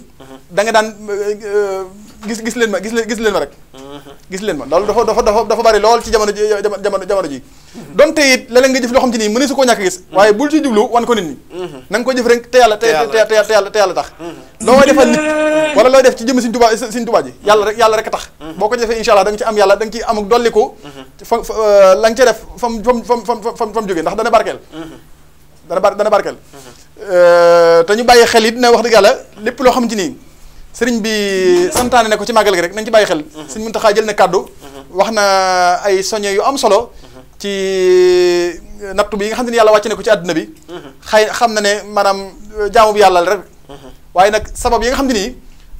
S3: da nga daan euh, gis gis leen ma gis leen gis leen ma rek. gis leen ma loolu dafa dafa dafa dafa bari lool ci jamono ji jamono jamono ji. donte it leneen nga jëf loo xam te ni mënees su koo ñàkk gis. waaye bul ci jublu wan ko nit ñi. na ko jëf rek te yàlla te te te yàlla tax. loo may defal nit wala looy def ci jëm Sëriñ Tuubaa Sëriñ Tuubaa ji yàlla rek yàlla rek tax. boo ko defee incha allah da ci am yàlla da nga ci am dolliku. fa fa euh, la nga ca def fa mu fa mu fa mu jógee ndax dana barkeel. Euh, te ñu bàyyi xel it na wax dëgg yàlla lépp loo xamante ni sëriñ bi santaane ne ko ci màggal gi rek nañ ci bàyyi xel. Mhm. sëriñ Mountakha jël na kàddu. Mhm. wax na ay soñe yu am solo. ci nattu bi nga xam ne yàlla wàcc na ko ci àdduna bi. Mhm. xay xam na ne maanaam jaamu bi yàlla la rek. waaye nag sabab yi nga xam ne nii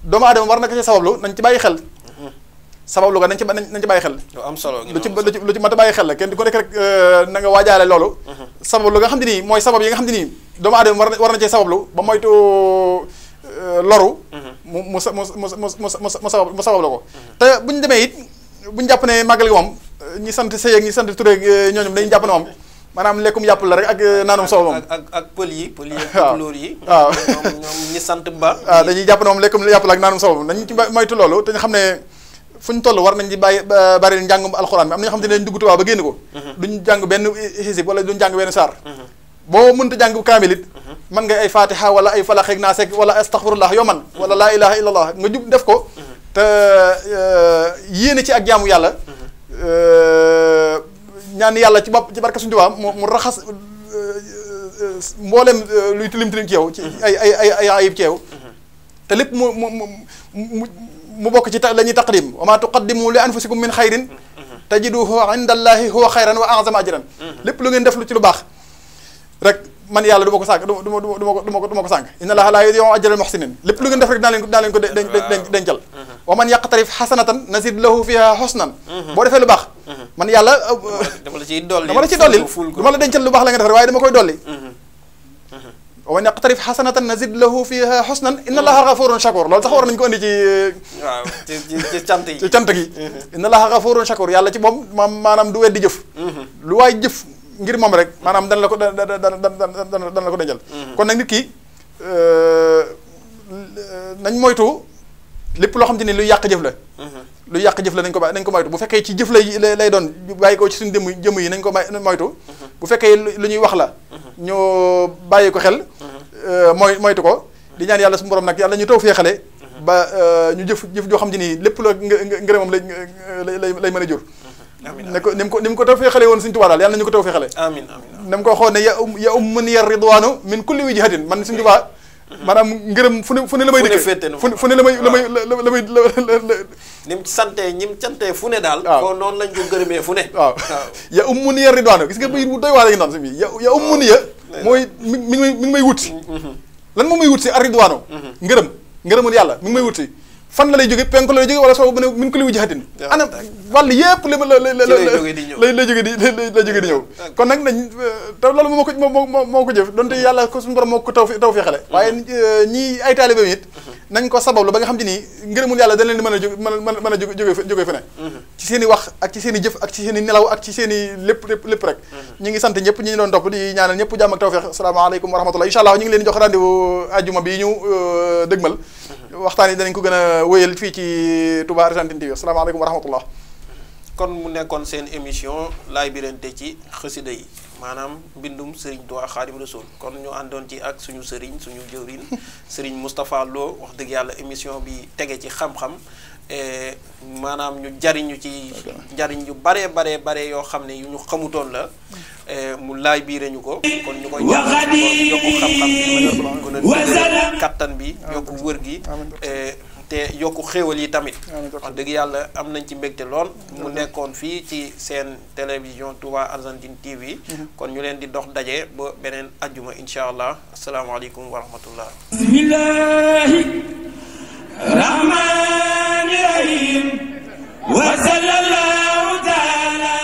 S3: doomu aadama war na ko ci sabablu nañ ci bàyyi xel. sabablu ko nañ ci nañ ci bàyyi xel am solo lu ci lu a bàyyi xel la kenn di ko nekk rek euh, na nga waajaale loolu mhm. sabablu nga xam ne nii mooy sabab yi nga xam ne doomu aadama euh, mhm. sa mu mu mu mu sabab mhm. bu ñu demee it bu ñu jàpp ne màggal gi moom euh, ñi sant Seye ak ñi sant Touré ak ñooñu dañu jàpp ne moom maanaam lekkum yàpp la rek
S1: ba waaw dañuy
S3: jàpp ne moom lekkum yàpp la ak naanum soow moom dañu ci moytu loolu te ñu xam ne fu ñu toll war nañ di bàyyi bari njàngum alxuraan bi am na ñoo xam te ne dañ dugg tubaab ba génn ko mhm. duñ jàng benn xisib wala duñ jàng benn saar mhm. boo mënta jàng kaamilit mhm. mën nga ay fatiha wala ay falax ak naas wala astaxfirullah yoo man wala laa ilaha illallah nga jub def ko te eh, yéene ci ak jaamu yàlla eh, ñaan yàlla ci bopp ci barka suñu tubaab mu mu raxas eh, mboolem luy tilim tilim ci yow ci ay ayib ci te lépp mu mu mu mu bokk ci la ñuy taqdim wa ma min xayrin tajiduhu inda allahi huwa xayran wa azama ajran lépp lu def lu ci lu baax rek man yàlla du ma ko sànq du ma du ma du ma ko du ma ko sànq def rek dinaa ko de dencal wa man yaqtarif xasanatan nazid fiha xusnan
S1: boo defee lu baax man yàlla dama la ciy dolli dama
S3: la dencal lu baax la nga waaye dama koy dolli wa naqtarif xasanatan nazid lahu fiha xusnan inna allaha gafurun shakur loolu sax war nañu ko indi ci.
S1: waaw ci cant yi ci cant gi.
S3: inna allaha gafurun shakur yàlla ci moom maam maanaam du weddi jëf. Mhm. lu waay jëf ngir moom rek maanaam dana la ko da da da dana la ko dencal. Mhm. kon nag nit ki euh, nañ moytu lépp loo xam te ni luy yàq jëf la. Mhm. lu yàq jëf la nañ ko ba nañ ko moytu bu fekkee ci jëf lay lay doon bàyyi ko ci suñu jëmm jëmm yi nañ ko moytu. bu fekkee lu ñuy wax la ñu bàyyi ko xel euh, mooy moytu ko di ñaan yàlla su borom nag yàlla ñu taw feexale ba euh, ñu jëf jëf joo xam ne nii lépp la ngërëmam lay lay lay mën a jur amiin ko ni ko ni mu ko taw feexale woon Sëriñ Tuubaa daal yàlla nañu ko taw feexale amiin amiin na mu ko waxoon ne ya um mën yar ridwaanu min kulli wijhatin man Sëriñ Tuubaa maanaam ngërëm fu ne fu ne la may dëkkee fu ne la may la may
S1: la may ni mu santee ñi mu santee fu ne daal ko noonu lañ ko gërëmee fu ne waaw
S3: ya ummu niya ridwaana gis nga bayit bu doy waa la ngi si bi ya ya ummu niya mooy mi mi ngi may wut si mm-hmm. lan moom may wut si ar ridwaano mm-hmm. ngërëm ngërëmul yàlla mi ngi wut si fan la lay jóge penk la lay jóge wala soo bu ko li wu jaxatin ana yépp lay lay jóge di ñëw ah, kon nag nañ euh, te loolu moo ko moo moo ko jëf donte yàlla ko suñu borom moo ko taw taw feexale mm-hmm. waaye euh, ñii ay taalibe it mm-hmm. nañ ko sabablu ba nga xam te nii ngërëmul yàlla dañ leen di mën a jóg mën a mën a jóge jóge fene mm-hmm. ci seen i wax ak ci seen i jëf ak ci seen i nelaw ak ci seen i lépp lépp rek ñu ngi sant ñëpp ñi ñu doon topp di ñaanal ñëpp jàmm ak taw feex asalaamaaleykum wa rahmatullah incha allah ñu waxtaan yi dañ ko gën a wéyal fii ci Touba Argentine TV asalaamaaleykum wa rahmatullah
S1: kon mu nekkoon seen émission laay birante ci xësida yi maanaam mbindum sëriñ Tuubaa Xaadimu Rasuul kon ñu àndoon ci ak suñu sëriñ suñu jëwriñ sëriñ Moustapha Lo wax dëgg yàlla émission bi tege ci xam-xam eh, maanaam ñu jariñu ci jariñ yu baree baree bare yoo xam ne yu ñu xamutoon la Eh, mu laay biire ñu ko kon ñu koy yokku xam-xam bi gën a kattan bi yokku wër gi eh, te yokku xéewal yi tamit wax dëgg yàlla am nañ ci mbégte lool mu nekkoon fii ci seen télévision Touba Argentine TV mhm. kon ñu leen di dox daje ba beneen ajjuma insha allah asalaamaaleykum wa rahmatullah
S3: bismillahi rahmani rahim
S2: wa